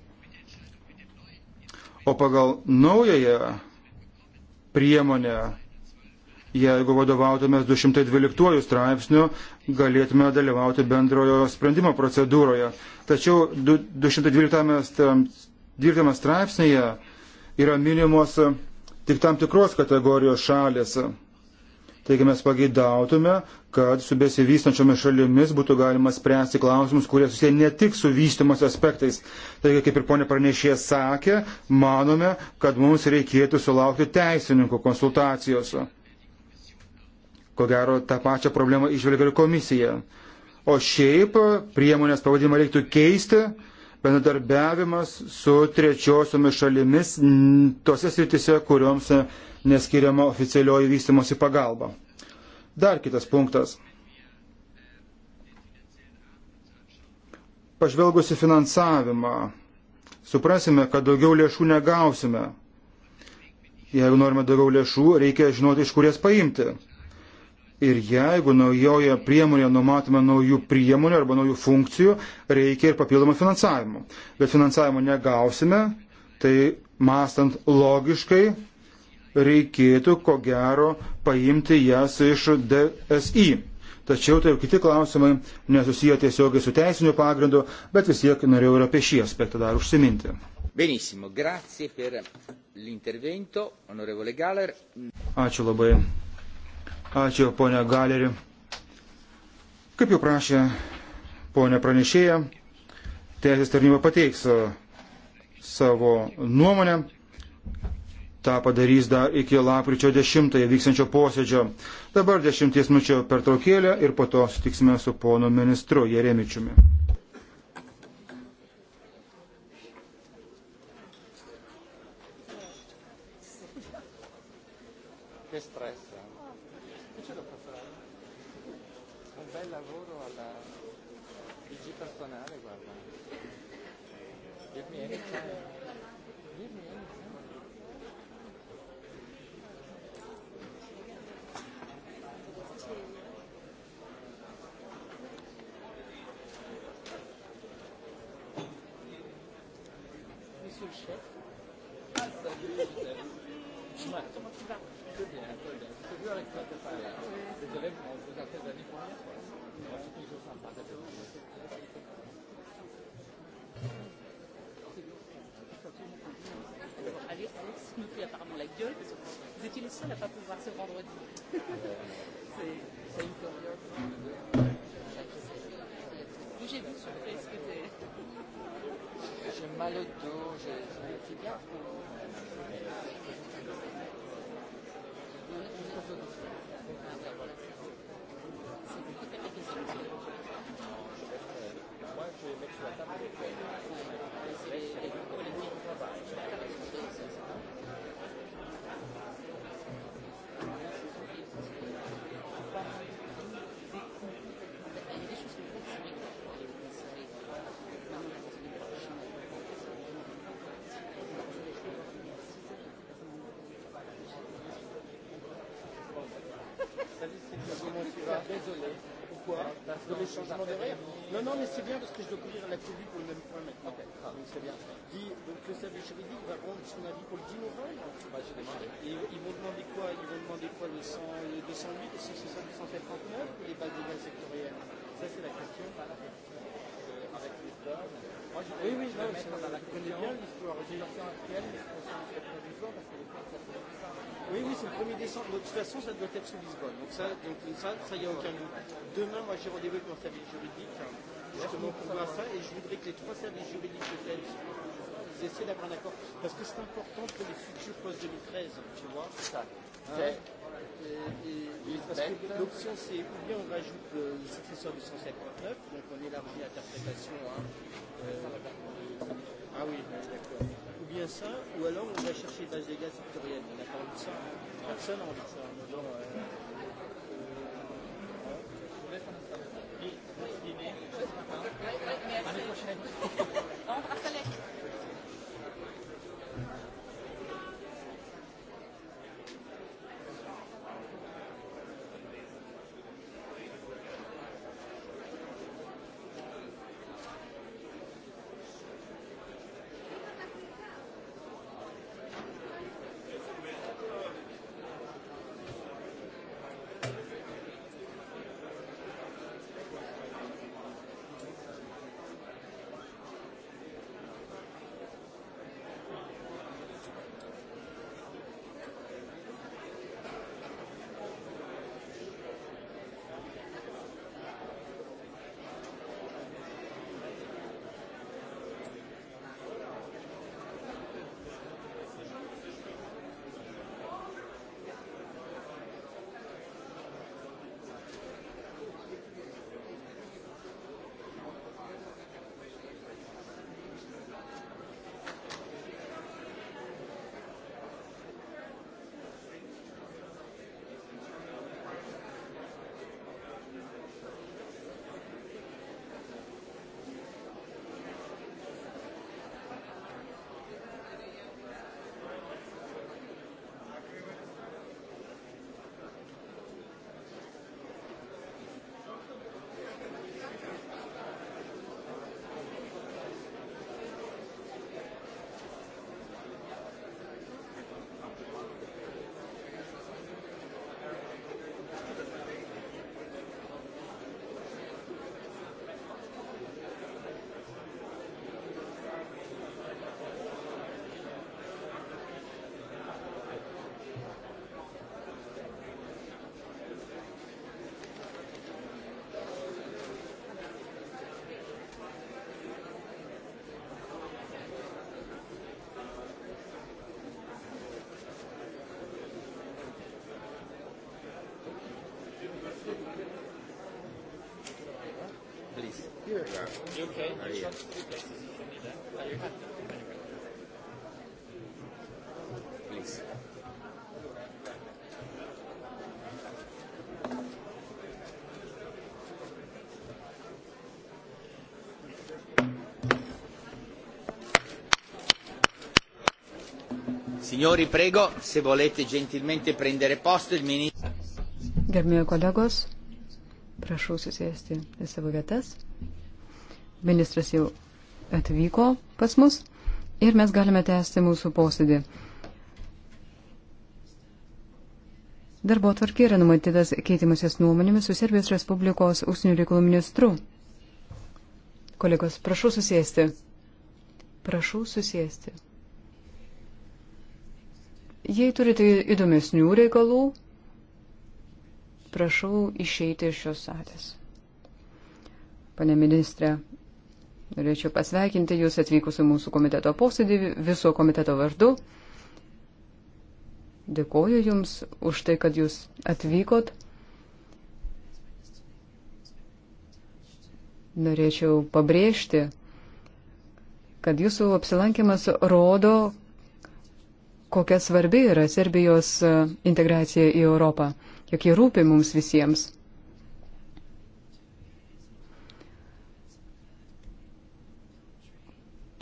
O pagal naująją priemonę, jeigu vadovautumės 212 straipsniu, galėtume dalyvauti bendrojo sprendimo procedūroje. Tačiau 212 straipsnėje yra minimos tik tam tikros kategorijos šalėse. Taigi mes pageidautume, kad su besivystančiomis šalimis būtų galima spręsti klausimus, kurie susiję ne tik su vystimos aspektais. Taigi, kaip ir ponė pranešė sakė, manome, kad mums reikėtų sulaukti teisininkų konsultacijos. Ko gero, tą pačią problemą išvelgia ir komisija. O šiaip priemonės pavadimą reiktų keisti, bendradarbiavimas su trečiosiomis šalimis tose sritise, kurioms neskiriama oficialioji vystimosi pagalba. Dar kitas punktas. Pažvelgusi finansavimą, suprasime, kad daugiau lėšų negausime. Jeigu norime daugiau lėšų, reikia žinoti, iš kur jas paimti. Ir jeigu naujoje priemonėje numatome naujų priemonių arba naujų funkcijų, reikia ir papildomų finansavimų. Bet finansavimo negausime, tai mąstant logiškai, reikėtų, ko gero, paimti jas iš DSI. Tačiau tai jau kiti klausimai, nesusiję tiesiogiai su teisiniu pagrindu, bet vis tiek norėjau ir apie šį aspektą dar užsiminti. Benissimo, grazie per l'intervento, onorevole Galer. Ačiū labai. Ačiū, ponia Galeri. Kaip jau prašė ponia pranešėja, teisės tarnyba pateiks savo nuomonę tą padarys dar iki lapkričio 10 vyksiančio posėdžio. Dabar 10 minučių pertraukėlė ir po to sutiksime su ponu ministru Jeremičiumi. Désolé. Pourquoi Parce que les changements de rire. Non, non, mais c'est bien parce que je dois courir à la TV pour le même point maintenant. Okay. Ah. Donc c'est bien. Dis, donc le service juridique va rendre son avis pour le 10 novembre bah, J'ai demandé. Et ils vont demander quoi Ils vont demander quoi le, 100, le 208, le 160, le 159 ou les bases légales sectorielles Ça, c'est la question. Euh, avec l'histoire. Moi, je oui, oui, je non, je connais bien l'histoire. J'ai l'histoire actuelle, mais je pense que Lisbonne parce que les fois, ça fait... Oui, oui, c'est le 1er décembre. De toute façon, ça doit être sous Lisbonne. Donc ça, donc ça, ça y a aucun doute. Demain, moi, j'ai rendez-vous avec mon service juridique, justement, pour voir ça. Et je voudrais que les trois services juridiques de TELS ils essaient d'avoir un accord. Parce que c'est important pour les futurs post-2013, tu vois. C'est ça. Ouais. Et, et, et parce que l'option c'est ou bien on rajoute le successeur du 159, donc on élargit l'interprétation. Hein, euh, ah oui, d'accord bien ça, ou alors on va chercher des dégâts sectoriels. On n'a pas envie de ça. Personne n'a envie de ça. Mais bon, euh... Here. You okay? Are you? Are you Please. Signori, prego, se volete gentilmente prendere posto, il ministro. Gerbėjo kolegos, prašau susėsti į savo vietas. Ministras jau atvyko pas mus ir mes galime tęsti mūsų posėdį. Darbo tvarkė yra numatytas keitimasis nuomonėmis su Serbijos Respublikos užsienio reikalų ministru. Kolegos, prašau susėsti. Prašau susėsti. Jei turite įdomesnių reikalų, prašau išeiti iš šios salės. Pane ministrė, Norėčiau pasveikinti Jūs atvykus į mūsų komiteto posėdį viso komiteto vardu. Dėkoju Jums už tai, kad Jūs atvykot. Norėčiau pabrėžti, kad Jūsų apsilankimas rodo, kokia svarbi yra Serbijos integracija į Europą, kiek jie rūpi mums visiems.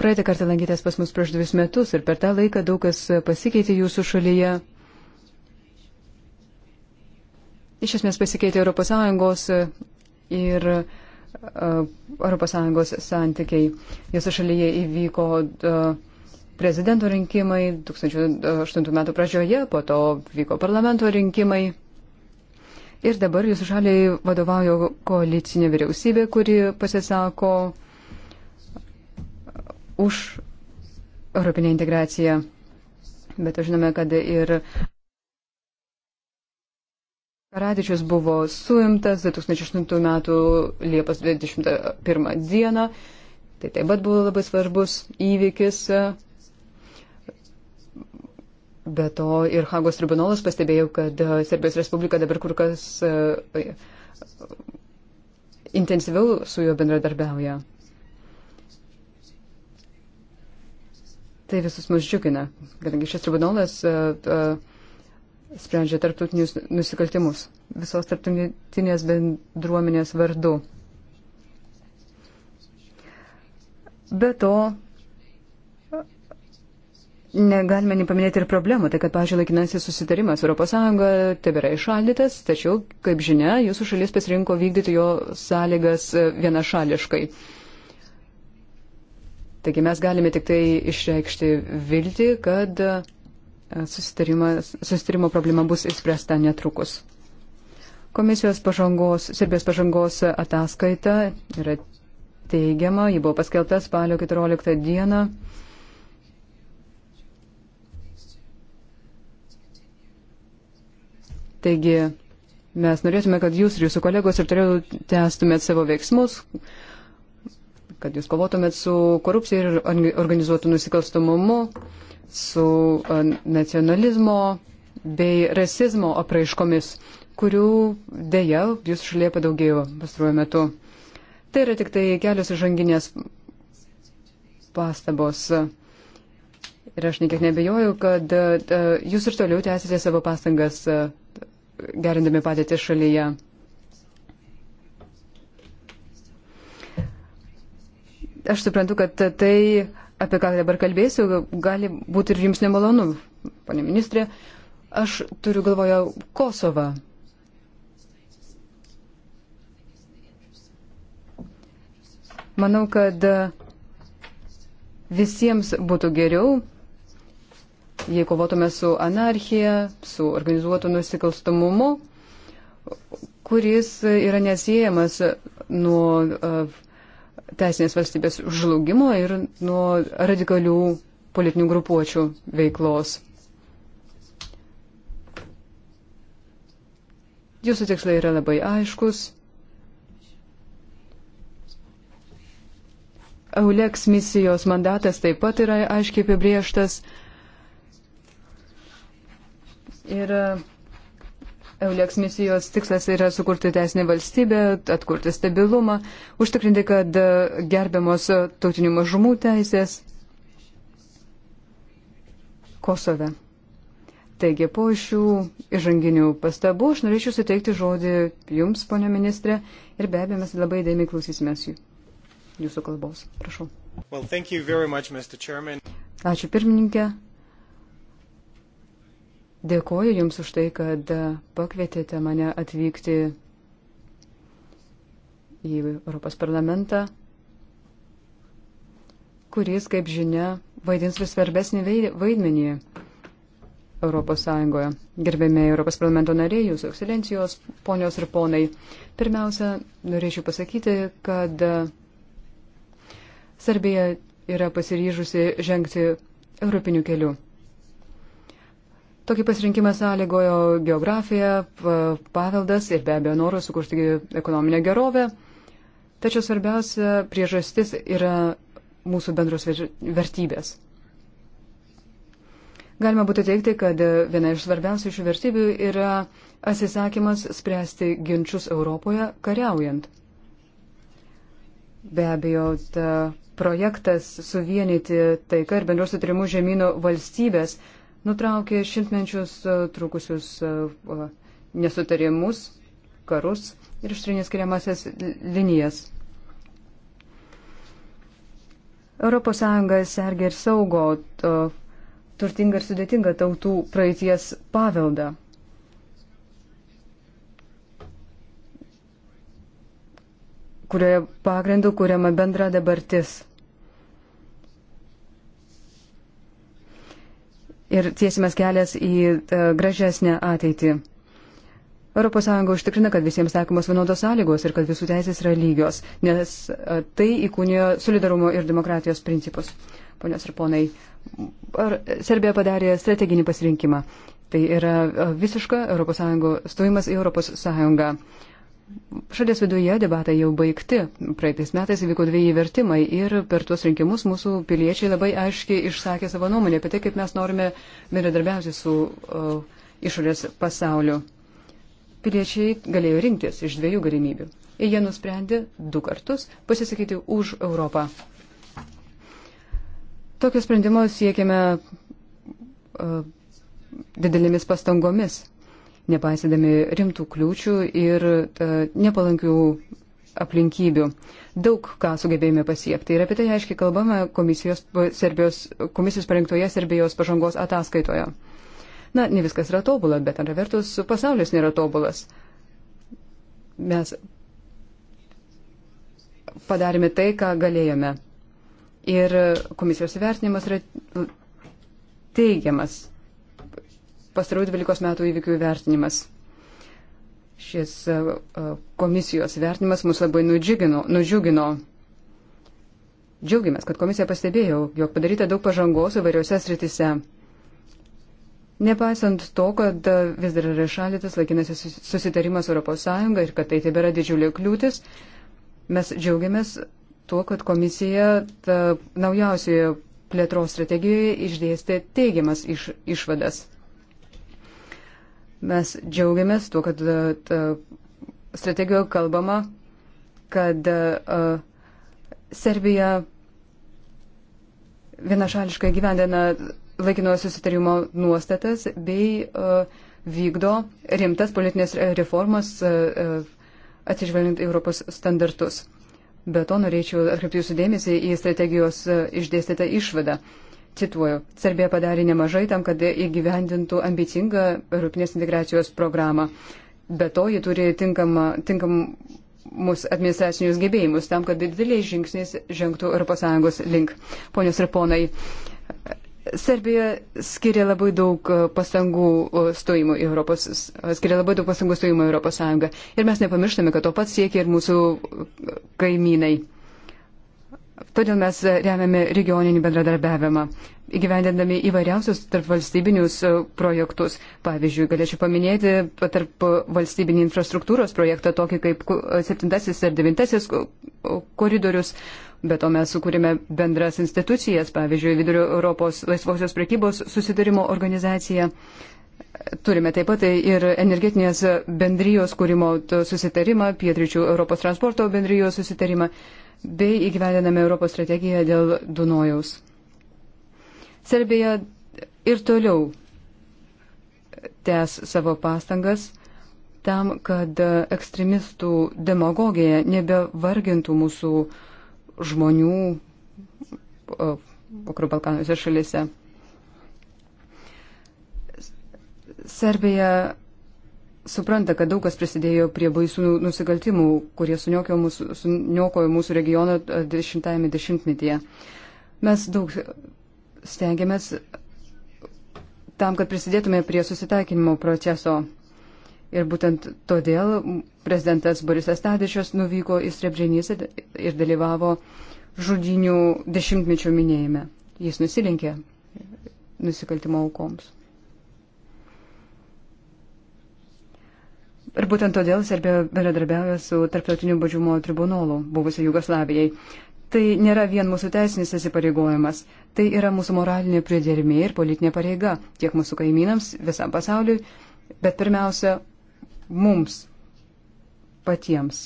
Praeitą kartą lankytės pas mus prieš dvis metus ir per tą laiką daug kas pasikeitė jūsų šalyje. Iš esmės pasikeitė ES e, ir ES santykiai. Jūsų šalyje įvyko e, prezidento rinkimai 2008 metų pradžioje, po to vyko parlamento rinkimai. Ir dabar jūsų šaliai vadovauja koalicinė vyriausybė, kuri pasisako už europinę integraciją. Bet žinome, kad ir Karadičius buvo suimtas 2008 m. Liepos 21 d. Tai taip pat buvo labai svarbus įvykis. Be to ir Hagos tribunolas pastebėjo, kad Serbijos Respublika dabar kur kas e, e, intensyviau su juo bendradarbiauja. Tai visus mus džiugina, kadangi šis tribunolas uh, uh, sprendžia tarptautinius nusikaltimus visos tarptautinės bendruomenės vardu. Be to, negalime nepaminėti ir problemų, tai kad, pažiūrėjau, laikinasis susitarimas ES tebėra išaldytas, tačiau, kaip žinia, jūsų šalis pasirinko vykdyti jo sąlygas e, vienašališkai. Uh, Taigi mes galime tik tai išreikšti viltį, kad e, susitarimo problema bus išspręsta netrukus. Komisijos pažangos, Serbijos pažangos ataskaita yra teigiama, ji buvo paskelbta spalio 14 dieną. Taigi mes norėtume, kad jūs ir jūsų kolegos ir toliau tęstumėt savo veiksmus, kad jūs kovotumėt su korupcija ir organizuotų nusikalstamumu, su nacionalizmo bei rasizmo apraiškomis, kurių dėja jūsų šalyje padaugėjo pastaruoju metu. Tai yra tik tai kelios žanginės pastabos. Ir aš nekiek nebejoju, kad jūs ir toliau tęsite savo pastangas gerindami padėtį šalyje. Aš suprantu, kad tai, apie ką dabar kalbėsiu, gali būti ir jums nemalonu, ponė ministrė. Aš turiu galvoje Kosovą. Manau, kad visiems būtų geriau, jei kovotume su anarchija, su organizuotu nusikalstamumu, kuris yra nesiejamas nuo uh, teisinės valstybės žlugimo ir nuo radikalių politinių grupuočių veiklos. Jūsų tikslai yra labai aiškus. Euleks misijos mandatas taip pat yra aiškiai apibrieštas. Ir uh, Euliaks misijos tikslas yra sukurti teisinę valstybę, atkurti stabilumą, užtikrinti, kad e, gerbiamos tautinių mažumų teisės Kosove. Taigi, po šių įžanginių pastabų aš norėčiau suteikti žodį Jums, ponio ministrė, ir be abejo mes labai dėmiai klausysimės jų. Jūsų kalbos. Prašau. Well, much, Ačiū pirmininkė. Dėkoju Jums už tai, kad pakvietėte mane atvykti į Europos parlamentą, kuris, kaip žinia, vaidins vis svarbesnį vaidmenį Europos Sąjungoje. Gerbėmiai Europos parlamento nariai, Jūsų ekscelencijos, ponios ir ponai. Pirmiausia, norėčiau pasakyti, kad Serbija yra pasiryžusi žengti europiniu keliu. Tokį pasirinkimą sąlygojo geografija, paveldas ir be abejo noras sukurti ekonominę gerovę. Tačiau svarbiausia priežastis yra mūsų bendros vertybės. Galima būtų teikti, kad viena iš svarbiausių šių vertybių yra atsisakymas spręsti ginčius Europoje kariaujant. Be abejo, ta projektas suvienyti taiką ir bendros sutrimų žemynų valstybės nutraukė šimtmečius e, trukusius e, nesutarimus, karus ir ištrinės skiriamasias linijas. ES sergia ir saugo e, turtingą ir sudėtingą tautų praeities paveldą. kurioje pagrindu kuriama bendra dabartis. ir tiesimas kelias į e, gražesnę ateitį. ES užtikrina, kad visiems taikomos vienodos sąlygos ir kad visų teisės yra lygios, nes e, tai įkūnijo solidarumo ir demokratijos principus. Ponios ir ponai, ar Serbija padarė strateginį pasirinkimą. Tai yra e, visiška ES stojimas į ES. Šalies viduje debatai jau baigti. Praeitais metais įvyko dviejai vertimai ir per tuos rinkimus mūsų piliečiai labai aiškiai išsakė savo nuomonę apie tai, kaip mes norime bendradarbiauti su uh, išorės pasauliu. Piliečiai galėjo rinktis iš dviejų galimybių. Ir jie nusprendė du kartus pasisakyti už Europą. Tokio sprendimo siekime uh, didelėmis pastangomis nepaisydami rimtų kliūčių ir e, nepalankių aplinkybių. Daug ką sugebėjome pasiekti ir apie tai aiškiai kalbame komisijos, Serbijos, komisijos parengtoje Serbijos pažangos ataskaitoje. Na, ne viskas yra tobula, bet antra vertus, pasaulis nėra tobulas. Mes padarėme tai, ką galėjome. Ir komisijos įvertinimas yra teigiamas pastarųjų 12 metų įvykių vertinimas. Šis e, e, komisijos vertinimas mus labai nudžiugino. nudžiugino. Džiaugiamės, kad komisija pastebėjo, jog padaryta daug pažangos įvairiose sritise. Nepaisant to, kad vis dar yra šalytas laikinasis susitarimas ES ir kad tai tebėra didžiulė kliūtis, mes džiaugiamės tuo, kad komisija ta, naujausioje plėtros strategijoje išdėstė teigiamas iš, išvadas. Mes džiaugiamės tuo, kad e, strategijoje kalbama, kad e, Serbija vienašališkai gyvendina laikinojo susitarimo nuostatas bei e, vykdo rimtas politinės reformas atsižvelgiant Europos standartus. Be to norėčiau atkreipti jūsų dėmesį į strategijos išdėstytą išvadą. Cituoju, Serbija padarė nemažai tam, kad įgyvendintų ambicingą Europinės integracijos programą. Be to, ji turi tinkamą, tinkamus administracinius gebėjimus tam, kad dideliais žingsniais žengtų ES link. Ponios ir ponai, Serbija skiria labai daug pastangų stojimui į Europos, skiria labai daug pastangų stojimui į Europos Sąjungą. Ir mes nepamirštame, kad to pat siekia ir mūsų kaimynai. Todėl mes remiame regioninį bendradarbiavimą, įgyvendindami įvairiausius tarpvalstybinius e, projektus. Pavyzdžiui, galėčiau paminėti tarp valstybinį infrastruktūros projektą, tokį kaip 7 ir 9 koridorius. Be to mes sukūrėme bendras institucijas, pavyzdžiui, Vidurio Europos laisvosios prekybos susidarimo organizaciją. Turime taip pat ir energetinės bendrijos kūrimo susitarimą, pietričių Europos transporto bendrijos susitarimą bei įgyvendiname Europos strategiją dėl Dunojaus. Serbija ir toliau tęs savo pastangas tam, kad ekstremistų demagogija nebevargintų mūsų žmonių vakarų Balkanuose šalise. Serbija supranta, kad daug kas prisidėjo prie baisų nusikaltimų, kurie suniokojo mūsų, suniokojo mūsų regioną 20-ame dešimtmetyje. Mes daug stengiamės tam, kad prisidėtume prie susitaikinimo proceso. Ir būtent todėl prezidentas Borisas Tadišius nuvyko į Srebrenicą ir dalyvavo žudinių dešimtmečio minėjime. Jis nusilenkė nusikaltimo aukoms. Ir būtent todėl Serbija bendradarbiauja su Tarptautiniu baudžiamo tribunolu buvusiai Jugoslavijai. Tai nėra vien mūsų teisinis įsipareigojimas, tai yra mūsų moralinė priedermė ir politinė pareiga tiek mūsų kaimynams, visam pasauliui, bet pirmiausia, mums patiems.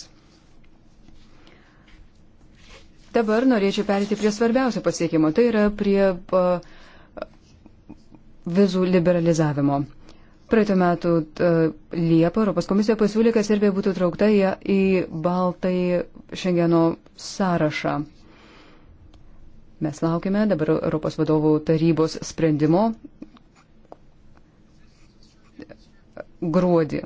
Dabar norėčiau perėti prie svarbiausio pasiekimo, tai yra prie uh, vizų liberalizavimo. Praeitų metų Liepą Europos komisija pasiūlė, kad Serbija būtų traukta į baltai Šengeno sąrašą. Mes laukime dabar Europos vadovų tarybos sprendimo gruodį.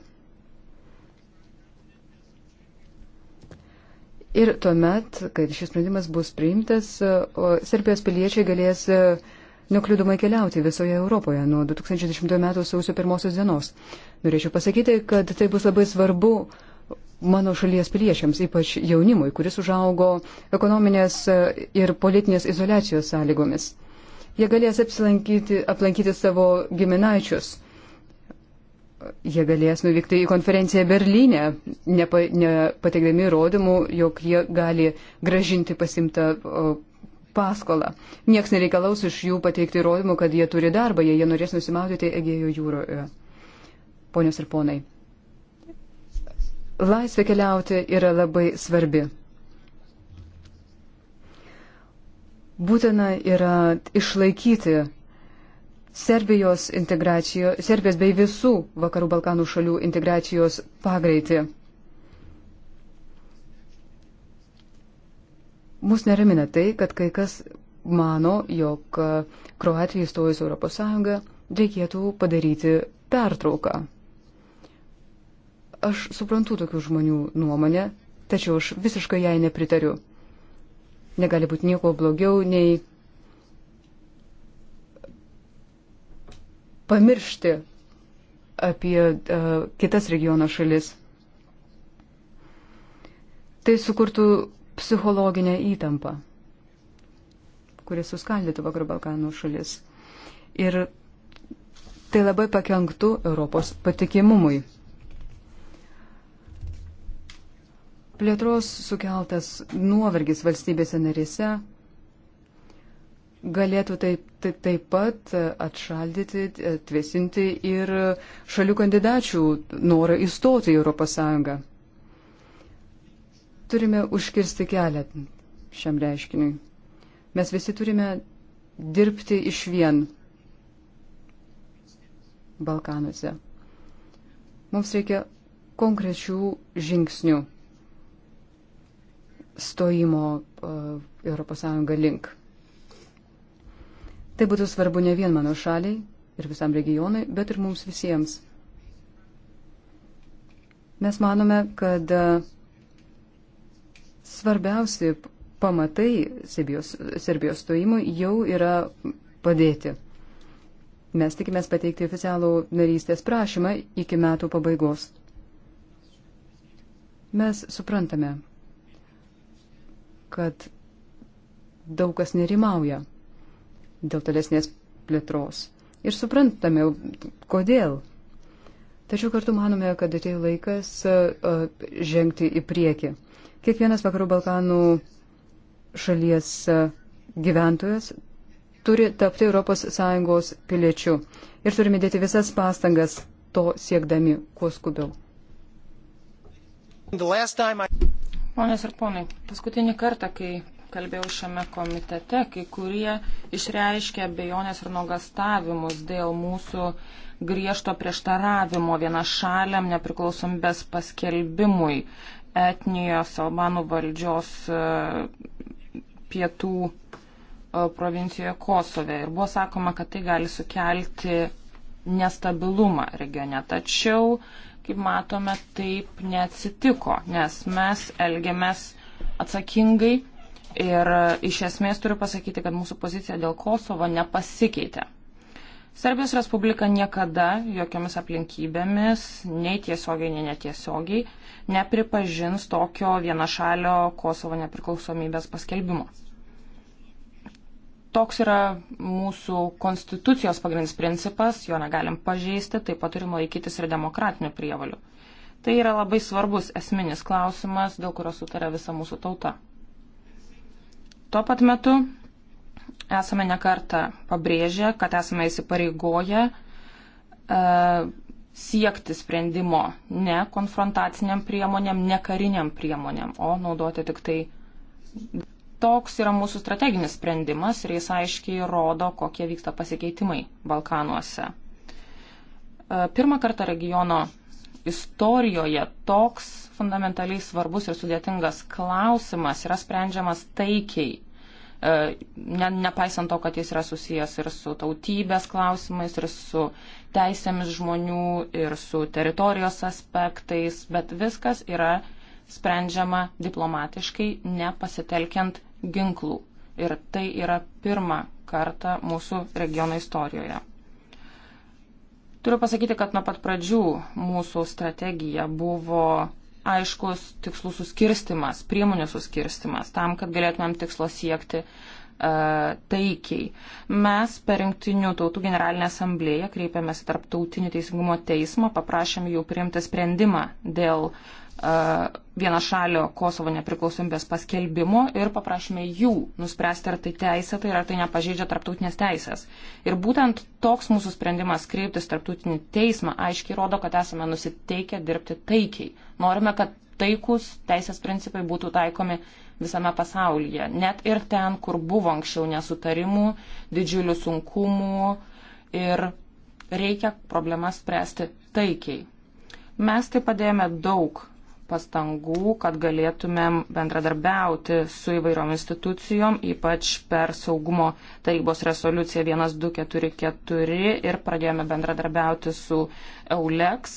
Ir tuomet, kai šis sprendimas bus priimtas, Serbijos piliečiai galės uh, nekliudomai keliauti visoje Europoje nuo 2010 m. sausio pirmosios dienos. Norėčiau pasakyti, kad tai bus labai svarbu mano šalies piliečiams, ypač jaunimui, kuris užaugo ekonominės e, ir politinės izolacijos sąlygomis. Jie galės aplankyti savo giminaičius. Jie galės nuvykti į konferenciją Berlyne, nepa, nepateikdami įrodymų, jog jie gali gražinti pasimtą paskolą. Niekas nereikalaus iš jų pateikti įrodymų, kad jie turi darbą, jei jie norės nusimaudyti Egėjo jūroje. Ponios ir ponai, laisvė keliauti yra labai svarbi. Būtina yra išlaikyti Serbijos integracijos, Serbijos bei visų Vakarų Balkanų šalių integracijos pagreitį. Mus neramina tai, kad kai kas mano, jog Kroatijai įstojus Europos Sąjungą reikėtų padaryti pertrauką. Aš suprantu tokių žmonių nuomonę, tačiau aš visiškai jai nepritariu. Negali būti nieko blogiau nei pamiršti apie uh, kitas regiono šalis. Tai sukurtų psichologinę įtampą, kuris suskaldytų vakarų Balkanų šalis. Ir tai labai pakenktų Europos patikimumui. Plėtros sukeltas nuovargis valstybėse narise galėtų taip, taip, taip pat atšaldyti, atvesinti ir šalių kandidačių norą įstoti į ES turime užkirsti kelią šiam reiškiniui. Mes visi turime dirbti iš vien Balkanuose. Mums reikia konkrečių žingsnių stojimo ES link. Tai būtų svarbu ne vien mano šaliai ir visam regionui, bet ir mums visiems. Mes manome, kad svarbiausi pamatai Serbijos, Serbijos stojimui jau yra padėti. Mes tikimės pateikti oficialų narystės prašymą iki metų pabaigos. Mes suprantame, kad daug kas nerimauja dėl tolesnės plėtros. Ir suprantame, kodėl. Tačiau kartu manome, kad atėjo laikas žengti į priekį. Kiekvienas vakarų Balkanų šalies e, gyventojas turi tapti ES piliečiu ir turime dėti visas pastangas to siekdami kuo skubiau. Ponės ir ponai, paskutinį kartą, kai kalbėjau šiame komitete, kai kurie išreiškė bejonės ir nuogastavimus dėl mūsų griežto prieštaravimo vienašaliam nepriklausomybės paskelbimui etnijos albanų valdžios e, pietų e, provincijoje Kosove. Ir buvo sakoma, kad tai gali sukelti nestabilumą regione. Tačiau, kaip matome, taip neatsitiko, nes mes elgiamės atsakingai ir e, iš esmės turiu pasakyti, kad mūsų pozicija dėl Kosovo nepasikeitė. Serbijos Respublika niekada jokiomis aplinkybėmis, nei tiesiogiai, nei netiesiogiai, nepripažins tokio vienašalio Kosovo nepriklausomybės paskelbimo. Toks yra mūsų konstitucijos pagrindinis principas, jo negalim pažeisti, taip pat turime laikytis ir demokratinių prievalių. Tai yra labai svarbus esminis klausimas, dėl kurio sutarė visa mūsų tauta. Tuo pat metu esame nekartą pabrėžę, kad esame įsipareigoję e, siekti sprendimo ne konfrontaciniam priemonėm, ne kariniam priemonėm, o naudoti tik tai. Toks yra mūsų strateginis sprendimas ir jis aiškiai rodo, kokie vyksta pasikeitimai Balkanuose. E, pirmą kartą regiono istorijoje toks fundamentaliai svarbus ir sudėtingas klausimas yra sprendžiamas taikiai E, ne, nepaisant to, kad jis yra susijęs ir su tautybės klausimais, ir su teisėmis žmonių, ir su teritorijos aspektais, bet viskas yra sprendžiama diplomatiškai, nepasitelkiant ginklų. Ir tai yra pirmą kartą mūsų regiono istorijoje. Turiu pasakyti, kad nuo pat pradžių mūsų strategija buvo aiškus tikslų suskirstimas, priemonių suskirstimas, tam, kad galėtumėm tikslo siekti e, taikiai. Mes per rinktinių tautų generalinę asamblėją kreipėmės į tarptautinį teisingumo teismą, paprašėm jų priimti sprendimą dėl uh, vienašalio Kosovo nepriklausomybės paskelbimo ir paprašome jų nuspręsti, ar tai teisėta ir ar tai nepažeidžia tarptautinės teisės. Ir būtent toks mūsų sprendimas kreiptis tarptautinį teismą aiškiai rodo, kad esame nusiteikę dirbti taikiai. Norime, kad taikus teisės principai būtų taikomi visame pasaulyje, net ir ten, kur buvo anksčiau nesutarimų, didžiulių sunkumų ir reikia problemas spręsti taikiai. Mes tai padėjome daug pastangų, kad galėtumėm bendradarbiauti su įvairiom institucijom, ypač per saugumo tarybos resoliuciją 1244 ir pradėjome bendradarbiauti su EULEX.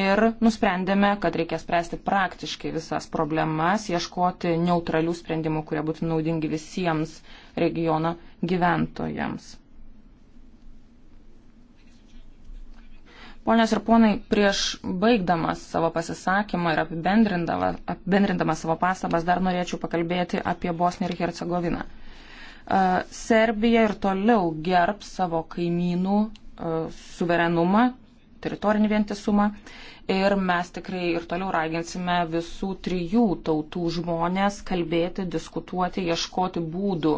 Ir nusprendėme, kad reikia spręsti praktiškai visas problemas, ieškoti neutralių sprendimų, kurie būtų naudingi visiems regiono gyventojams. Ponios ir ponai, prieš baigdamas savo pasisakymą ir apibendrindamas savo pastabas dar norėčiau pakalbėti apie Bosniją ir Hercegoviną. E, Serbija ir toliau gerb savo kaimynų e, suverenumą, teritorinį vientisumą ir mes tikrai ir toliau raginsime visų trijų tautų žmonės kalbėti, diskutuoti, ieškoti būdų,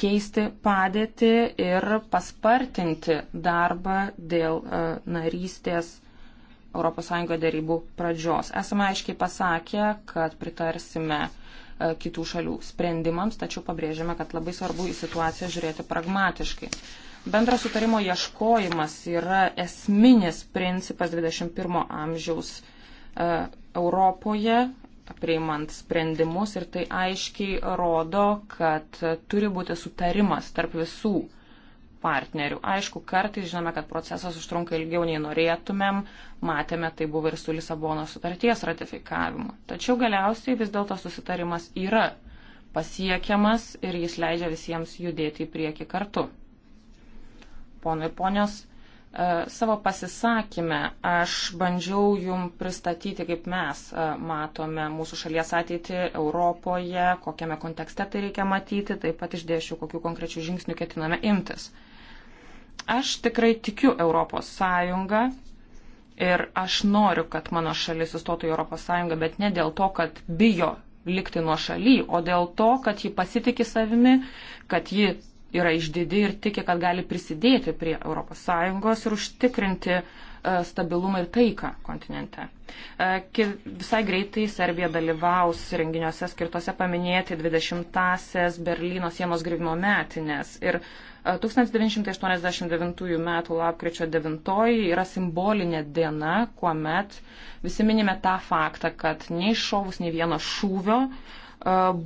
keisti padėtį ir paspartinti darbą dėl e, narystės ES dėrybų pradžios. Esame aiškiai pasakę, kad pritarsime e, kitų šalių sprendimams, tačiau pabrėžiame, kad labai svarbu į situaciją žiūrėti pragmatiškai. Bendro sutarimo ieškojimas yra esminis principas 21 amžiaus e, Europoje priimant sprendimus ir tai aiškiai rodo, kad turi būti sutarimas tarp visų partnerių. Aišku, kartais žinome, kad procesas užtrunka ilgiau nei norėtumėm, matėme, tai buvo ir su Lisabono sutarties ratifikavimu. Tačiau galiausiai vis dėlto susitarimas yra pasiekiamas ir jis leidžia visiems judėti į priekį kartu. Pono ir ponios, E, savo pasisakymę aš bandžiau jum pristatyti, kaip mes e, matome mūsų šalies ateitį Europoje, kokiame kontekste tai reikia matyti, taip pat išdėšiu, kokiu konkrečiu žingsniu ketiname imtis. Aš tikrai tikiu Europos Sąjungą, ir aš noriu, kad mano šalis įstotų į ES, bet ne dėl to, kad bijo likti nuo šaly, o dėl to, kad ji pasitikė savimi, kad ji yra išdidi ir tiki, kad gali prisidėti prie ES ir užtikrinti e, stabilumą ir taiką kontinente. E, visai greitai Serbija dalyvaus renginiuose skirtose paminėti 20-asias Berlyno sienos grįvimo metinės. Ir 1989 e, m. lapkričio 9 yra simbolinė diena, kuomet visi minime tą faktą, kad nei šovus, nei vieno šūvio uh,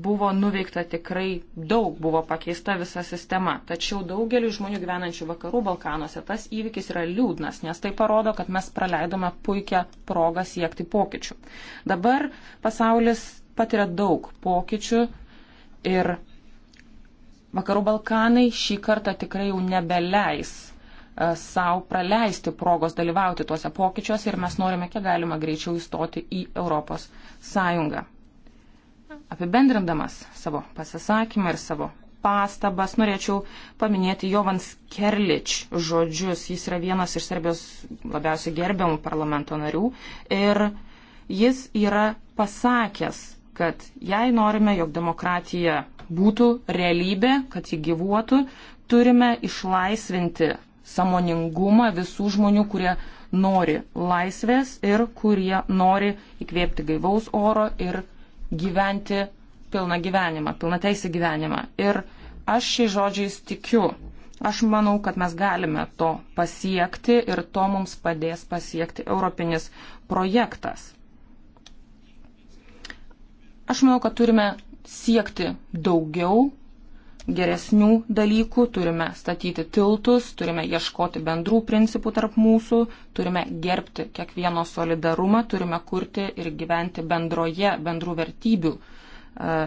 buvo nuveikta tikrai daug, buvo pakeista visa sistema. Tačiau daugeliu žmonių gyvenančių vakarų Balkanuose tas įvykis yra liūdnas, nes tai parodo, kad mes praleidome puikią progą siekti pokyčių. Dabar pasaulis patiria daug pokyčių ir vakarų Balkanai šį kartą tikrai jau nebeleis savo praleisti progos dalyvauti tuose pokyčiuose ir mes norime kiek galima greičiau įstoti į Europos Sąjungą. Apibendrindamas savo pasisakymą ir savo pastabas norėčiau paminėti Jovans Kerlič žodžius. Jis yra vienas iš Serbijos labiausiai gerbiamų parlamento narių ir jis yra pasakęs, kad jei norime, jog demokratija būtų realybė, kad ji gyvuotų, turime išlaisvinti samoningumą visų žmonių, kurie nori laisvės ir kurie nori įkvėpti gaivaus oro ir gyventi pilną gyvenimą, pilną teisę gyvenimą. Ir aš šiais žodžiais tikiu. Aš manau, kad mes galime to pasiekti ir to mums padės pasiekti europinis projektas. Aš manau, kad turime siekti daugiau geresnių dalykų, turime statyti tiltus, turime ieškoti bendrų principų tarp mūsų, turime gerbti kiekvieno solidarumą, turime kurti ir gyventi bendroje, bendrų vertybių e,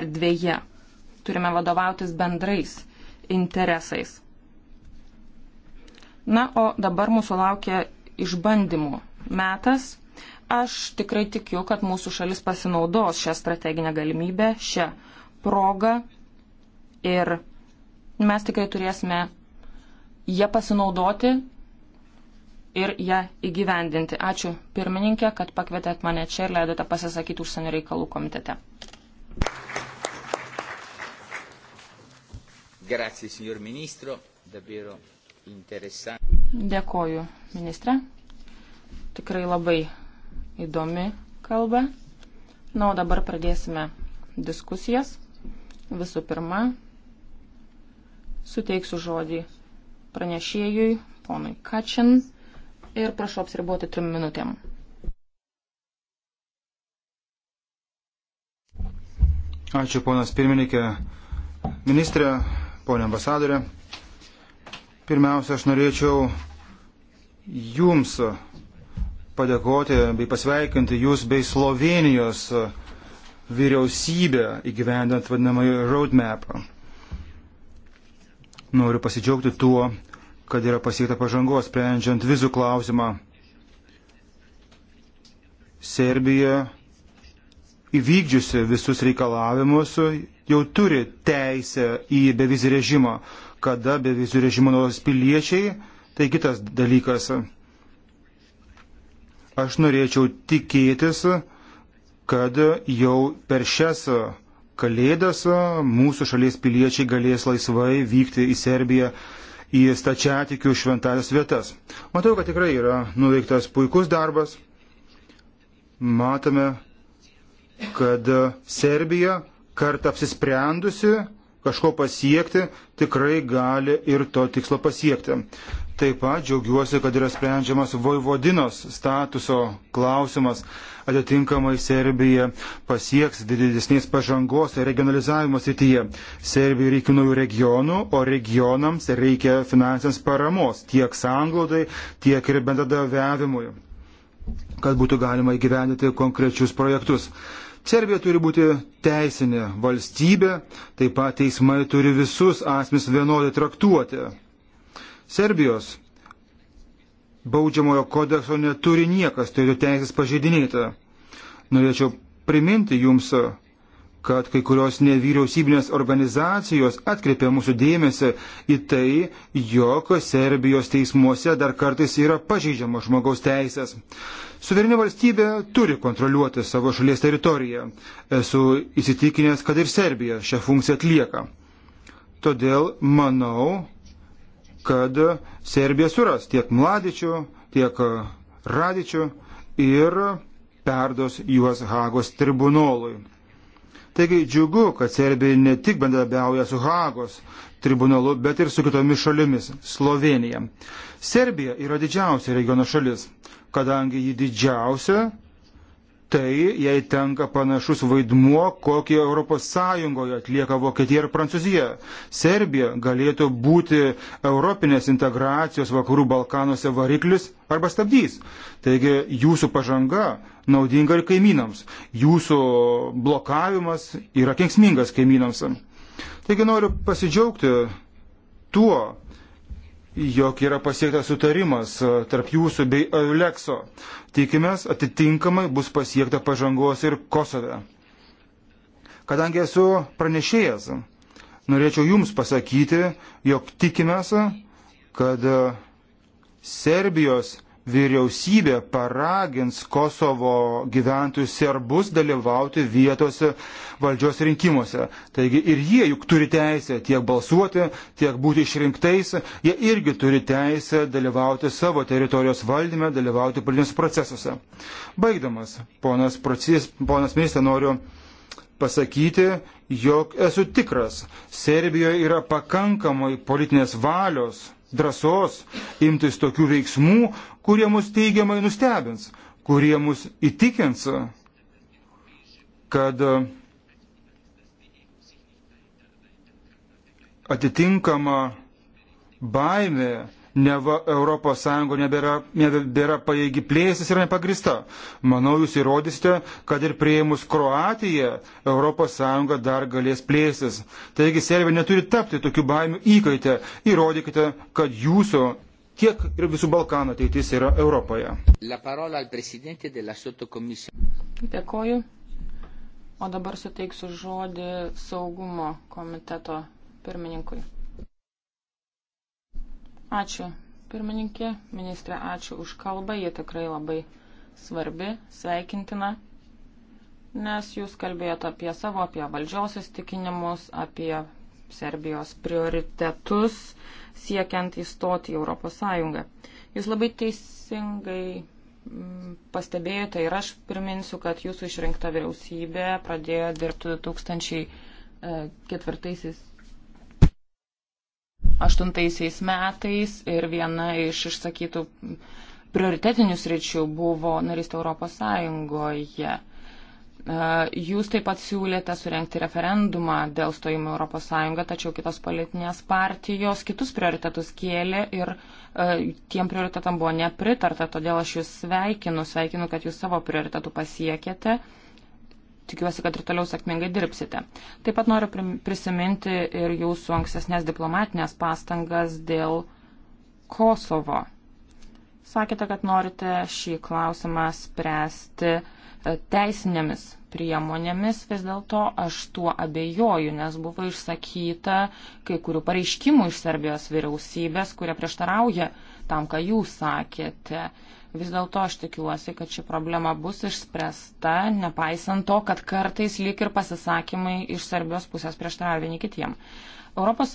erdvėje. Turime vadovautis bendrais interesais. Na, o dabar mūsų laukia išbandymų metas. Aš tikrai tikiu, kad mūsų šalis pasinaudos šią strateginę galimybę, šią progą Ir mes tikrai turėsime ją pasinaudoti ir ją įgyvendinti. Ačiū pirmininkė, kad pakvietėt mane čia ir leidote pasisakyti užsienio reikalų komitete. Grazie, signor ministro, davvero interesante. Dėkoju, ministre. Tikrai labai įdomi kalba. Na, o dabar pradėsime diskusijas. Visų pirma, Suteiksiu žodį pranešėjui, ponui Kačin, ir prašau apsiriboti trim minutėm. Ačiū, ponas pirmininkė, ministrė, ponė ambasadorė. Pirmiausia, aš norėčiau Jums padėkoti bei pasveikinti Jūs bei Slovenijos vyriausybę įgyvendant vadinamąjį roadmapą. Noriu pasidžiaugti tuo, kad yra pasiekta pažangos, sprendžiant vizų klausimą. Serbija įvykdžiusi visus reikalavimus jau turi teisę į bevizį režimą. Kada bevizų režimo naudos piliečiai, tai kitas dalykas. Aš norėčiau tikėtis, kad jau per šias Kalėdas mūsų šalies piliečiai galės laisvai vykti į Serbiją į stačiatikių šventąsias vietas. Matau, kad tikrai yra nuveiktas puikus darbas. Matome, kad Serbija kartą apsisprendusi kažko pasiekti, tikrai gali ir to tikslo pasiekti. Taip pat džiaugiuosi, kad yra sprendžiamas Vojvodinos statuso klausimas. Atitinkamai Serbija pasieks didesnės pažangos regionalizavimo srityje. Serbijai reikia naujų regionų, o regionams reikia finansinės paramos tiek sanglaudai, tiek ir bendradaviavimui, kad būtų galima įgyvendyti konkrečius projektus. Serbija turi būti teisinė valstybė, taip pat teismai turi visus asmenys vienodai traktuoti. Serbijos baudžiamojo kodekso neturi niekas, tai jo teisės pažeidinėta. Norėčiau priminti jums kad kai kurios nevyriausybinės organizacijos atkreipė mūsų dėmesį į tai, jog Serbijos teismuose dar kartais yra pažeidžiamos žmogaus teisės. Suvereni valstybė turi kontroliuoti savo šalies teritoriją. Esu įsitikinęs, kad ir Serbija šią funkciją atlieka. Todėl manau, kad Serbija suras tiek Mladičių, tiek Radičių ir perdos juos Hagos tribunolui. Taigi džiugu, kad Serbija ne tik bendrabiauja su Hagos tribunalu, bet ir su kitomis šalimis - Slovenija. Serbija yra didžiausia regiono šalis, kadangi ji didžiausia tai jai tenka panašus vaidmuo, kokį ES atlieka Vokietija ir Prancūzija. Serbija galėtų būti Europinės integracijos vakarų Balkanuose variklis arba stabdys. Taigi jūsų pažanga naudinga ir kaimynams. Jūsų blokavimas yra kengsmingas kaimynams. Taigi noriu pasidžiaugti tuo, jog yra pasiektas sutarimas e, tarp jūsų bei Eulekso. Tikimės, atitinkamai bus pasiekta pažangos ir Kosove. Kadangi esu pranešėjas, norėčiau Jums pasakyti, jog tikimės, kad Serbijos vyriausybė paragins Kosovo gyventojus serbus dalyvauti vietos valdžios rinkimuose. Taigi ir jie juk turi teisę tiek balsuoti, tiek būti išrinktais, jie irgi turi teisę dalyvauti savo teritorijos valdyme, dalyvauti politiniuose procesuose. Baigdamas, ponas, proces, ponas ministrė, noriu pasakyti, jog esu tikras, Serbijoje yra pakankamai politinės valios drąsos imtis tokių veiksmų, kurie mus teigiamai nustebins, kurie mus įtikins, kad e, atitinkama baimė neva ES nebėra, nebėra paėgi plėsis yra nepagrista. Manau, jūs įrodysite, kad ir prieimus Kroatiją ES dar galės plėsis. Taigi Serbija neturi tapti tokių baimių įkaitę. Įrodykite, kad jūsų tiek ir visų Balkanų ateitis yra Europoje. Dėkoju. O dabar suteiksiu žodį saugumo komiteto pirmininkui. Ačiū, pirmininkė, ministrė, ačiū už kalbą, jie tikrai labai svarbi, sveikintina, nes jūs kalbėjote apie savo, apie valdžios įstikinimus, apie Serbijos prioritetus siekiant įstoti į Europos Sąjungą. Jūs labai teisingai mm, pastebėjote ir aš priminsiu, kad jūsų išrinkta vyriausybė pradėjo dirbti 2004 2008 metais ir viena iš išsakytų prioritetinių sričių buvo narystė Europos Sąjungoje. E, jūs taip pat siūlėte surenkti referendumą dėl stojimo Europos Sąjungą, tačiau kitos politinės partijos kitus prioritetus kėlė ir e, tiem prioritetam buvo nepritarta, todėl aš jūs sveikinu, sveikinu, kad jūs savo prioritetų pasiekėte. Uh, tikiuosi, kad ir toliau sėkmingai dirbsite. Taip pat noriu prisiminti ir jūsų ankstesnės diplomatinės pastangas dėl Kosovo. Sakėte, kad norite šį klausimą spręsti e, teisinėmis priemonėmis, vis dėlto aš tuo abejoju, nes buvo išsakyta kai kurių pareiškimų iš Serbijos vyriausybės, kurie prieštarauja tam, ką jūs sakėte. Vis dėlto aš tikiuosi, kad ši problema bus išspręsta, nepaisant to, kad kartais lyg ir pasisakymai iš Serbijos pusės prieštarauja vieni kitiem. ES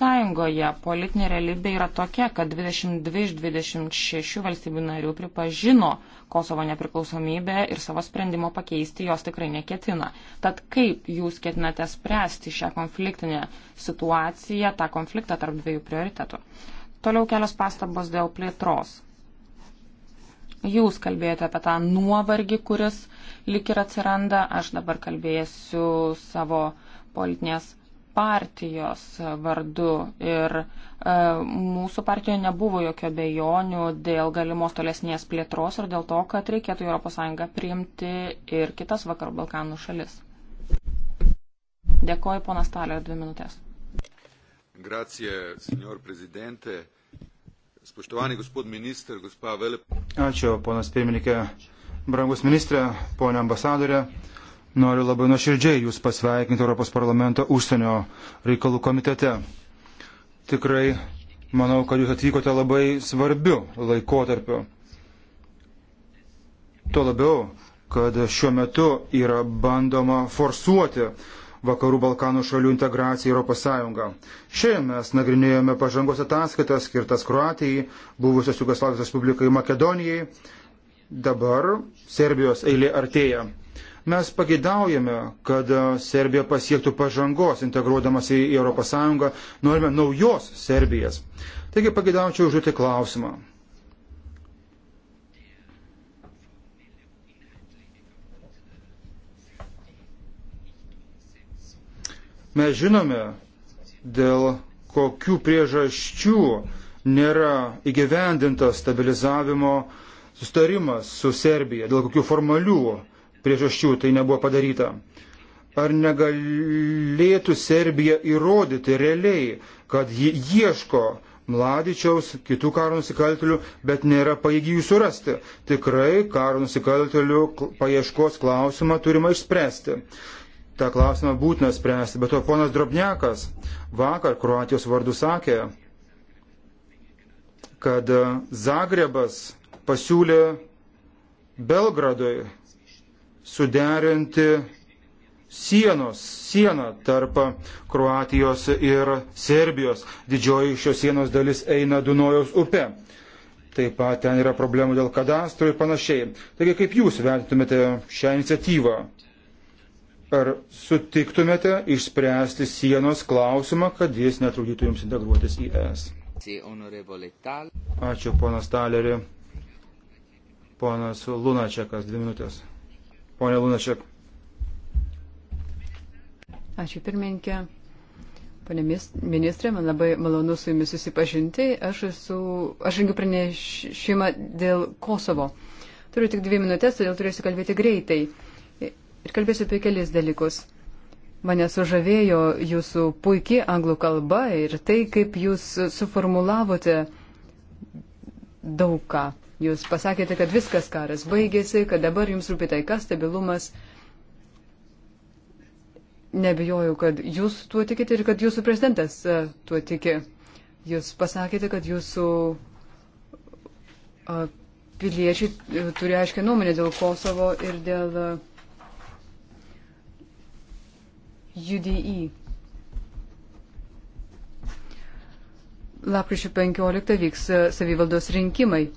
politinė realybė yra tokia, kad 22 iš 26 valstybių narių pripažino Kosovo nepriklausomybę ir savo sprendimo pakeisti jos tikrai neketina. Tad kaip jūs ketinate spręsti šią konfliktinę situaciją, tą konfliktą tarp dviejų prioritetų? Toliau kelios pastabos dėl plėtros Jūs kalbėjote apie tą nuovargį, kuris lik ir atsiranda. Aš dabar kalbėsiu savo politinės partijos vardu ir e, mūsų partijoje nebuvo jokio bejonių dėl galimos tolesnės plėtros ir dėl to, kad reikėtų ES priimti ir kitas vakarų Balkanų šalis. Dėkoju, ponas Talė, dvi minutės. Grazie, signor prezidente. Spoštovani gospod minister, gospa Vele. Ačiū, ponas pirmininkė. Brangus ministrė, ponia ambasadorė, noriu labai nuoširdžiai Jūs pasveikinti Europos parlamento užsienio reikalų komitete. Tikrai manau, kad Jūs atvykote labai svarbiu laikotarpiu. Tuo labiau, kad šiuo metu yra bandoma forsuoti Vakarų Balkanų šalių integraciją į ES. Šiandien mes nagrinėjome pažangos ataskaitas skirtas Kroatijai, buvusios Jugoslavijos Respublikai Makedonijai. Dabar Serbijos eilė artėja. Mes pageidaujame, kad Serbija pasiektų pažangos integruodamas į ES, norime naujos Serbijas. Taigi pageidaučiau užduoti klausimą. Mes žinome, dėl kokių priežasčių nėra įgyvendintas stabilizavimo sustarimas su Serbija, dėl kokių formalių priežasčių tai nebuvo padaryta. Ar negalėtų Serbija įrodyti realiai, kad ji ieško Mladičiaus, kitų karo nusikaltelių, bet nėra paėgi jų surasti. Tikrai karo nusikaltelių paieškos klausimą turime išspręsti tą klausimą būtina spręsti. Bet to ponas Drobniakas vakar Kroatijos vardu sakė, kad Zagrebas pasiūlė Belgradui suderinti sienos, sieną tarp Kroatijos ir Serbijos. Didžioji šios sienos dalis eina Dunojaus upe. Taip pat ten yra problemų dėl kadastro ir panašiai. Taigi kaip jūs vertintumėte šią iniciatyvą? ar sutiktumėte išspręsti sienos klausimą, kad jis netrukdytų jums integruotis į ES? Ačiū, ponas Talerį. Ponas Lunačiakas, dvi minutės. Pone Lunačiak. Ačiū, pirmininkė. Pane ministrė, man labai malonu su jumis susipažinti. Aš, esu, aš rengiu pranešimą dėl Kosovo. Turiu tik dvi minutės, todėl turėsiu kalbėti greitai. Uh, Ir kalbėsiu apie kelis dalykus. Mane sužavėjo jūsų puikiai anglų kalba ir tai, kaip jūs suformulavote daugą. Jūs pasakėte, kad viskas karas baigėsi, kad dabar jums rūpi taika, stabilumas. Nebijoju, kad jūs tuo tikite ir kad jūsų prezidentas e, tuo tiki. Jūs pasakėte, kad jūsų e, piliečiai e, turi aiškę nuomonę dėl Kosovo ir dėl. A, UDI. E. Lapkričio 15 vyks e, savivaldos rinkimai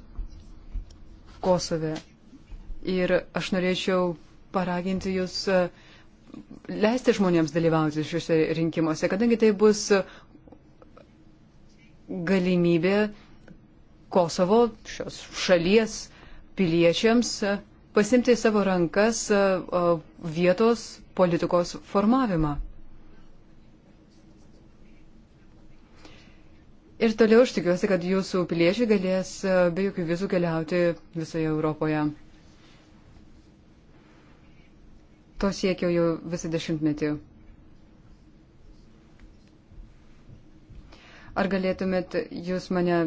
Kosove. Ir aš norėčiau paraginti jūs e, leisti žmonėms dalyvauti šiuose rinkimuose, kadangi tai bus galimybė Kosovo šios šalies piliečiams pasimti į savo rankas vietos politikos formavimą. Ir toliau aš tikiuosi, kad jūsų piliečiai galės e, be jokių vizų keliauti visoje Europoje. To siekiau jau visą dešimtmetį. Ar galėtumėt jūs mane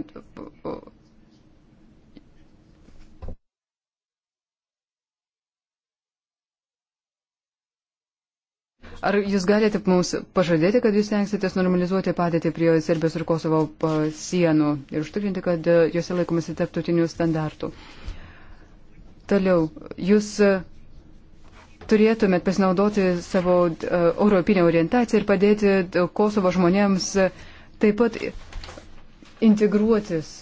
Ar jūs galite mums pažadėti, kad jūs tenksitės normalizuoti padėtį prie Serbijos ir Kosovo sienų ir užtikrinti, kad e, juose laikomasi tarptautinių standartų? Toliau, jūs e, turėtumėt pasinaudoti savo uh, europinę orientaciją ir padėti Kosovo žmonėms taip pat integruotis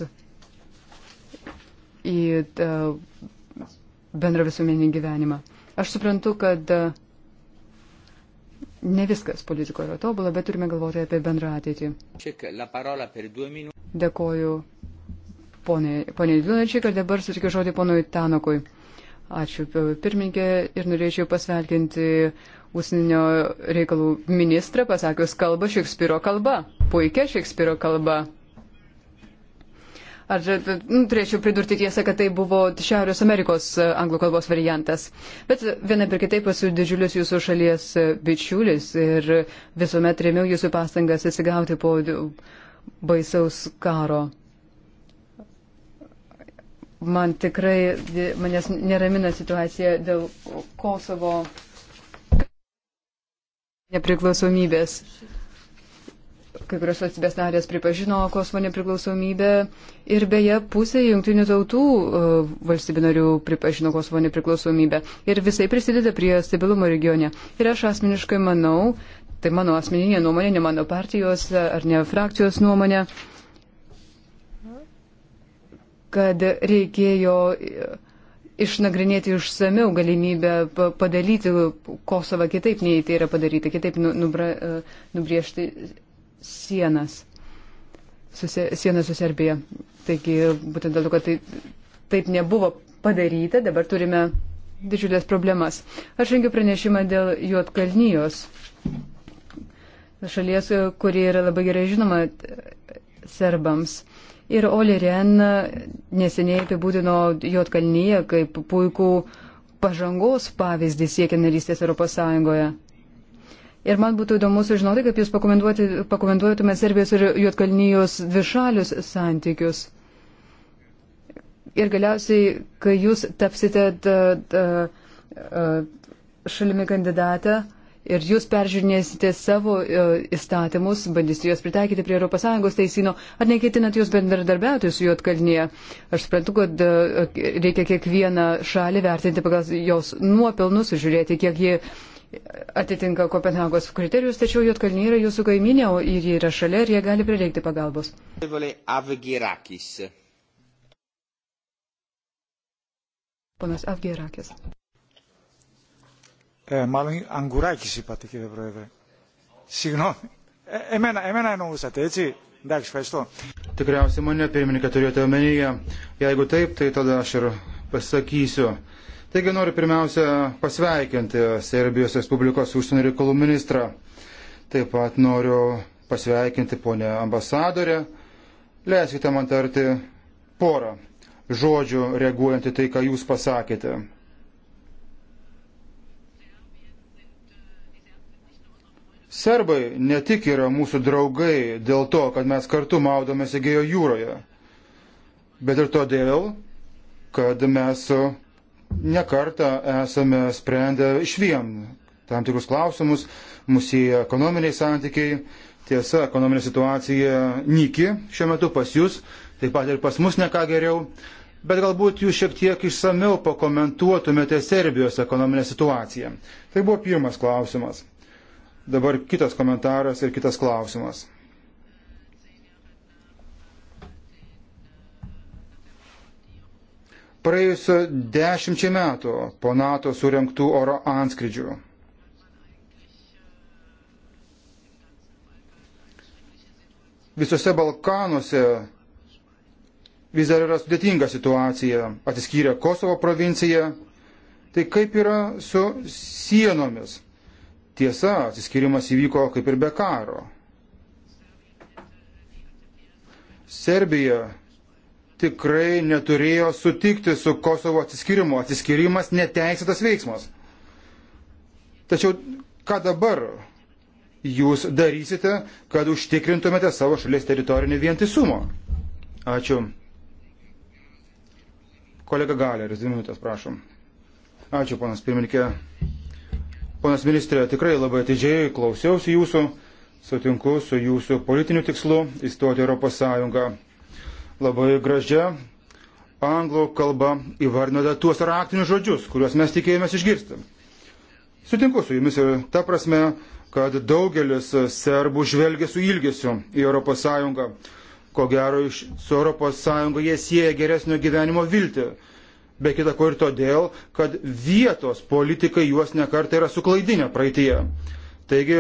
į uh, bendrą visuomenį gyvenimą. Aš suprantu, kad uh, ne viskas politikoje yra tobulą, bet turime galvoti apie bendrą ateitį. Dėkoju poniai Dunačiak ir dabar sutikiu žodį ponui Tanokui. Ačiū pirmininkė ir norėčiau pasvelkinti užsienio reikalų ministrą pasakius kalbą Šekspyro kalba. Puikia Šekspyro kalba. Ar e, nu, turėčiau pridurti tiesą, kad tai buvo Šiaurės Amerikos e, anglų kalbos variantas. Bet viena per kitaip esu didžiulis jūsų šalies e, bičiulis ir visuomet remiau jūsų pastangas atsigauti po baisaus karo. Man tikrai, manęs neramina situacija dėl Kosovo nepriklausomybės kai kurios valstybės narės pripažino Kosovo nepriklausomybę ir beje pusė jungtinių tautų e, valstybių narių pripažino Kosovo nepriklausomybę ir visai prisideda prie stabilumo regione. Ir aš asmeniškai manau, tai mano asmeninė nuomonė, ne mano partijos e, ar ne frakcijos nuomonė, kad reikėjo e, išnagrinėti išsameu galimybę padaryti Kosovą kitaip, nei tai yra padaryti, kitaip nu, nubra, nubriežti sienas, susie, sieną su Serbija. Taigi, būtent dėl to, kad tai, taip nebuvo padaryta, dabar turime didžiulės problemas. Aš rengiu pranešimą dėl Juotkalnyjos šalies, kuri yra labai gerai žinoma serbams. Ir Oli Ren neseniai apibūdino Jotkalnyje kaip puikų pažangos pavyzdį siekia narystės Europos Sąjungoje. Ir man būtų įdomu sužinoti, kaip Jūs pakomentuotumėte Serbijos ir Juotkalnyjos dvišalius santykius. Ir galiausiai, kai Jūs tapsite da, da, šalimi kandidatą ir Jūs peržiūrinėsite savo įstatymus, bandysite juos pritaikyti prie ES teisino, ar neketinat Jūs bendradarbiauti su Juotkalnyje? Aš suprantu, kad reikia kiekvieną šalį vertinti pagal jos nuopelnus, žiūrėti, kiek jie. Ji atitinka Kopenhagos kriterijus, tačiau Jotkalnyje yra jūsų kaiminė, o ir jie yra šalia ir jie gali prireikti pagalbos. Ponas Avgirakis. Ε, μάλλον Αγκουράκης είπατε κύριε Πρόεδρε. Συγγνώμη. Ε, εμένα, εμένα εννοούσατε, έτσι. Εντάξει, ευχαριστώ. Tikriausiai mane pirmininkė turėjote omenyje. Jeigu taip, tai tada aš ir pasakysiu. Uh, Taigi noriu pirmiausia pasveikinti Serbijos Respublikos užsienio reikalų ministrą. Taip pat noriu pasveikinti ponę ambasadorę. Leiskite man tarti porą žodžių reaguojant į tai, ką jūs pasakėte. Serbai ne tik yra mūsų draugai dėl to, kad mes kartu maudomės Egėjo jūroje, bet ir todėl, kad mes nekartą esame sprendę iš vien tam tikrus klausimus, mūsų ekonominiai santykiai, tiesa, ekonominė situacija nyki šiuo metu pas jūs, taip pat ir pas mus neką geriau, bet galbūt jūs šiek tiek išsameu pakomentuotumėte Serbijos ekonominę situaciją. Tai buvo pirmas klausimas. Dabar kitas komentaras ir kitas klausimas. praėjusio dešimčia metų po NATO surinktų oro antskridžių. Visose Balkanuose vis dar yra sudėtinga situacija, atsiskyrė Kosovo provincija. Tai kaip yra su sienomis? Tiesa, atsiskyrimas įvyko kaip ir be karo. Serbija tikrai neturėjo sutikti su Kosovo atsiskirimu. Atsiskirimas neteisėtas veiksmas. Tačiau ką dabar jūs darysite, kad užtikrintumėte savo šalies teritorinį vientisumą? Ačiū. Kolega Galeris, dvi minutės, prašom. Ačiū, ponas pirmininkė. Ponas ministrė, tikrai labai atidžiai klausiausi jūsų, sutinku su jūsų politiniu tikslu įstoti Europos Sąjungą labai gražia anglų kalba įvardinote tuos raktinius žodžius, kuriuos mes tikėjomės išgirsti. Sutinku su jumis ir ta prasme, kad daugelis serbų žvelgia su ilgesiu į ES. Ko gero, su ES jie sieja geresnio gyvenimo viltį. Be kita ko ir todėl, kad vietos politikai juos nekartai yra suklaidinę praeitie. Taigi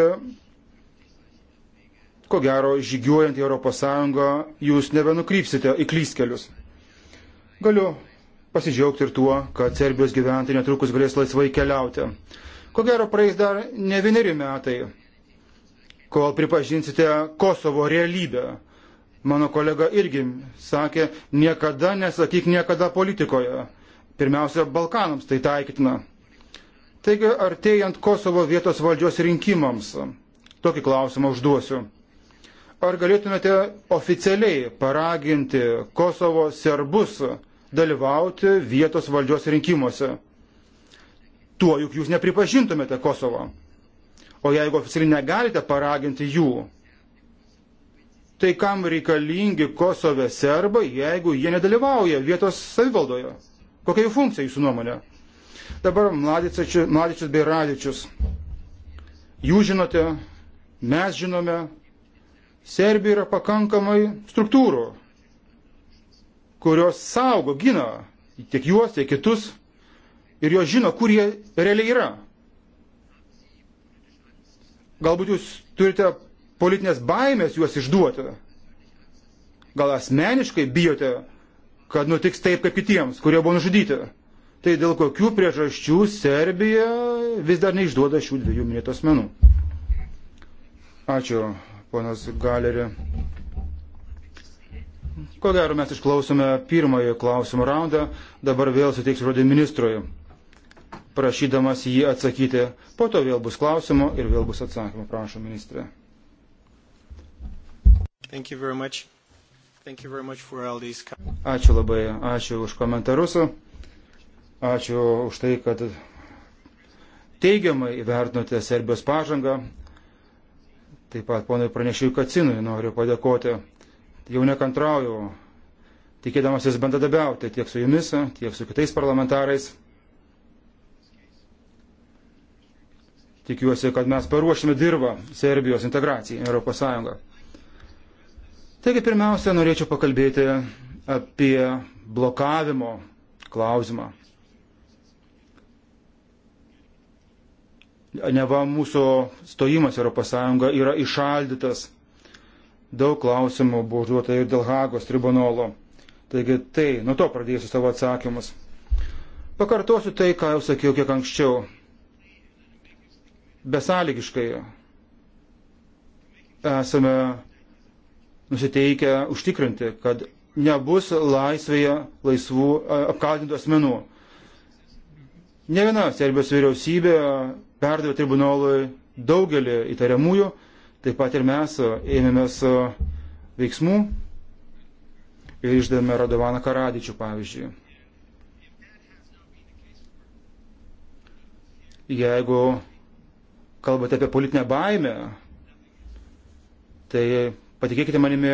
ko gero, žygiuojant į ES jūs nebenukrypsite į klyskelius. Galiu pasidžiaugti ir tuo, kad Serbijos gyventojai netrukus galės laisvai keliauti. Ko gero, praeis dar ne vieneri metai, kol pripažinsite Kosovo realybę. Mano kolega irgi sakė, niekada nesakyk niekada politikoje. Pirmiausia, Balkanams tai taikytina. Taigi, artėjant Kosovo vietos valdžios rinkimams, tokį klausimą užduosiu. Ar galėtumėte oficialiai paraginti Kosovo serbus dalyvauti vietos valdžios rinkimuose? Tuo juk jūs nepripažintumėte Kosovo. O jeigu oficialiai negalite paraginti jų, tai kam reikalingi Kosove serbai, jeigu jie nedalyvauja vietos savivaldoje? Kokia jų funkcija jūsų nuomonė? Dabar Mladičius bei Radičius. Jūs žinote, mes žinome, Serbijoje yra pakankamai struktūrų, kurios saugo, gina tiek juos, tiek kitus ir jos žino, kur jie realiai yra. Galbūt jūs turite politinės baimės juos išduoti. Gal asmeniškai bijote, kad nutiks taip kaip kitiems, kurie buvo nužudyti. Tai dėl kokių priežasčių Serbija vis dar neišduoda šių dviejų minėtų asmenų. Ačiū ponas Galerį. Ko gero mes išklausome pirmąjį klausimų raundą, dabar vėl suteiksiu žodį ministrui, prašydamas jį atsakyti. Po to vėl bus klausimų ir vėl bus atsakymų. Prašom, ministrė. These... Ačiū labai, ačiū už komentarus, ačiū už tai, kad teigiamai įvertinote Serbijos pažangą Taip pat ponui pranešiui Kacinui noriu padėkoti. Jau nekantrauju, tikėdamasis bendradabiauti tiek su jumis, tiek su kitais parlamentarais. Tikiuosi, kad mes paruošime dirbą Serbijos integracijai į Europos Sąjungą. Taigi pirmiausia, norėčiau pakalbėti apie blokavimo klausimą. neva mūsų stojimas ES yra išaldytas. Daug klausimų buvo užduota ir dėl Hagos tribunolo. Taigi tai, nuo to pradėsiu savo atsakymus. Pakartosiu tai, ką jau sakiau kiek anksčiau. Besąlygiškai esame nusiteikę užtikrinti, kad nebus laisvėje laisvų apkaltintų asmenų Ne viena Serbijos vyriausybė perdavė tribunolui daugelį įtariamųjų, taip pat ir mes ėmėmės veiksmų ir išdavėme Radovaną Karadičių pavyzdžiui. Jeigu kalbate apie politinę baimę, tai patikėkite manimi,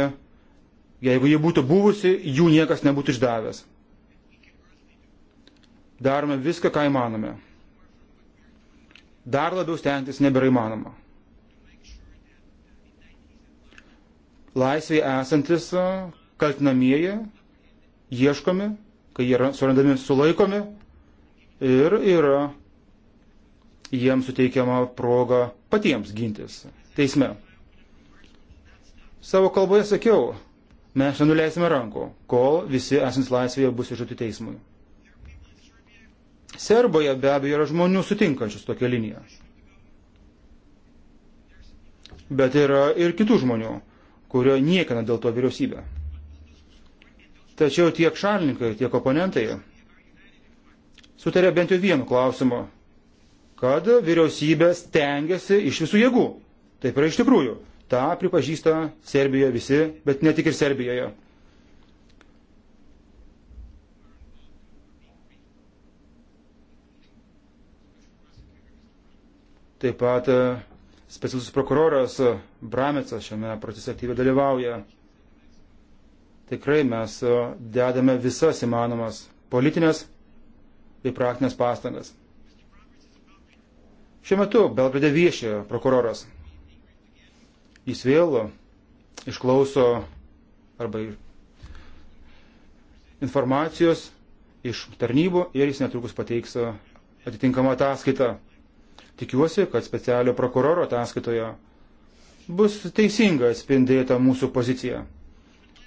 jeigu ji būtų buvusi, jų niekas nebūtų išdavęs darome viską, ką įmanome. Dar labiau stengtis nebėra įmanoma. Laisvėje esantis kaltinamieji ieškomi, kai jie yra surandami, sulaikomi ir yra jiems suteikiama proga patiems gintis teisme. Savo kalboje sakiau, mes nenuleisime rankų, kol visi esantys laisvėje bus išžudyti teismui. Serboje be abejo yra žmonių sutinkančių su tokia linija. Bet yra ir kitų žmonių, kurio niekina dėl to vyriausybė. Tačiau tiek šalininkai, tiek oponentai sutarė bent jau vienu klausimu, kad vyriausybė stengiasi iš visų jėgų. Taip yra iš tikrųjų. Ta pripažįsta Serbijoje visi, bet ne tik ir Serbijoje. Taip pat e, specialus prokuroras e, Bramecas šiame procese aktyviai dalyvauja. Tikrai mes e, dedame visas įmanomas politinės bei praktinės pastangas. Šiuo metu Belgrade viešė prokuroras. Jis vėl išklauso arba informacijos iš tarnybų ir jis netrukus pateiks atitinkamą ataskaitą. Tikiuosi, kad specialio prokuroro ataskaitoje bus teisinga atspindėta mūsų pozicija.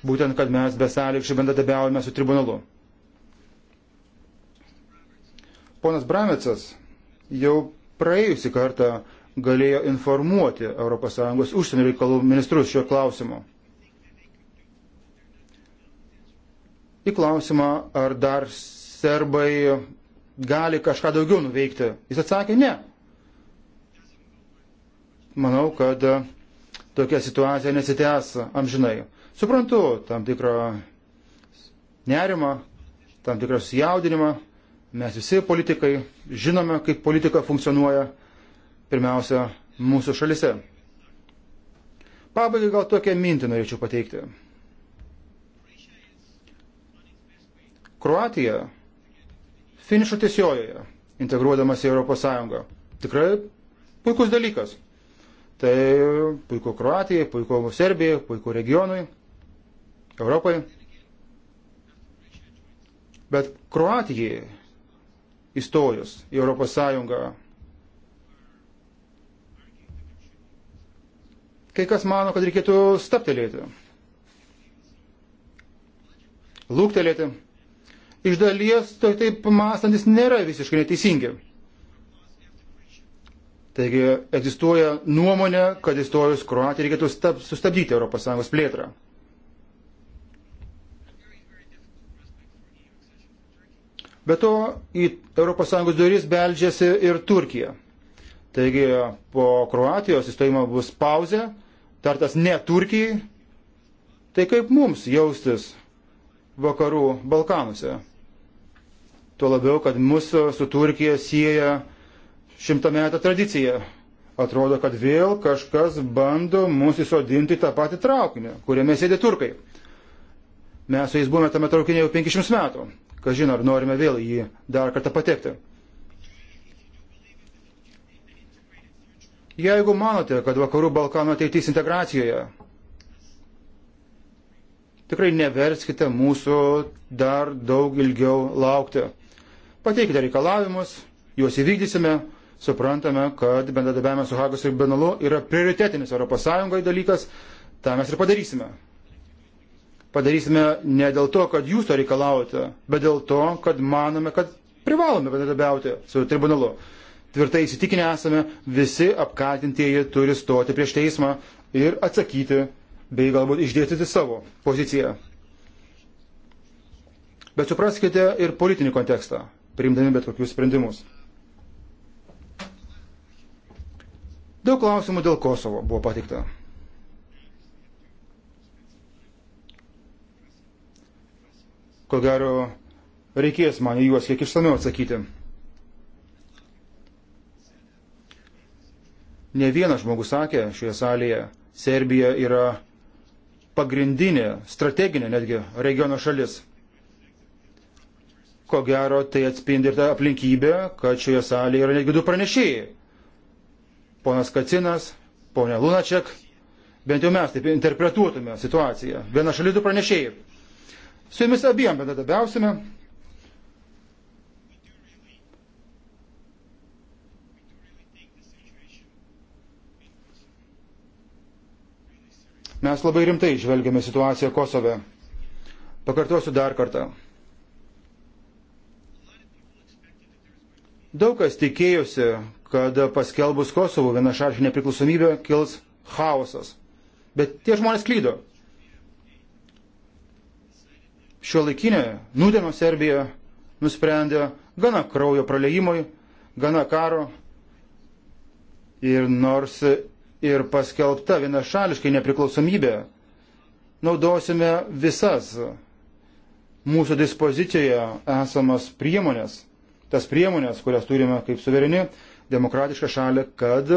Būtent, kad mes besąlygščiai bendradabiaujame su tribunalu. Ponas Bramecas jau praėjusį kartą galėjo informuoti ES užsienio reikalų ministrus šio klausimu. Į klausimą, ar dar serbai gali kažką daugiau nuveikti, jis atsakė ne manau, kad e, tokia situacija nesitęs amžinai. Suprantu tam tikrą nerimą, tam tikrą sujaudinimą. Mes visi politikai žinome, kaip politika funkcionuoja pirmiausia mūsų šalise. Pabaigai gal tokią mintį norėčiau pateikti. Kroatija finišo tiesiojoje, integruodamas į ES. Tikrai puikus dalykas. Tai puiku Kroatijai, puiku Serbijai, puiku regionui, Europai. Bet Kroatijai įstojus į Europos Sąjungą, kai kas mano, kad reikėtų staptelėti, lūktelėti. Iš dalies tai taip mąstantis nėra visiškai neteisingi. Taigi egzistuoja nuomonė, kad įstojus Kroatijai reikėtų stab, sustabdyti ES plėtrą. Be to, į ES duris beldžiasi ir Turkija. Taigi po Kroatijos įstojimo bus pauzė, tartas ne Turkijai. Tai kaip mums jaustis vakarų Balkanuose? Tuo labiau, kad mūsų su Turkija sieja šimtametę tradiciją. Atrodo, kad vėl kažkas bando mūsų įsodinti tą patį traukinį, kuriame sėdė turkai. Mes su jais buvome tame traukinėje jau 500 metų. Kažin ar norime vėl į jį dar kartą patekti. Jeigu manote, kad vakarų Balkanų ateitis integracijoje, tikrai neverskite mūsų dar daug ilgiau laukti. Pateikite reikalavimus, juos įvykdysime, suprantame, kad bendradarbiavimas su Hagos tribunalu yra prioritetinis ES dalykas, tą mes ir padarysime. Padarysime ne dėl to, kad jūs to reikalaujate, bet dėl to, kad manome, kad privalome bendradarbiauti su tribunalu. Tvirtai įsitikinę esame, visi apkaltintieji turi stoti prieš teismą ir atsakyti bei galbūt išdėstyti savo poziciją. Bet supraskite ir politinį kontekstą, priimdami bet kokius sprendimus. Daug klausimų dėl Kosovo buvo pateikta. Ko gero, reikės man juos kiek išsamiau atsakyti. Ne vienas žmogus sakė šioje salėje, Serbija yra pagrindinė, strateginė netgi regiono šalis. Ko gero, tai atspindi ir tą aplinkybę, kad šioje salėje yra netgi du pranešėjai ponas Kacinas, ponė Lunačiak, bent jau mes taip interpretuotume situaciją. Viena šalis du pranešėjai. Su jumis abiem bendradabiausime. Mes labai rimtai žvelgiame situaciją Kosove. Pakartosiu dar kartą. Daug kas tikėjosi, kad paskelbus Kosovo vienašališką nepriklausomybę kils chaosas. Bet tie žmonės klydo. Šio laikinė, nudeno Serbija nusprendė gana kraujo praleimui, gana karo. Ir nors ir paskelbta vienašališkai nepriklausomybė, naudosime visas mūsų dispozicijoje esamas priemonės, tas priemonės, kurias turime kaip suvereni demokratišką šalį, kad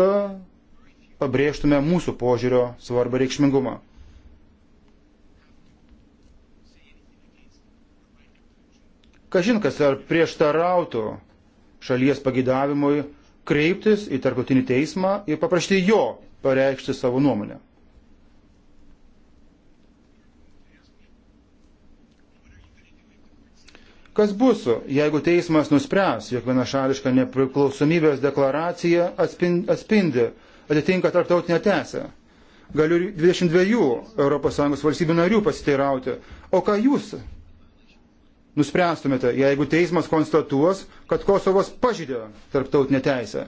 pabrėžtume mūsų požiūrio svarbą reikšmingumą. Kažinkas ar prieštarautų šalies pagidavimui kreiptis į tarptautinį teismą ir paprašyti jo pareikšti savo nuomonę. Kas bus, jeigu teismas nuspręs, jog vienašališka nepriklausomybės deklaracija atspindi, atitinka tarptautinę teisę? Galiu 22 ES valstybių narių pasiteirauti. O ką jūs nuspręstumėte, jeigu teismas konstatuos, kad Kosovas pažydė tarptautinę teisę?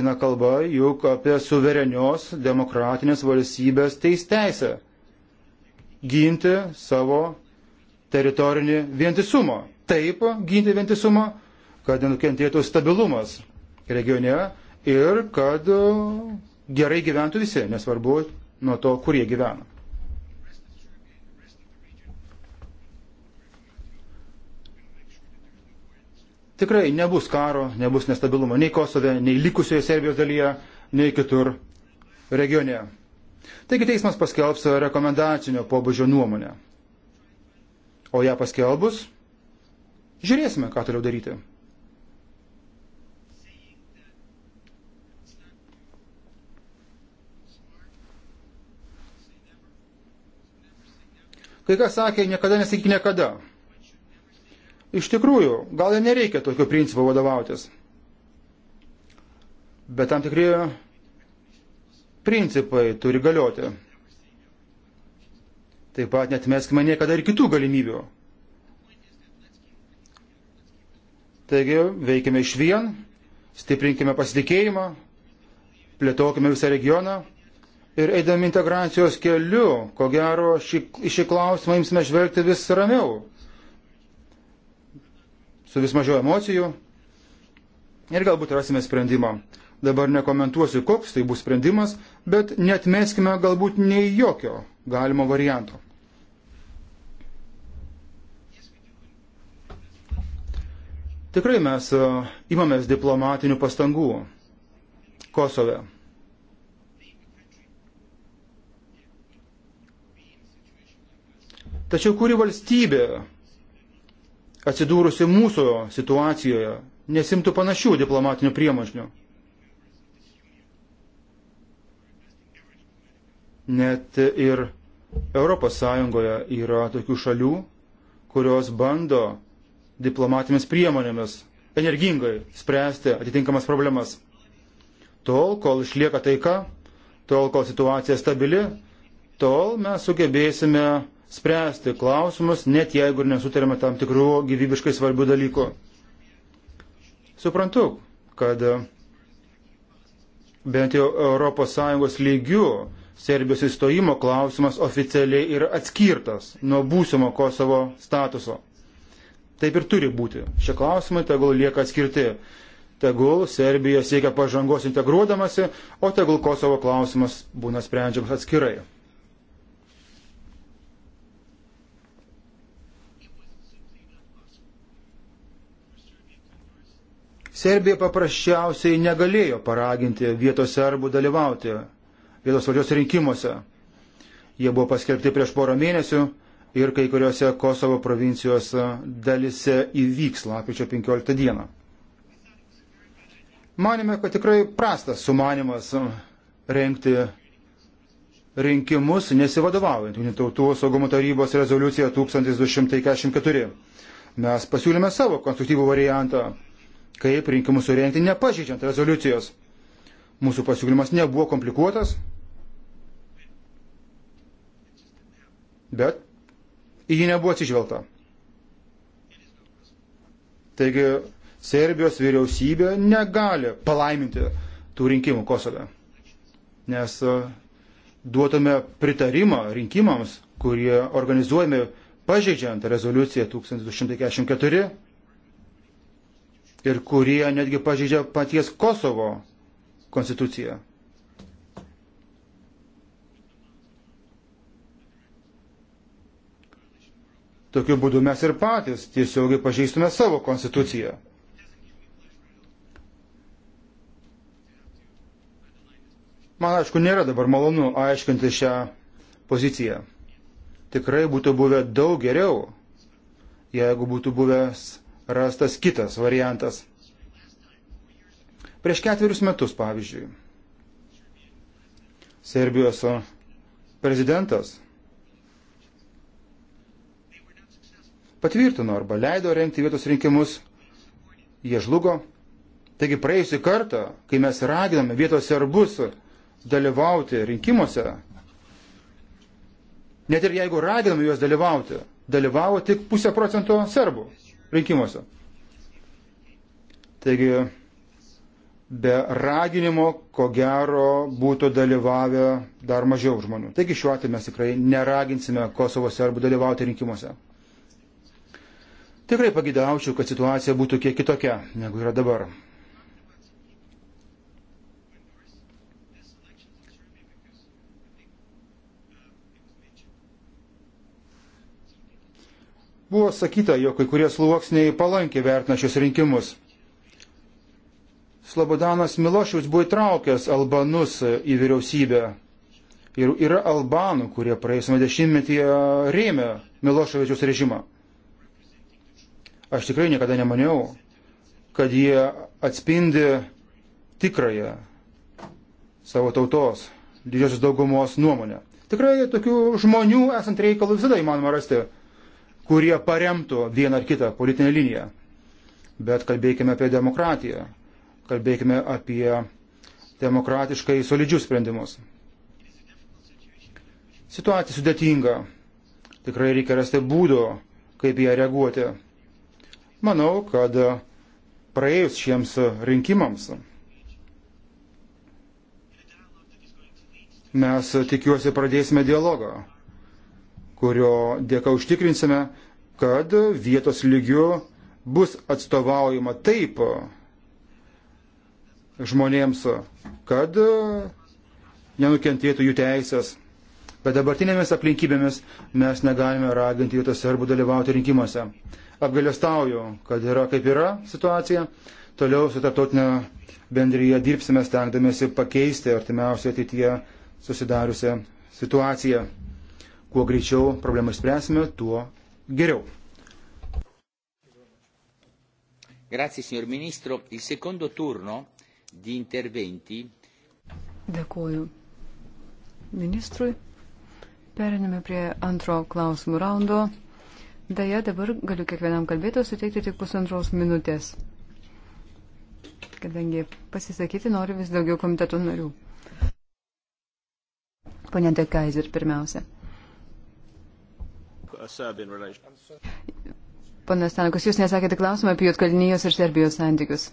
Eina kalba juk apie suverenios demokratinės valstybės teis teisę ginti savo teritorinį vientisumą taip ginti vientisumą, kad nenukentėtų stabilumas regione ir kad e, gerai gyventų visi, nesvarbu nuo to, kur jie gyvena. Tikrai nebus karo, nebus nestabilumo nei Kosove, nei likusioje Serbijos dalyje, nei kitur regione. Taigi teismas paskelbs rekomendacinio pobūdžio nuomonę. O ją paskelbus, Žiūrėsime, ką toliau daryti. Kai kas sakė, niekada nesakyk niekada. Iš tikrųjų, gal ir nereikia tokiu principu vadovautis. Bet tam tikri principai turi galioti. Taip pat netmeskime niekada ir kitų galimybių. Taigi veikime iš vien, stiprinkime pasitikėjimą, plėtokime visą regioną ir eidami integracijos keliu, ko gero, šį, šį klausimą imsime žvelgti vis ramiau, su vis mažiau emocijų ir galbūt rasime sprendimą. Dabar nekomentuosiu, koks tai bus sprendimas, bet netmeskime galbūt nei jokio galimo varianto. Tikrai mes e, imamės diplomatinių pastangų Kosove. Tačiau kuri valstybė atsidūrusi mūsų situacijoje nesimtų panašių diplomatinių priemonių? Net ir ES yra tokių šalių, kurios bando diplomatinėmis priemonėmis energingai spręsti atitinkamas problemas. Tol, kol išlieka taika, tol, kol situacija stabili, tol mes sugebėsime spręsti klausimus, net jeigu ir nesutarėme tam tikrų gyvybiškai svarbių dalykų. Suprantu, kad bent jau ES lygių Serbijos įstojimo klausimas oficialiai yra atskirtas nuo būsimo Kosovo statuso. Taip ir turi būti. Šie klausimai tegul lieka atskirti. Tegul Serbija siekia pažangos integruodamasi, o tegul Kosovo klausimas būna sprendžiamas atskirai. Serbija paprasčiausiai negalėjo paraginti vietos serbų dalyvauti vietos valdžios rinkimuose. Jie buvo paskelbti prieš porą mėnesių ir kai kuriuose Kosovo provincijos dalise įvyks lapkričio 15 dieną. Manime, kad tikrai prastas sumanimas rengti rinkimus nesivadovaujant Junktinių tautų saugumo tarybos rezoliucija 1244. Mes pasiūlėme savo konstruktyvų variantą, kaip rinkimus surengti nepažydžiant rezoliucijos. Mūsų pasiūlymas nebuvo komplikuotas, bet į jį nebuvo atsižvelgta. Taigi Serbijos vyriausybė negali palaiminti tų rinkimų Kosove, nes e, duotume pritarimą rinkimams, kurie organizuojami pažeidžiant rezoliuciją 1244 ir kurie netgi pažeidžia paties Kosovo konstituciją. Tokiu būdu mes ir patys tiesiogiai pažeistume savo konstituciją. Man aišku, nėra dabar malonu aiškinti šią poziciją. Tikrai būtų buvę daug geriau, jeigu būtų buvęs rastas kitas variantas. Prieš ketverius metus, pavyzdžiui, Serbijos prezidentas patvirtino arba leido renkti vietos rinkimus, jie žlugo. Taigi praėjusį kartą, kai mes raginame vietos serbus dalyvauti rinkimuose, net ir jeigu raginame juos dalyvauti, dalyvavo tik pusę procento serbų rinkimuose. Taigi be raginimo, ko gero, būtų dalyvavę dar mažiau žmonių. Taigi šiuo atveju mes tikrai neraginsime Kosovo serbų dalyvauti rinkimuose. Tikrai pagidaučiau, kad situacija būtų kiek kitokia, negu yra dabar. Buvo sakyta, jog kai kurie sluoksniai palankiai vertina šios rinkimus. Slobodanas Milošius buvo įtraukęs albanus į vyriausybę. Ir yra albanų, kurie praėjusiame dešimtmetyje rėmė Miloševičius režimą. Aš tikrai niekada nemaniau, kad jie atspindi tikrąją savo tautos didžiosios daugumos nuomonę. Tikrai tokių žmonių esant reikalų visada įmanoma rasti, kurie paremtų vieną ar kitą politinę liniją. Bet kalbėkime apie demokratiją, kalbėkime apie demokratiškai solidžius sprendimus. Situacija sudėtinga. Tikrai reikia rasti būdų, kaip ją reaguoti. Manau, kad e, praėjus šiems e, rinkimams mes e, tikiuosi pradėsime dialogą, kurio dėka užtikrinsime, kad vietos lygių bus atstovaujama taip žmonėms, kad nenukentėtų jų teisės. Bet dabartinėmis aplinkybėmis mes negalime raginti vietos serbų dalyvauti rinkimuose apgailestauju, kad yra kaip yra situacija. Toliau su tarptautinė bendryje dirbsime, stengdamėsi pakeisti artimiausioje ateityje susidariusią situaciją. Kuo greičiau problemą išspręsime, tuo geriau. Grazie, signor Ministro. Il secondo turno di interventi. Dėkuoju ministrui. Periname prie antro klausimų raundo. Deja, dabar galiu kiekvienam kalbėtojui suteikti tik pusantros minutės, kadangi pasisakyti nori vis daugiau komitetų narių. Pane De Kaiser pirmiausia. Pane Stanikus, jūs nesakėte klausimą apie Jotkalnyjos ir Serbijos santykius.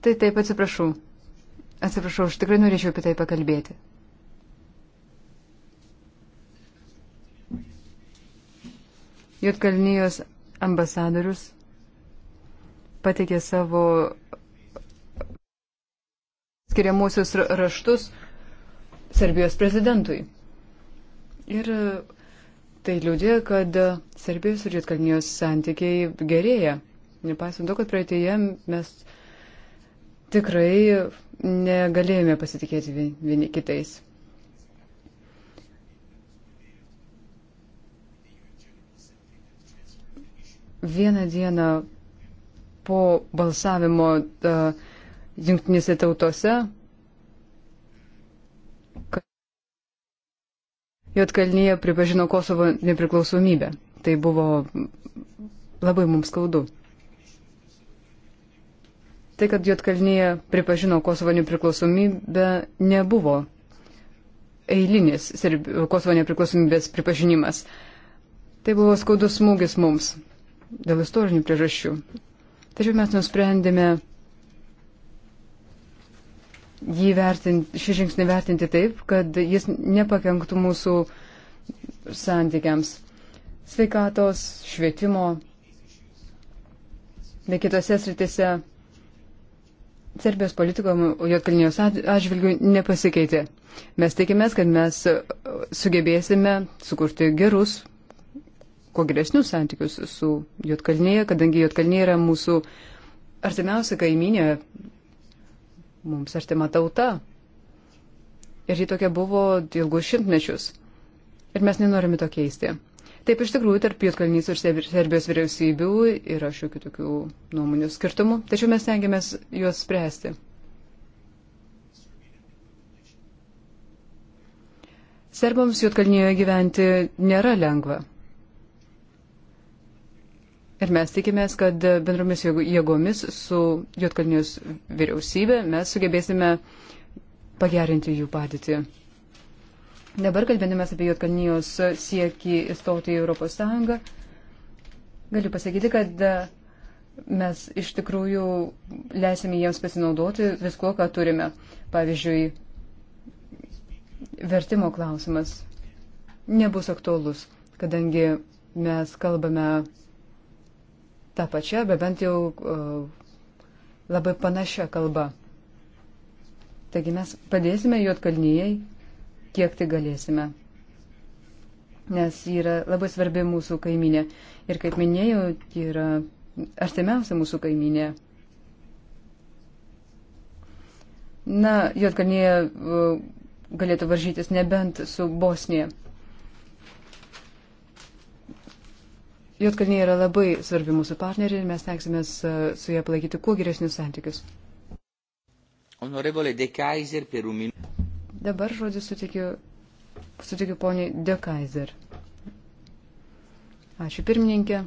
Tai taip atsiprašau. Atsiprašau, aš tikrai norėčiau apie tai pakalbėti. Jotkalnyjos ambasadorius pateikė savo skiriamusius raštus Serbijos prezidentui. Ir e, tai liūdė, kad Serbijos ir Jotkalnijos santykiai gerėja. Nepaisant to, kad praeitėje mes tikrai negalėjome pasitikėti vieni kitais. vieną dieną po balsavimo uh, jungtinėse tautose Jotkalnyje pripažino Kosovo nepriklausomybę. Tai buvo labai mums skaudu. Tai, kad Jotkalnyje pripažino Kosovo nepriklausomybę, nebuvo eilinis Kosovo nepriklausomybės pripažinimas. Tai buvo skaudus smūgis mums dėl istorinių priežasčių. Tačiau mes nusprendėme jį vertinti, šį žingsnį vertinti taip, kad jis nepakenktų mūsų santykiams sveikatos, švietimo, bei kitose sritise. Serbijos politikoje Jotkalnijos atžvilgių nepasikeitė. Mes tikimės, kad mes sugebėsime sukurti gerus kuo geresnius santykius su Jotkalnyje, kadangi Jotkalnyje yra mūsų artimiausia kaiminė, mums artima tauta. Ir ji tokia buvo ilgus šimtmečius. Ir mes nenorime to keisti. Taip iš tikrųjų tarp Jotkalnys ir Serbijos vyriausybių yra šiokių tokių nuomonių skirtumų, tačiau mes tengiamės juos spręsti. Serbams Jotkalnyje gyventi nėra lengva. Ir mes tikimės, kad bendromis jėgomis su Jotkalnijos vyriausybė mes sugebėsime pagerinti jų padėtį. Dabar kalbėdamas apie Jotkalnijos siekį įstoti į Europos Sąjungą, galiu pasakyti, kad e, mes iš tikrųjų leisime jiems pasinaudoti viskuo, ką turime. Pavyzdžiui, vertimo klausimas nebus aktuolus, kadangi mes kalbame tą pačią, bet bent jau e, labai panašią kalbą. Taigi mes padėsime juotkalnyjei, kiek tai galėsime. Nes ji yra labai svarbi mūsų kaiminė. Ir kaip minėjau, ji yra artimiausia mūsų kaiminė. Na, juotkalnyje e, galėtų varžytis nebent su Bosnija. Jotkalnė yra labai svarbi mūsų partnerė ir mes tenksime su ją palaikyti kuo geresnius santykius. Honorevole De Kaiser per un minutę. Dabar žodį sutikiu, sutikiu poniai De Kaiser. Ačiū pirmininkė,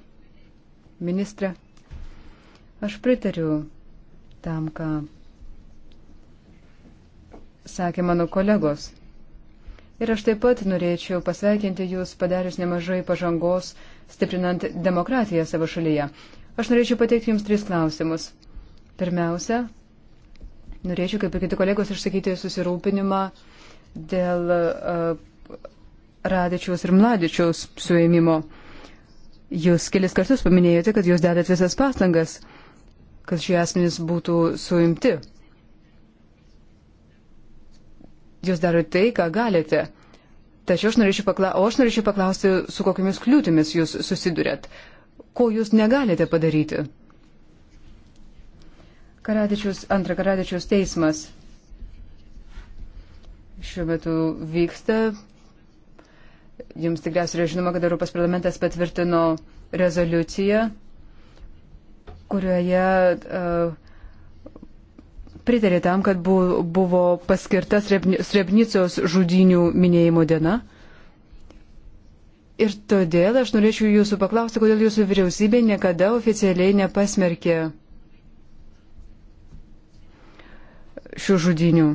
ministrė. Aš pritariu tam, ką sakė mano kolegos. Ir aš taip pat norėčiau pasveikinti Jūs padarius nemažai pažangos stiprinant demokratiją savo šalyje. Aš norėčiau pateikti Jums tris klausimus. Pirmiausia, norėčiau, kaip ir kiti kolegos, išsakyti susirūpinimą dėl uh, Radičiaus ir Mladičiaus suėmimo. Jūs kelis kartus paminėjote, kad jūs dedate visas pastangas, kad šie asmenys būtų suimti. Jūs darote tai, ką galite. Tačiau aš norėčiau, pakla... o aš norėčiau paklausti, su kokiamis kliūtimis jūs susidurėt, ko jūs negalite padaryti. Karadičius, antra Karadičiaus teismas šiuo metu vyksta. Jums tikriausiai yra žinoma, kad Europos parlamentas patvirtino rezoliuciją, kurioje uh, pritarė tam, kad buvo paskirta Srebnicos žudinių minėjimo diena. Ir todėl aš norėčiau jūsų paklausti, kodėl jūsų vyriausybė niekada oficialiai nepasmerkė šių žudinių.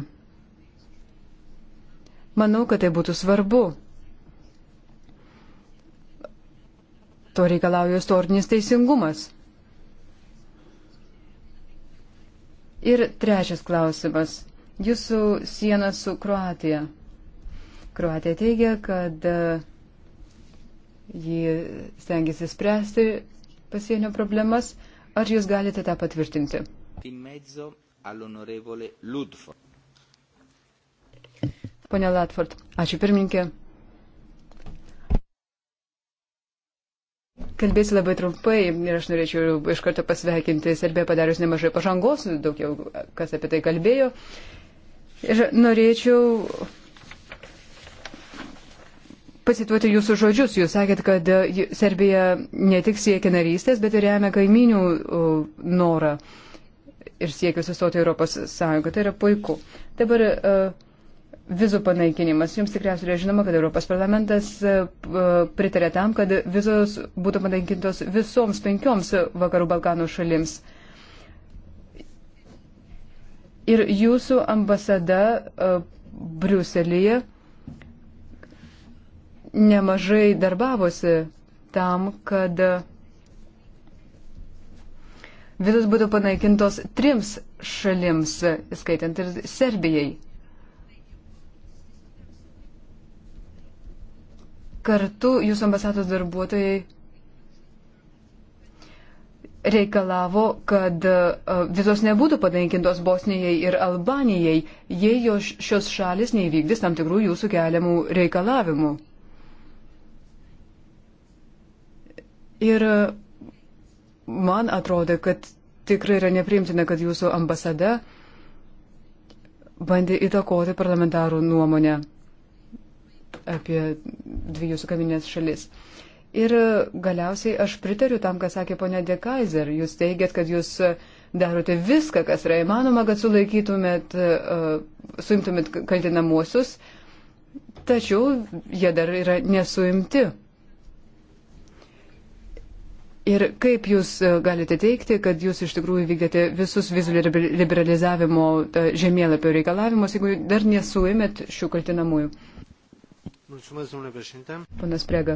Manau, kad tai būtų svarbu. To reikalauja istorinis teisingumas. Ir trečias klausimas. Jūsų siena su Kroatija. Kroatija teigia, kad e, ji stengiasi spręsti pasienio problemas. Ar jūs galite tą patvirtinti? Pone Latford, ačiū pirmininkė. Kalbėsiu labai trumpai ir aš norėčiau iš karto pasveikinti Serbiją padarius nemažai pažangos, daugiau kas apie tai kalbėjo. Ir norėčiau pasituoti jūsų žodžius. Jūs sakėt, kad Serbija ne tik siekia narystės, bet ir remia kaiminių norą ir siekia sustoti Europos Sąjungą. Tai yra puiku. Dabar uh, vizų panaikinimas. Jums tikriausiai yra žinoma, kad Europos parlamentas e, pritarė tam, kad vizos būtų panaikintos visoms penkioms vakarų Balkanų šalims. Ir jūsų ambasada e, Briuselėje nemažai darbavosi tam, kad vizos būtų panaikintos trims šalims, skaitant ir Serbijai. kartu jūsų ambasados darbuotojai reikalavo, kad e, vizos nebūtų padankintos Bosnijai ir Albanijai, jei šios šalis neįvykdys tam tikrų jūsų keliamų reikalavimų. Ir man atrodo, kad tikrai yra nepriimtina, kad jūsų ambasada bandė įtakoti parlamentarų nuomonę apie dvi jūsų kaminės šalis. Ir galiausiai aš pritariu tam, ką sakė ponė De Kaiser. Jūs teigiat, kad jūs darote viską, kas yra įmanoma, kad sulaikytumėt, uh, suimtumėt kaltinamuosius, tačiau jie dar yra nesuimti. Ir kaip jūs uh, galite teikti, kad jūs iš tikrųjų vykdėte visus vizų liberalizavimo uh, žemėlapio reikalavimus, jeigu dar nesuimėt šių kaltinamųjų? Mulțumesc, domnule președinte. Ponas Prega.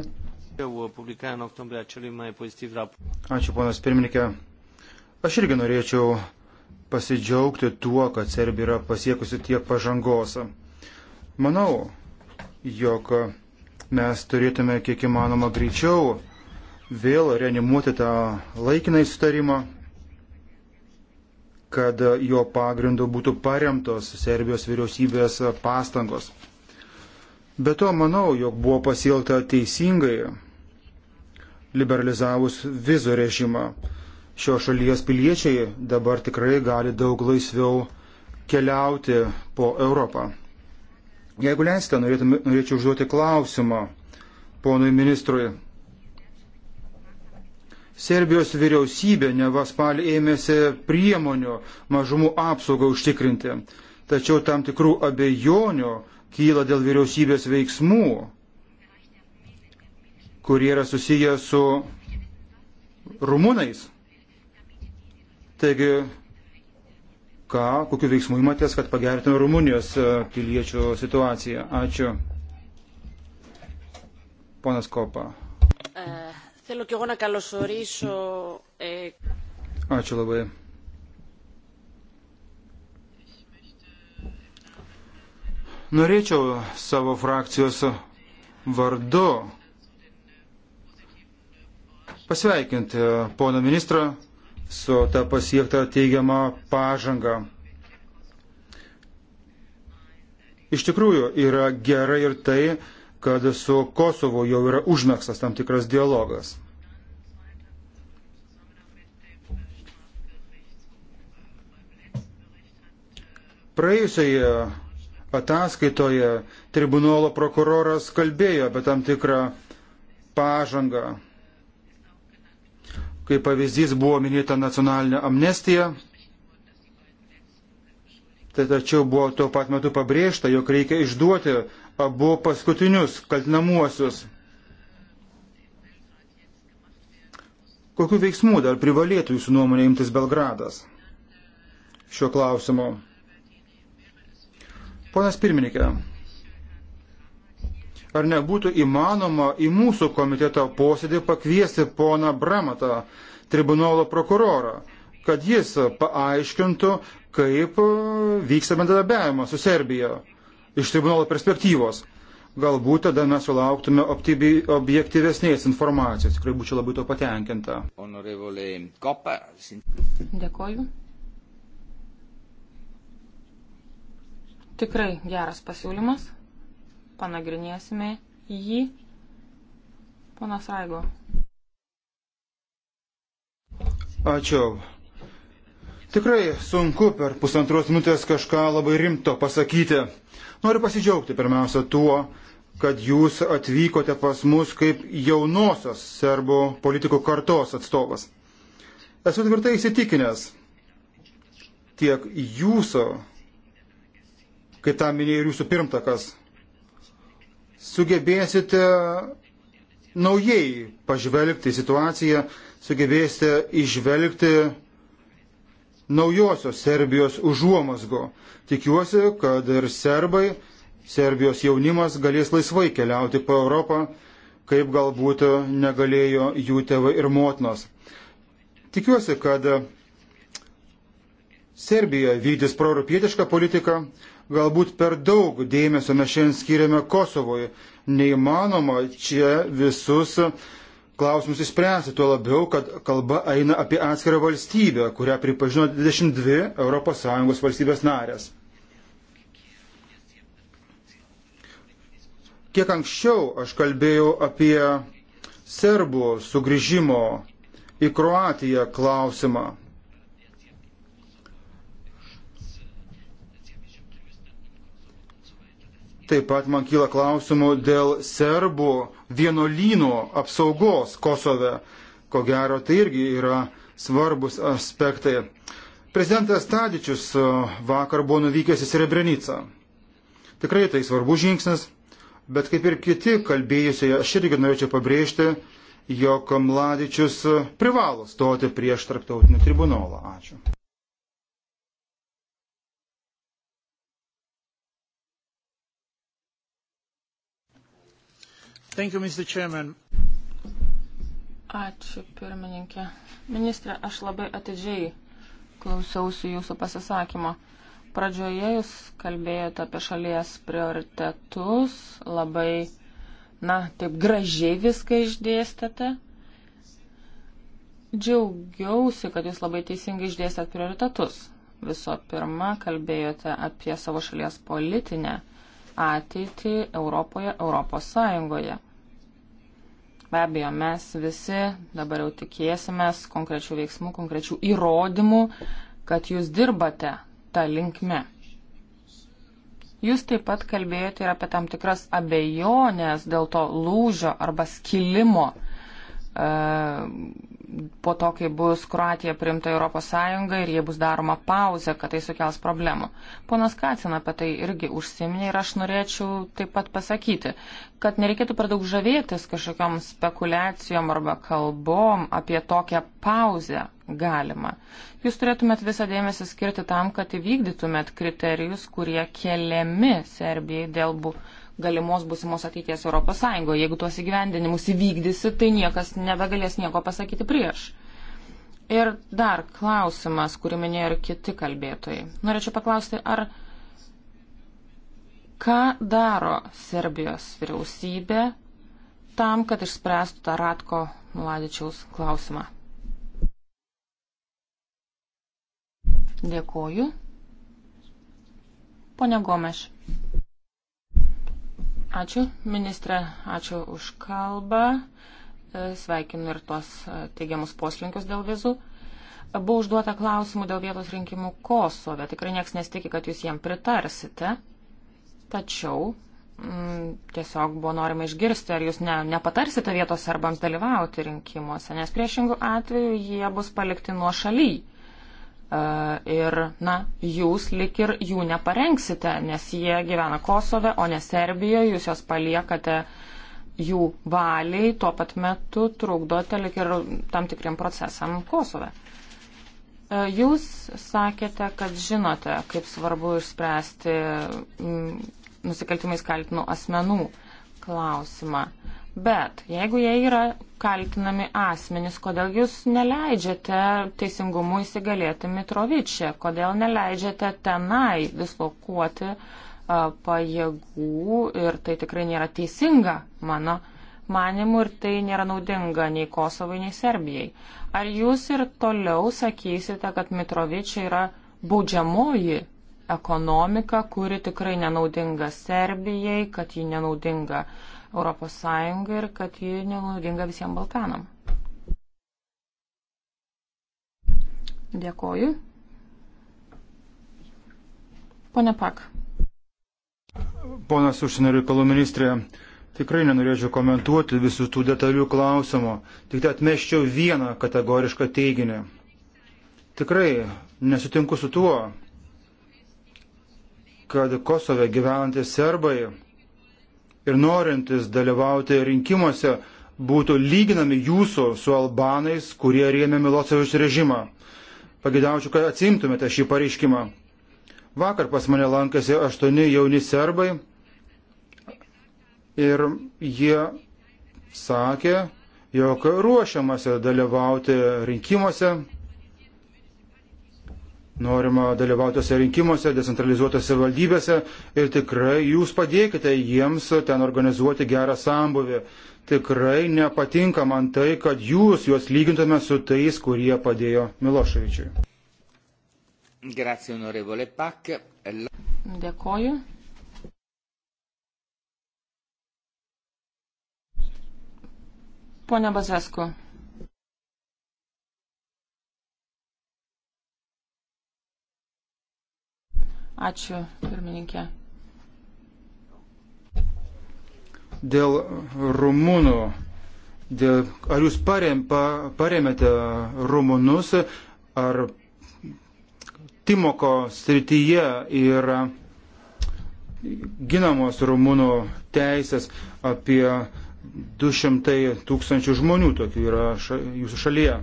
Jau uh, publikavę în octombrie acelui mai pozitiv raport. Ačiū, ponas pirmininkė. Aš irgi norėčiau pasidžiaugti tuo, kad Serbija yra pasiekusi tiek pažangos. Manau, jog mes turėtume kiek įmanoma greičiau vėl reanimuoti tą laikinai sutarimą, kad jo pagrindu būtų paremtos Serbijos vyriausybės pastangos. Be to manau, jog buvo pasielta teisingai, liberalizavus vizų režimą. Šio šalies piliečiai dabar tikrai gali daug laisviau keliauti po Europą. Jeigu leisite, norėčiau užduoti klausimą ponui ministrui. Serbijos vyriausybė neva spalį ėmėsi priemonių mažumų apsaugą užtikrinti, tačiau tam tikrų abejonių kyla dėl vyriausybės veiksmų, kurie yra susiję su rumūnais. Taigi, ką, kokiu veiksmu įmatės, kad pagerintume Rumunijos e, piliečių situaciją? Ačiū. Ponas Kopa. Eh, eh, Ačiū labai. Norėčiau savo frakcijos vardu pasveikinti poną ministrą su tą pasiektą teigiamą pažangą. Iš tikrųjų yra gerai ir tai, kad su Kosovo jau yra užmėgstas tam tikras dialogas. Praėjusioje ataskaitoje tribunolo prokuroras kalbėjo apie tam tikrą pažangą. Kaip pavyzdys buvo minėta nacionalinė amnestija, tai tačiau buvo tuo pat metu pabrėžta, jog reikia išduoti abu paskutinius kaltinamuosius. Kokiu veiksmu dar privalėtų jūsų nuomonė imtis Belgradas šiuo klausimu? Ponas pirmininkė, ar nebūtų įmanoma į mūsų komiteto posėdį pakviesti poną Bramatą, tribunolo prokurorą, kad jis paaiškintų, kaip vyksta bendradarbiavimas su Serbija iš tribunolo perspektyvos. Galbūt tada mes sulauktume objektyvesnės informacijos. Tikrai būčiau labai to patenkinta. Dėkoju. tikrai geras pasiūlymas. Panagrinėsime jį. Ponas Raigo. Ačiū. Tikrai sunku per pusantros minutės kažką labai rimto pasakyti. Noriu pasidžiaugti pirmiausia tuo, kad jūs atvykote pas mus kaip jaunosios serbų politikų kartos atstovas. Esu tvirtai įsitikinęs, tiek jūsų kai tą minėjo ir jūsų pirmtakas, sugebėsite naujai pažvelgti situaciją, sugebėsite išvelgti naujosios Serbijos užuomasgo. Tikiuosi, kad ir serbai, Serbijos jaunimas galės laisvai keliauti po Europą, kaip galbūt negalėjo jų tėvai ir motinos. Tikiuosi, kad Serbija vykdys proeuropietišką politiką, galbūt per daug dėmesio mes šiandien skiriame Kosovoje. Neįmanoma čia visus klausimus įspręsti, tuo labiau, kad kalba eina apie atskirą valstybę, kurią pripažino 22 ES valstybės narės. Kiek anksčiau aš kalbėjau apie serbų sugrįžimo į Kroatiją klausimą. Taip pat man kyla klausimų dėl serbų vienolyno apsaugos Kosove. Ko gero, tai irgi yra svarbus aspektai. Prezidentas Tadičius e, vakar buvo nuvykęs į Srebrenicą. Tikrai tai svarbus žingsnis, bet kaip ir kiti kalbėjusiai, aš irgi norėčiau pabrėžti, jog Mladičius privalo stoti prieš tarptautinį tribunolą. Ačiū. Thank you, Mr. Chairman. Ačiū, pirmininkė. Ministrė, aš labai atidžiai klausiausi jūsų pasisakymo. Pradžioje jūs kalbėjote apie šalies prioritetus, labai, na, taip gražiai viską išdėstėte. Džiaugiausi, kad jūs labai teisingai išdėstėt prioritetus. Viso pirma, kalbėjote apie savo šalies politinę ateitį Europoje, Europos Sąjungoje. Be abejo, mes visi dabar jau tikėsimės konkrečių veiksmų, konkrečių įrodymų, kad jūs dirbate tą linkme. Jūs taip pat kalbėjote ir apie tam tikras abejonės dėl to lūžio arba skilimo. Uh, po to, kai bus Kroatija primta Europos Sąjunga ir jie bus daroma pauzė, kad tai sukels problemų. Ponas Kacina apie tai irgi užsiminė ir aš norėčiau taip pat pasakyti, kad nereikėtų per daug žavėtis kažkokiam spekulacijom arba kalbom apie tokią pauzę galima. Jūs turėtumėt visą dėmesį skirti tam, kad įvykdytumėt kriterijus, kurie keliami Serbijai dėl, bu, galimos būsimos ateities ES. Jeigu tuos įgyvendinimus įvykdysi, tai niekas nebegalės nieko pasakyti prieš. Ir dar klausimas, kurį minėjo ir kiti kalbėtojai. Norėčiau paklausti, ar ką daro Serbijos vyriausybė tam, kad išspręstų tą Ratko Mladičiaus klausimą? Dėkoju. Pone Gomeš. Ačiū, ministrė, ačiū už kalbą. E, sveikinu ir tuos e, teigiamus poslinkius dėl vizų. E, buvo užduota klausimų dėl vietos rinkimų Kosove. Tikrai nieks nesitikė, kad jūs jiem pritarsite. Tačiau m, mm, tiesiog buvo norima išgirsti, ar jūs ne, nepatarsite vietos serbams dalyvauti rinkimuose, nes priešingų atveju jie bus palikti nuo šalyje E, ir, na, jūs lik ir jų neparengsite, nes jie gyvena Kosove, o ne Serbijoje, jūs jos paliekate jų valiai, tuo pat metu trukdote lik ir tam tikriem procesam Kosove. E, jūs sakėte, kad žinote, kaip svarbu išspręsti nusikaltimais kaltinų asmenų klausimą. Bet jeigu jie yra kaltinami asmenys, kodėl jūs neleidžiate teisingumui įsigalėti Mitrovičią, kodėl neleidžiate tenai dislokuoti a, pajėgų ir tai tikrai nėra teisinga mano manimu ir tai nėra naudinga nei Kosovai, nei Serbijai. Ar jūs ir toliau sakysite, kad Mitrovičia yra baudžiamoji ekonomika, kuri tikrai nenaudinga Serbijai, kad ji nenaudinga uh, Europos Sąjungą ir kad ji nenaudinga visiems Balkanam. Dėkoju. Pone Pak. Ponas užsienio reikalų ministrė, tikrai nenorėčiau komentuoti visų tų detalių klausimų, tik tai atmeščiau vieną kategorišką teiginį. Tikrai nesutinku su tuo, kad Kosove gyvenantys serbai ir norintis dalyvauti rinkimuose būtų lyginami jūsų su albanais, kurie rėmė Milosevičius režimą. Pagidaučiu, kad atsimtumėte šį pareiškimą. Vakar pas mane lankėsi aštuoni jauni serbai ir jie sakė, jog ruošiamasi dalyvauti rinkimuose norima dalyvauti rinkimuose, decentralizuotose valdybėse ir tikrai jūs padėkite jiems ten organizuoti gerą sambuvį. Tikrai nepatinka man tai, kad jūs juos lygintume su tais, kurie padėjo Miloševičiui. Grazie, onorevole Pak. Dėkoju. Pone Bazesku, Ačiū, pirmininkė. Dėl rumunų, dėl, ar jūs parem, pa, paremėte rumunus, ar Timoko srityje yra ginamos rumunų teisės apie 200 tūkstančių žmonių tokių yra ša, jūsų šalyje.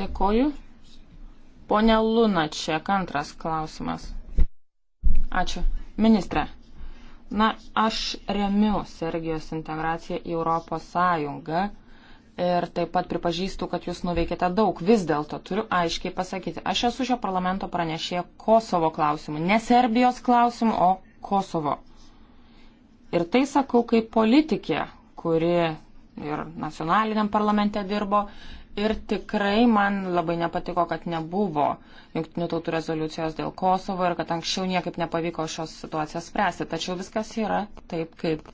Dėkoju. Pone Lunačiek, antras klausimas. Ačiū. Ministre, na, aš remiu Sergijos integraciją į Europos Sąjungą ir taip pat pripažįstu, kad jūs nuveikėte daug. Vis dėlto turiu aiškiai pasakyti, aš esu šio parlamento pranešėja Kosovo klausimų, ne Serbijos klausimų, o Kosovo. Ir tai sakau kaip politikė, kuri ir nacionaliniam parlamente dirbo, Ir tikrai man labai nepatiko, kad nebuvo jungtinių tautų rezoliucijos dėl Kosovo ir kad anksčiau niekaip nepavyko šios situacijos spręsti. Tačiau viskas yra taip, kaip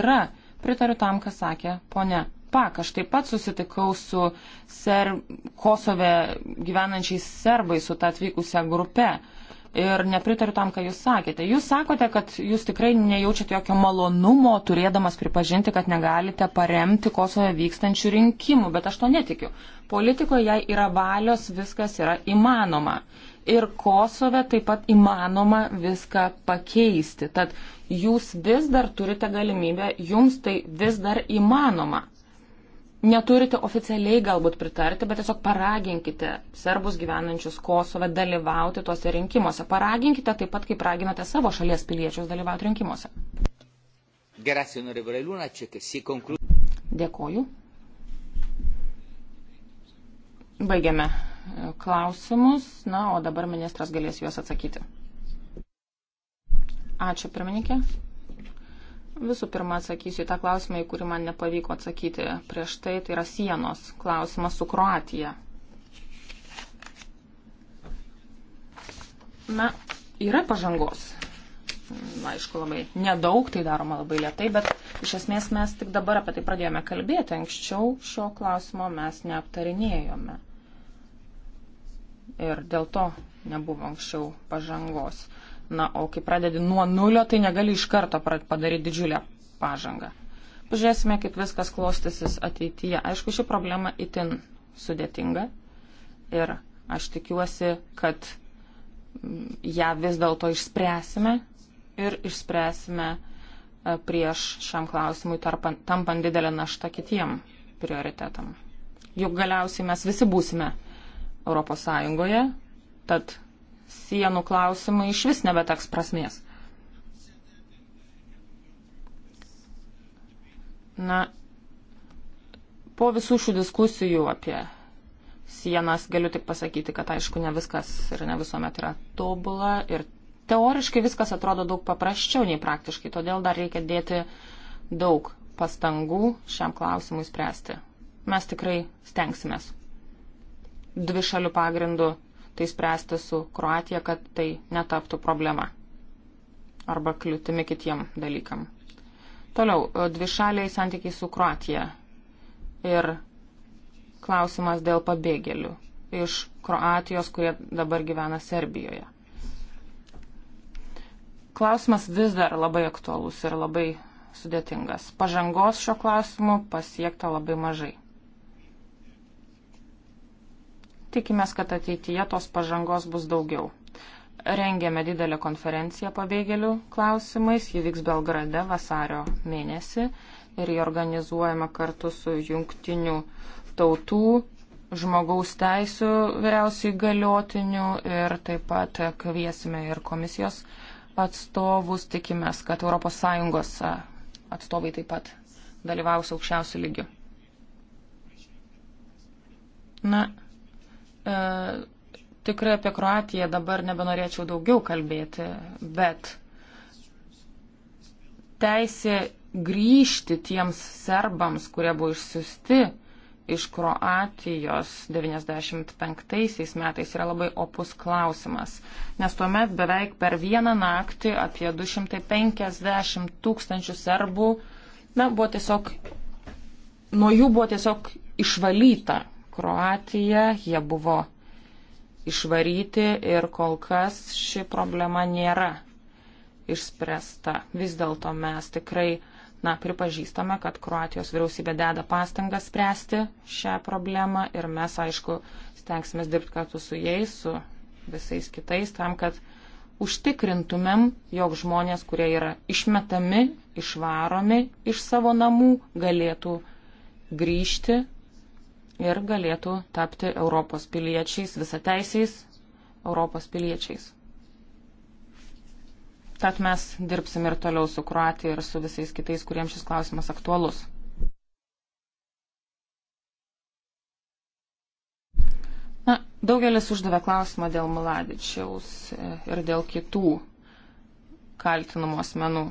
yra. Pritariu tam, ką sakė ponia Pak. Aš taip pat susitikau su ser... Kosove gyvenančiais serbai, su ta atvykusia grupe. Uh, ir nepritariu tam, ką jūs sakėte. Jūs sakote, kad jūs tikrai nejaučiate jokio malonumo, turėdamas pripažinti, kad negalite paremti Kosovoje vykstančių rinkimų, bet aš to netikiu. Politikoje, jei yra valios, viskas yra įmanoma. Ir Kosove taip pat įmanoma viską pakeisti. Tad jūs vis dar turite galimybę, jums tai vis dar įmanoma neturite oficialiai galbūt pritarti, bet tiesiog paraginkite serbus gyvenančius Kosove dalyvauti tuose rinkimuose. Paraginkite taip pat, kaip raginate savo šalies piliečius dalyvauti rinkimuose. Dėkoju. Baigiame e, klausimus, na, o dabar ministras galės juos atsakyti. Ačiū, pirmininkė. Visų pirma, atsakysiu į tą klausimą, į kurį man nepavyko atsakyti prieš tai, tai yra sienos klausimas su Kroatija. Na, yra pažangos. Aišku, labai nedaug, tai daroma labai lietai, bet iš esmės mes tik dabar apie tai pradėjome kalbėti. Anksčiau šio klausimo mes neaptarinėjome. Ir dėl to nebuvo anksčiau pažangos. Uh, Na, o kai pradedi nuo nulio, tai negali iš karto padaryti didžiulę pažangą. Pažiūrėsime, kaip viskas klostysis ateityje. Aišku, ši problema itin sudėtinga ir aš tikiuosi, kad mm, ją vis dėlto išspręsime ir išspręsime e, prieš šiam klausimui tarpant, tampant didelę naštą kitiem prioritetam. Juk galiausiai mes visi būsime Europos Sąjungoje, tad sienų klausimai iš vis nebeteks prasmės. Na, po visų šių diskusijų apie sienas galiu tik pasakyti, kad aišku, ne viskas ir ne visuomet yra tobula ir teoriškai viskas atrodo daug paprasčiau nei praktiškai, todėl dar reikia dėti daug pastangų šiam klausimui spręsti. Mes tikrai stengsimės. Dvi šalių pagrindų tai spręsti su Kroatija, kad tai netaptų problema arba kliūtimi kitiem dalykam. Toliau, e, dvišaliai santykiai su Kroatija ir klausimas dėl pabėgėlių iš Kroatijos, kurie dabar gyvena Serbijoje. Klausimas vis dar labai aktualus ir labai sudėtingas. Pažangos šio klausimu pasiekta labai mažai. Tikimės, kad ateityje tos pažangos bus daugiau. Rengėme didelę konferenciją pabėgėlių klausimais, ji vyks Belgrade vasario mėnesį ir jį organizuojame kartu su jungtinių tautų žmogaus teisų vyriausiai galiotiniu ir taip pat kviesime ir komisijos atstovus. Tikimės, kad ES atstovai taip pat dalyvaus aukščiausių lygių. Na, E, tikrai apie Kroatiją dabar nebenorėčiau daugiau kalbėti, bet teisė grįžti tiems serbams, kurie buvo išsiusti iš Kroatijos 95 metais yra labai opus klausimas, nes tuomet beveik per vieną naktį apie 250 tūkstančių serbų na, buvo tiesiog, nuo jų buvo tiesiog išvalyta Kroatiją, jie buvo išvaryti ir kol kas ši problema nėra išspręsta. Vis dėlto mes tikrai na, pripažįstame, kad Kroatijos vyriausybė deda pastangas spręsti šią problemą ir mes, aišku, stengsime dirbti kartu su jais, su visais kitais, tam, kad užtikrintumėm, jog žmonės, kurie yra išmetami, išvaromi iš savo namų, galėtų grįžti ir galėtų tapti Europos piliečiais, visateisiais Europos piliečiais. Tad mes dirbsim ir toliau su Kroatija ir su visais kitais, kuriems šis klausimas aktualus. Na, daugelis uždavė klausimą dėl Mladičiaus e, ir dėl kitų kaltinamų asmenų.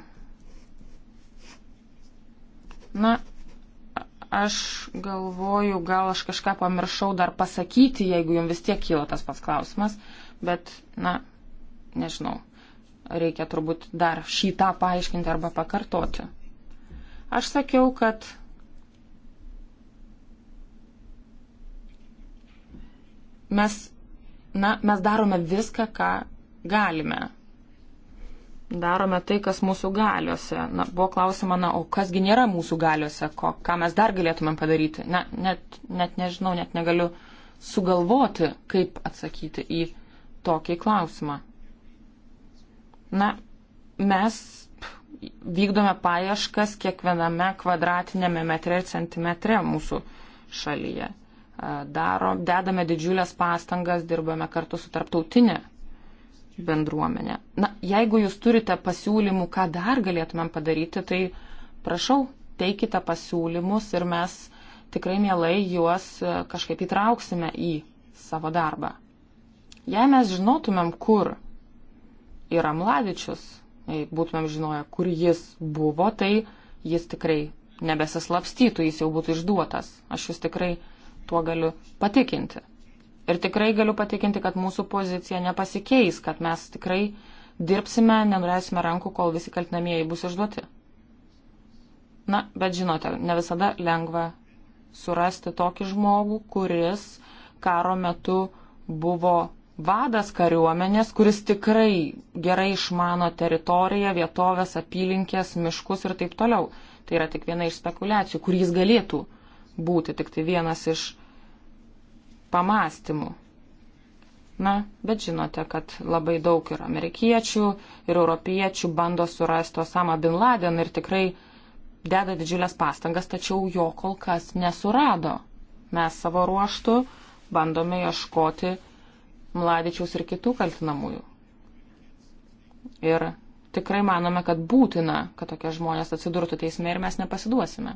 Na, Aš galvoju, gal aš kažką pamiršau dar pasakyti, jeigu jums vis tiek kyla tas pats klausimas, bet, na, nežinau, reikia turbūt dar šitą paaiškinti arba pakartoti. Aš sakiau, kad mes, na, mes darome viską, ką galime darome tai, kas mūsų galiuose. Na, buvo klausima, na, o kasgi nėra mūsų galiuose, ko, ką mes dar galėtumėm padaryti. Na, net, net nežinau, net negaliu sugalvoti, kaip atsakyti į tokį klausimą. Na, mes vykdome paieškas kiekviename kvadratinėme metre ir centimetre mūsų šalyje. Daro, dedame didžiulės pastangas, dirbame kartu su tarptautinė bendruomenę. Na, jeigu jūs turite pasiūlymų, ką dar galėtumėm padaryti, tai prašau, teikite pasiūlymus ir mes tikrai mielai juos e, kažkaip įtrauksime į savo darbą. Jei mes žinotumėm, kur yra Mladičius, jei būtumėm žinoję, kur jis buvo, tai jis tikrai nebesislapstytų, jis jau būtų išduotas. Aš jūs tikrai tuo galiu patikinti. Ir tikrai galiu patikinti, kad mūsų pozicija nepasikeis, kad mes tikrai dirbsime, nenuleisime rankų, kol visi kaltinamieji bus išduoti. Na, bet žinote, ne visada lengva surasti tokį žmogų, kuris karo metu buvo vadas kariuomenės, kuris tikrai gerai išmano teritoriją, vietovės, apylinkės, miškus ir taip toliau. Tai yra tik viena iš spekulacijų, kur jis galėtų būti, tik tai vienas iš pamastymų. Na, bet žinote, kad labai daug ir amerikiečių, ir europiečių bando surasti Osama Bin Laden ir tikrai deda didžiulės pastangas, tačiau jo kol kas nesurado. Mes savo ruoštų bandome ieškoti Mladičiaus ir kitų kaltinamųjų. Ir tikrai manome, kad būtina, kad tokie žmonės atsidurtų teisme ir mes nepasiduosime.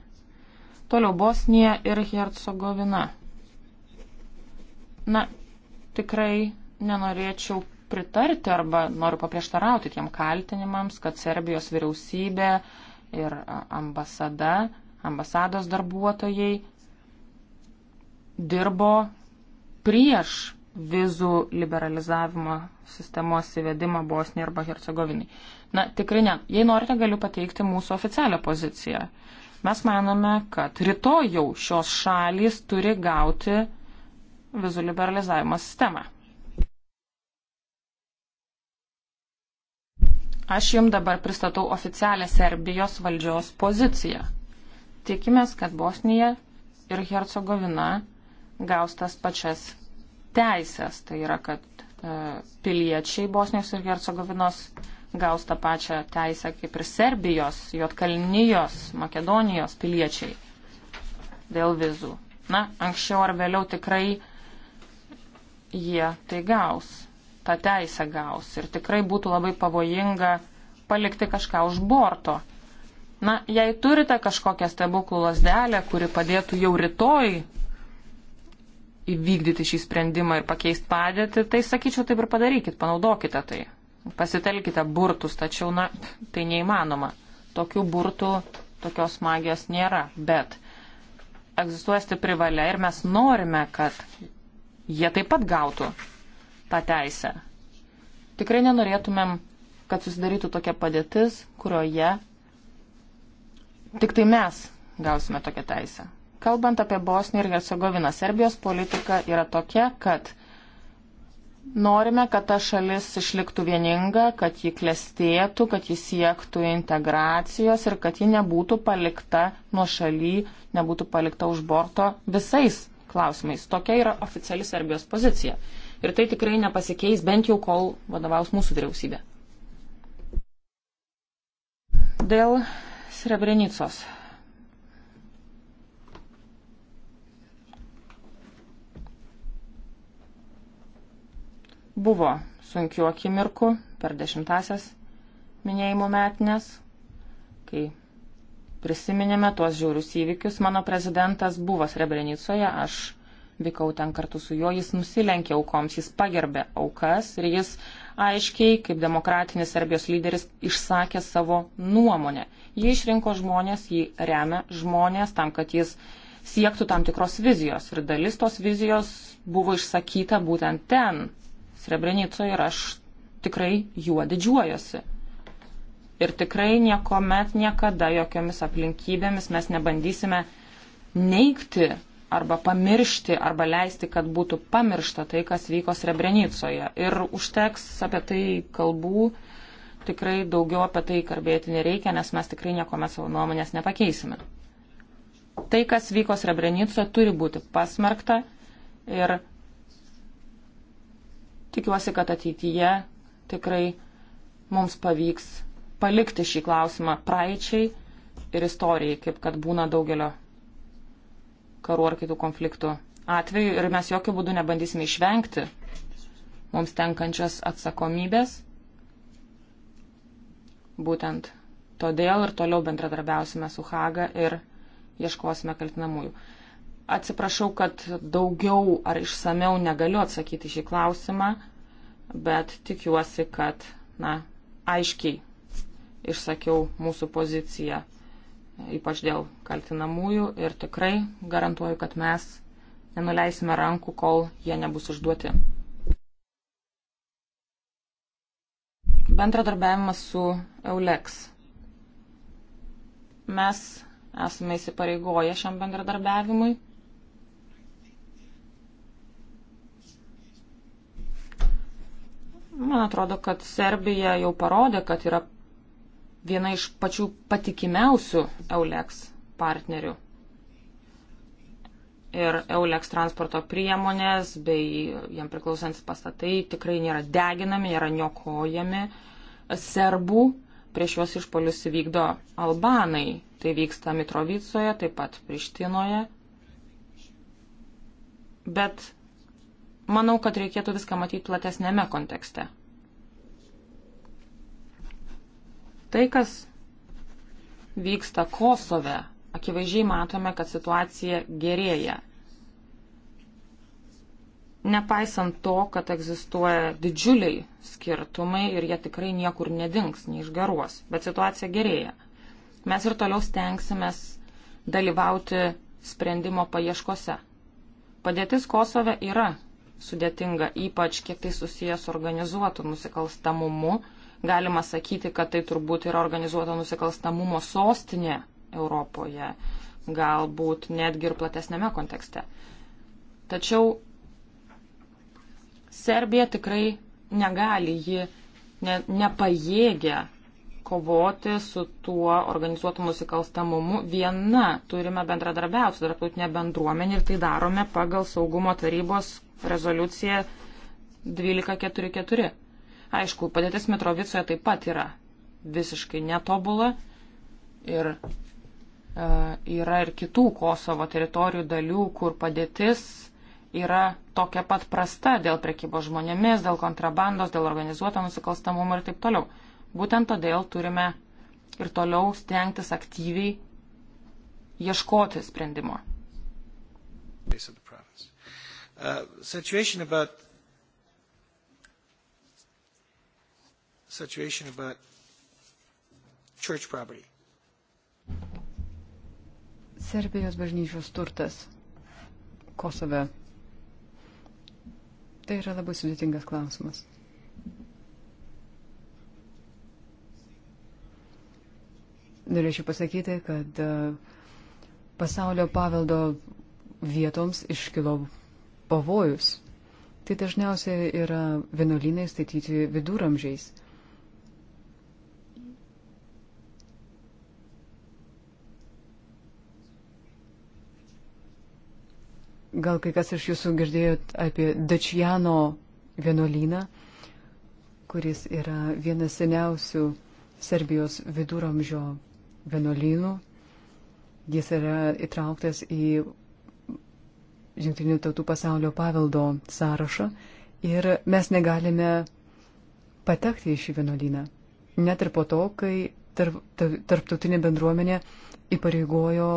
Toliau Bosnija ir Hercegovina. Na, tikrai nenorėčiau pritarti arba noriu paprieštarauti tiem kaltinimams, kad Serbijos vyriausybė ir ambasada, ambasados darbuotojai dirbo prieš vizų liberalizavimo sistemos įvedimą Bosnijai arba Hercegovinai. Na, tikrai ne. Jei norite, galiu pateikti mūsų oficialią poziciją. Mes manome, kad rytoj jau šios šalys turi gauti vizų liberalizavimo sistemą. Aš jums dabar pristatau oficialią Serbijos valdžios poziciją. Tikimės, kad Bosnija ir Hercegovina gaus tas pačias teisės. Tai yra, kad e, piliečiai Bosnijos ir Hercegovinos gaus tą pačią teisę kaip ir Serbijos, Jotkalnijos, Makedonijos piliečiai dėl vizų. Na, anksčiau ar vėliau tikrai jie tai gaus, tą teisę gaus. Ir tikrai būtų labai pavojinga palikti kažką už borto. Na, jei turite kažkokią stebuklų lasdelę, kuri padėtų jau rytoj įvykdyti šį sprendimą ir pakeisti padėtį, tai sakyčiau, taip ir padarykit, panaudokite tai. Pasitelkite burtus, tačiau, na, tai neįmanoma. Tokių burtų, tokios magijos nėra, bet egzistuoja stipri valia ir mes norime, kad jie taip pat gautų tą teisę. Tikrai nenorėtumėm, kad susidarytų tokia padėtis, kurioje tik tai mes gausime tokią teisę. Kalbant apie Bosniją ir Hercegoviną, Serbijos politika yra tokia, kad norime, kad ta šalis išliktų vieninga, kad ji klestėtų, kad ji siektų integracijos ir kad ji nebūtų palikta nuo šaly, nebūtų palikta už borto visais klausimais. Tokia yra oficiali Serbijos pozicija. Ir tai tikrai nepasikeis bent jau kol vadovaus mūsų vyriausybė. Dėl Srebrenicos. Buvo sunkių akimirkų per dešimtasias minėjimo metinės, kai prisiminėme tuos žiaurius įvykius. Mano prezidentas buvo Srebrenicoje, aš vykau ten kartu su juo, jis nusilenkė aukoms, jis pagerbė aukas ir jis aiškiai, kaip demokratinis Serbijos lyderis, išsakė savo nuomonę. Jį išrinko žmonės, jį remia žmonės tam, kad jis siektų tam tikros vizijos. Ir dalis tos vizijos buvo išsakyta būtent ten, Srebrenicoje, ir aš tikrai juo didžiuojosi. Ir tikrai niekuomet, niekada, jokiomis aplinkybėmis mes nebandysime neikti arba pamiršti, arba leisti, kad būtų pamiršta tai, kas vyko Srebrenicoje. Ir užteks apie tai kalbų, tikrai daugiau apie tai kalbėti nereikia, nes mes tikrai niekuomet savo nuomonės nepakeisime. Tai, kas vyko Srebrenicoje, turi būti pasmerkta ir tikiuosi, kad ateityje tikrai mums pavyks palikti šį klausimą praeičiai ir istorijai, kaip kad būna daugelio karų ar kitų konfliktų atveju ir mes jokių būdų nebandysime išvengti mums tenkančias atsakomybės. Būtent todėl ir toliau bendradarbiausime su Haga ir ieškosime kaltinamųjų. Atsiprašau, kad daugiau ar išsameu negaliu atsakyti šį klausimą, bet tikiuosi, kad, na, aiškiai išsakiau mūsų poziciją, ypač dėl kaltinamųjų ir tikrai garantuoju, kad mes nenuleisime rankų, kol jie nebus užduoti. Bendradarbiavimas su EULEX. Mes esame įsipareigoję šiam bendradarbiavimui. Man atrodo, kad Serbija jau parodė, kad yra viena iš pačių patikimiausių EULEX partnerių. Ir EULEX transporto priemonės bei jam priklausantis pastatai tikrai nėra deginami, nėra niokojami serbų. Prieš juos išpolius įvykdo albanai. Tai vyksta Mitrovicoje, taip pat Prištinoje. Bet manau, kad reikėtų viską matyti platesnėme kontekste. Tai, kas vyksta Kosove, akivaizdžiai matome, kad situacija gerėja. Nepaisant to, kad egzistuoja didžiuliai skirtumai ir jie tikrai niekur nedings, neišgaruos, bet situacija gerėja. Mes ir toliau stengsimės dalyvauti sprendimo paieškose. Padėtis Kosove yra sudėtinga, ypač kiek tai susijęs su organizuotu nusikalstamumu galima sakyti, kad tai turbūt yra organizuoto nusikalstamumo sostinė Europoje, galbūt netgi ir platesnėme kontekste. Tačiau Serbija tikrai negali, ji ne, nepajėgia kovoti su tuo organizuotu nusikalstamumu. Viena turime bendradarbiauti su tarptautinė bendruomenė ir tai darome pagal saugumo tarybos rezoliuciją 1244. Aišku, padėtis Mitrovicoje taip pat yra visiškai netobula ir e, yra ir kitų Kosovo teritorijų dalių, kur padėtis yra tokia pat prasta dėl prekybos žmonėmis, dėl kontrabandos, dėl organizuoto nusikalstamumo ir taip toliau. Būtent todėl turime ir toliau stengtis aktyviai ieškoti sprendimo. Uh, situation about church property. Serbijos bažnyčios turtas Kosove. Tai yra labai sudėtingas klausimas. Norėčiau pasakyti, kad e, pasaulio paveldo vietoms iškilo pavojus. Tai dažniausiai yra vienuolynai statyti viduramžiais. Gal kai kas iš jūsų girdėjot apie Dačiano vienuolyną, kuris yra vienas seniausių Serbijos viduramžio vienuolynų. Jis yra įtrauktas į Junktinių tautų pasaulio paveldo sąrašą ir mes negalime patekti į šį vienuolyną. Net ir po to, kai tarp, tarptautinė bendruomenė įpareigojo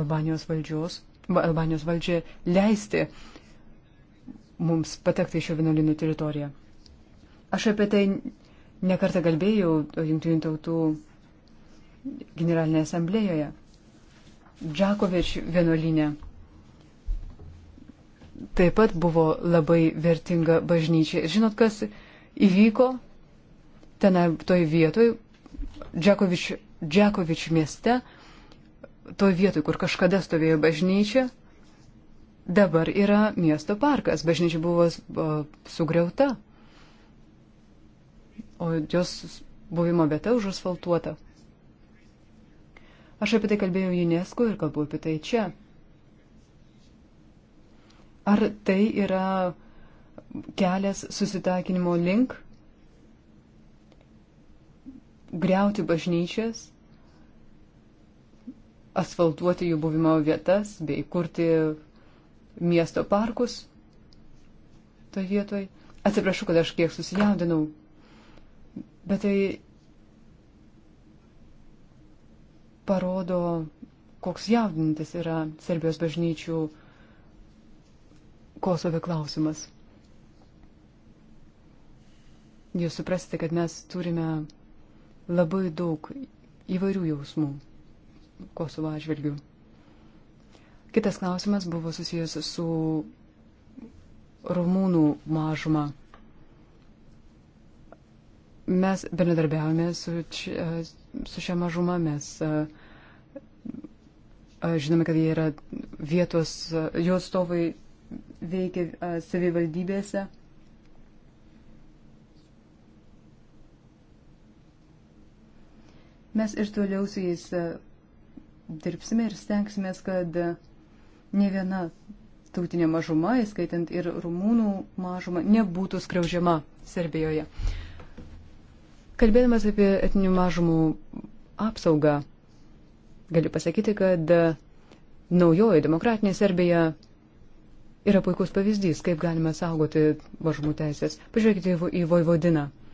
Albanijos valdžios Albanijos valdžią leisti mums patekti į šio vienuolynų teritoriją. Aš apie tai nekartą kalbėjau Junktinių tautų generalinėje asamblėjoje. Džakovič vienuolynė taip pat buvo labai vertinga bažnyčia. Žinot, kas įvyko ten toj vietoj, Džakovič, Džakovič mieste, to vietoj, kur kažkada stovėjo bažnyčia, dabar yra miesto parkas. Bažnyčia buvo sugriauta, o jos buvimo vieta užasfaltuota. Aš apie tai kalbėjau UNESCO ir kalbu apie tai čia. Ar tai yra kelias susitaikinimo link? Griauti bažnyčias asfaltuoti jų buvimo vietas bei kurti miesto parkus toj vietoj. Atsiprašau, kad aš kiek susijaudinau, bet tai parodo, koks jaudintis yra Serbijos bažnyčių Kosove klausimas. Jūs suprasite, kad mes turime labai daug įvairių jausmų. Kosovo atžvilgių. Kitas klausimas buvo susijęs su rumūnų mažuma. Mes bendradarbiavome su, čia, su šia mažuma, mes žinome, kad jie yra vietos, jų atstovai veikia savivaldybėse. Mes ir toliau su jais dirbsime ir stengsime, kad ne viena tautinė mažuma, įskaitant ir rumūnų mažumą, nebūtų skriaužiama Serbijoje. Kalbėdamas apie etinių mažumų apsaugą, galiu pasakyti, kad naujoji demokratinė Serbija yra puikus pavyzdys, kaip galima saugoti mažumų teisės. Pažiūrėkite į Vojvodiną. Vo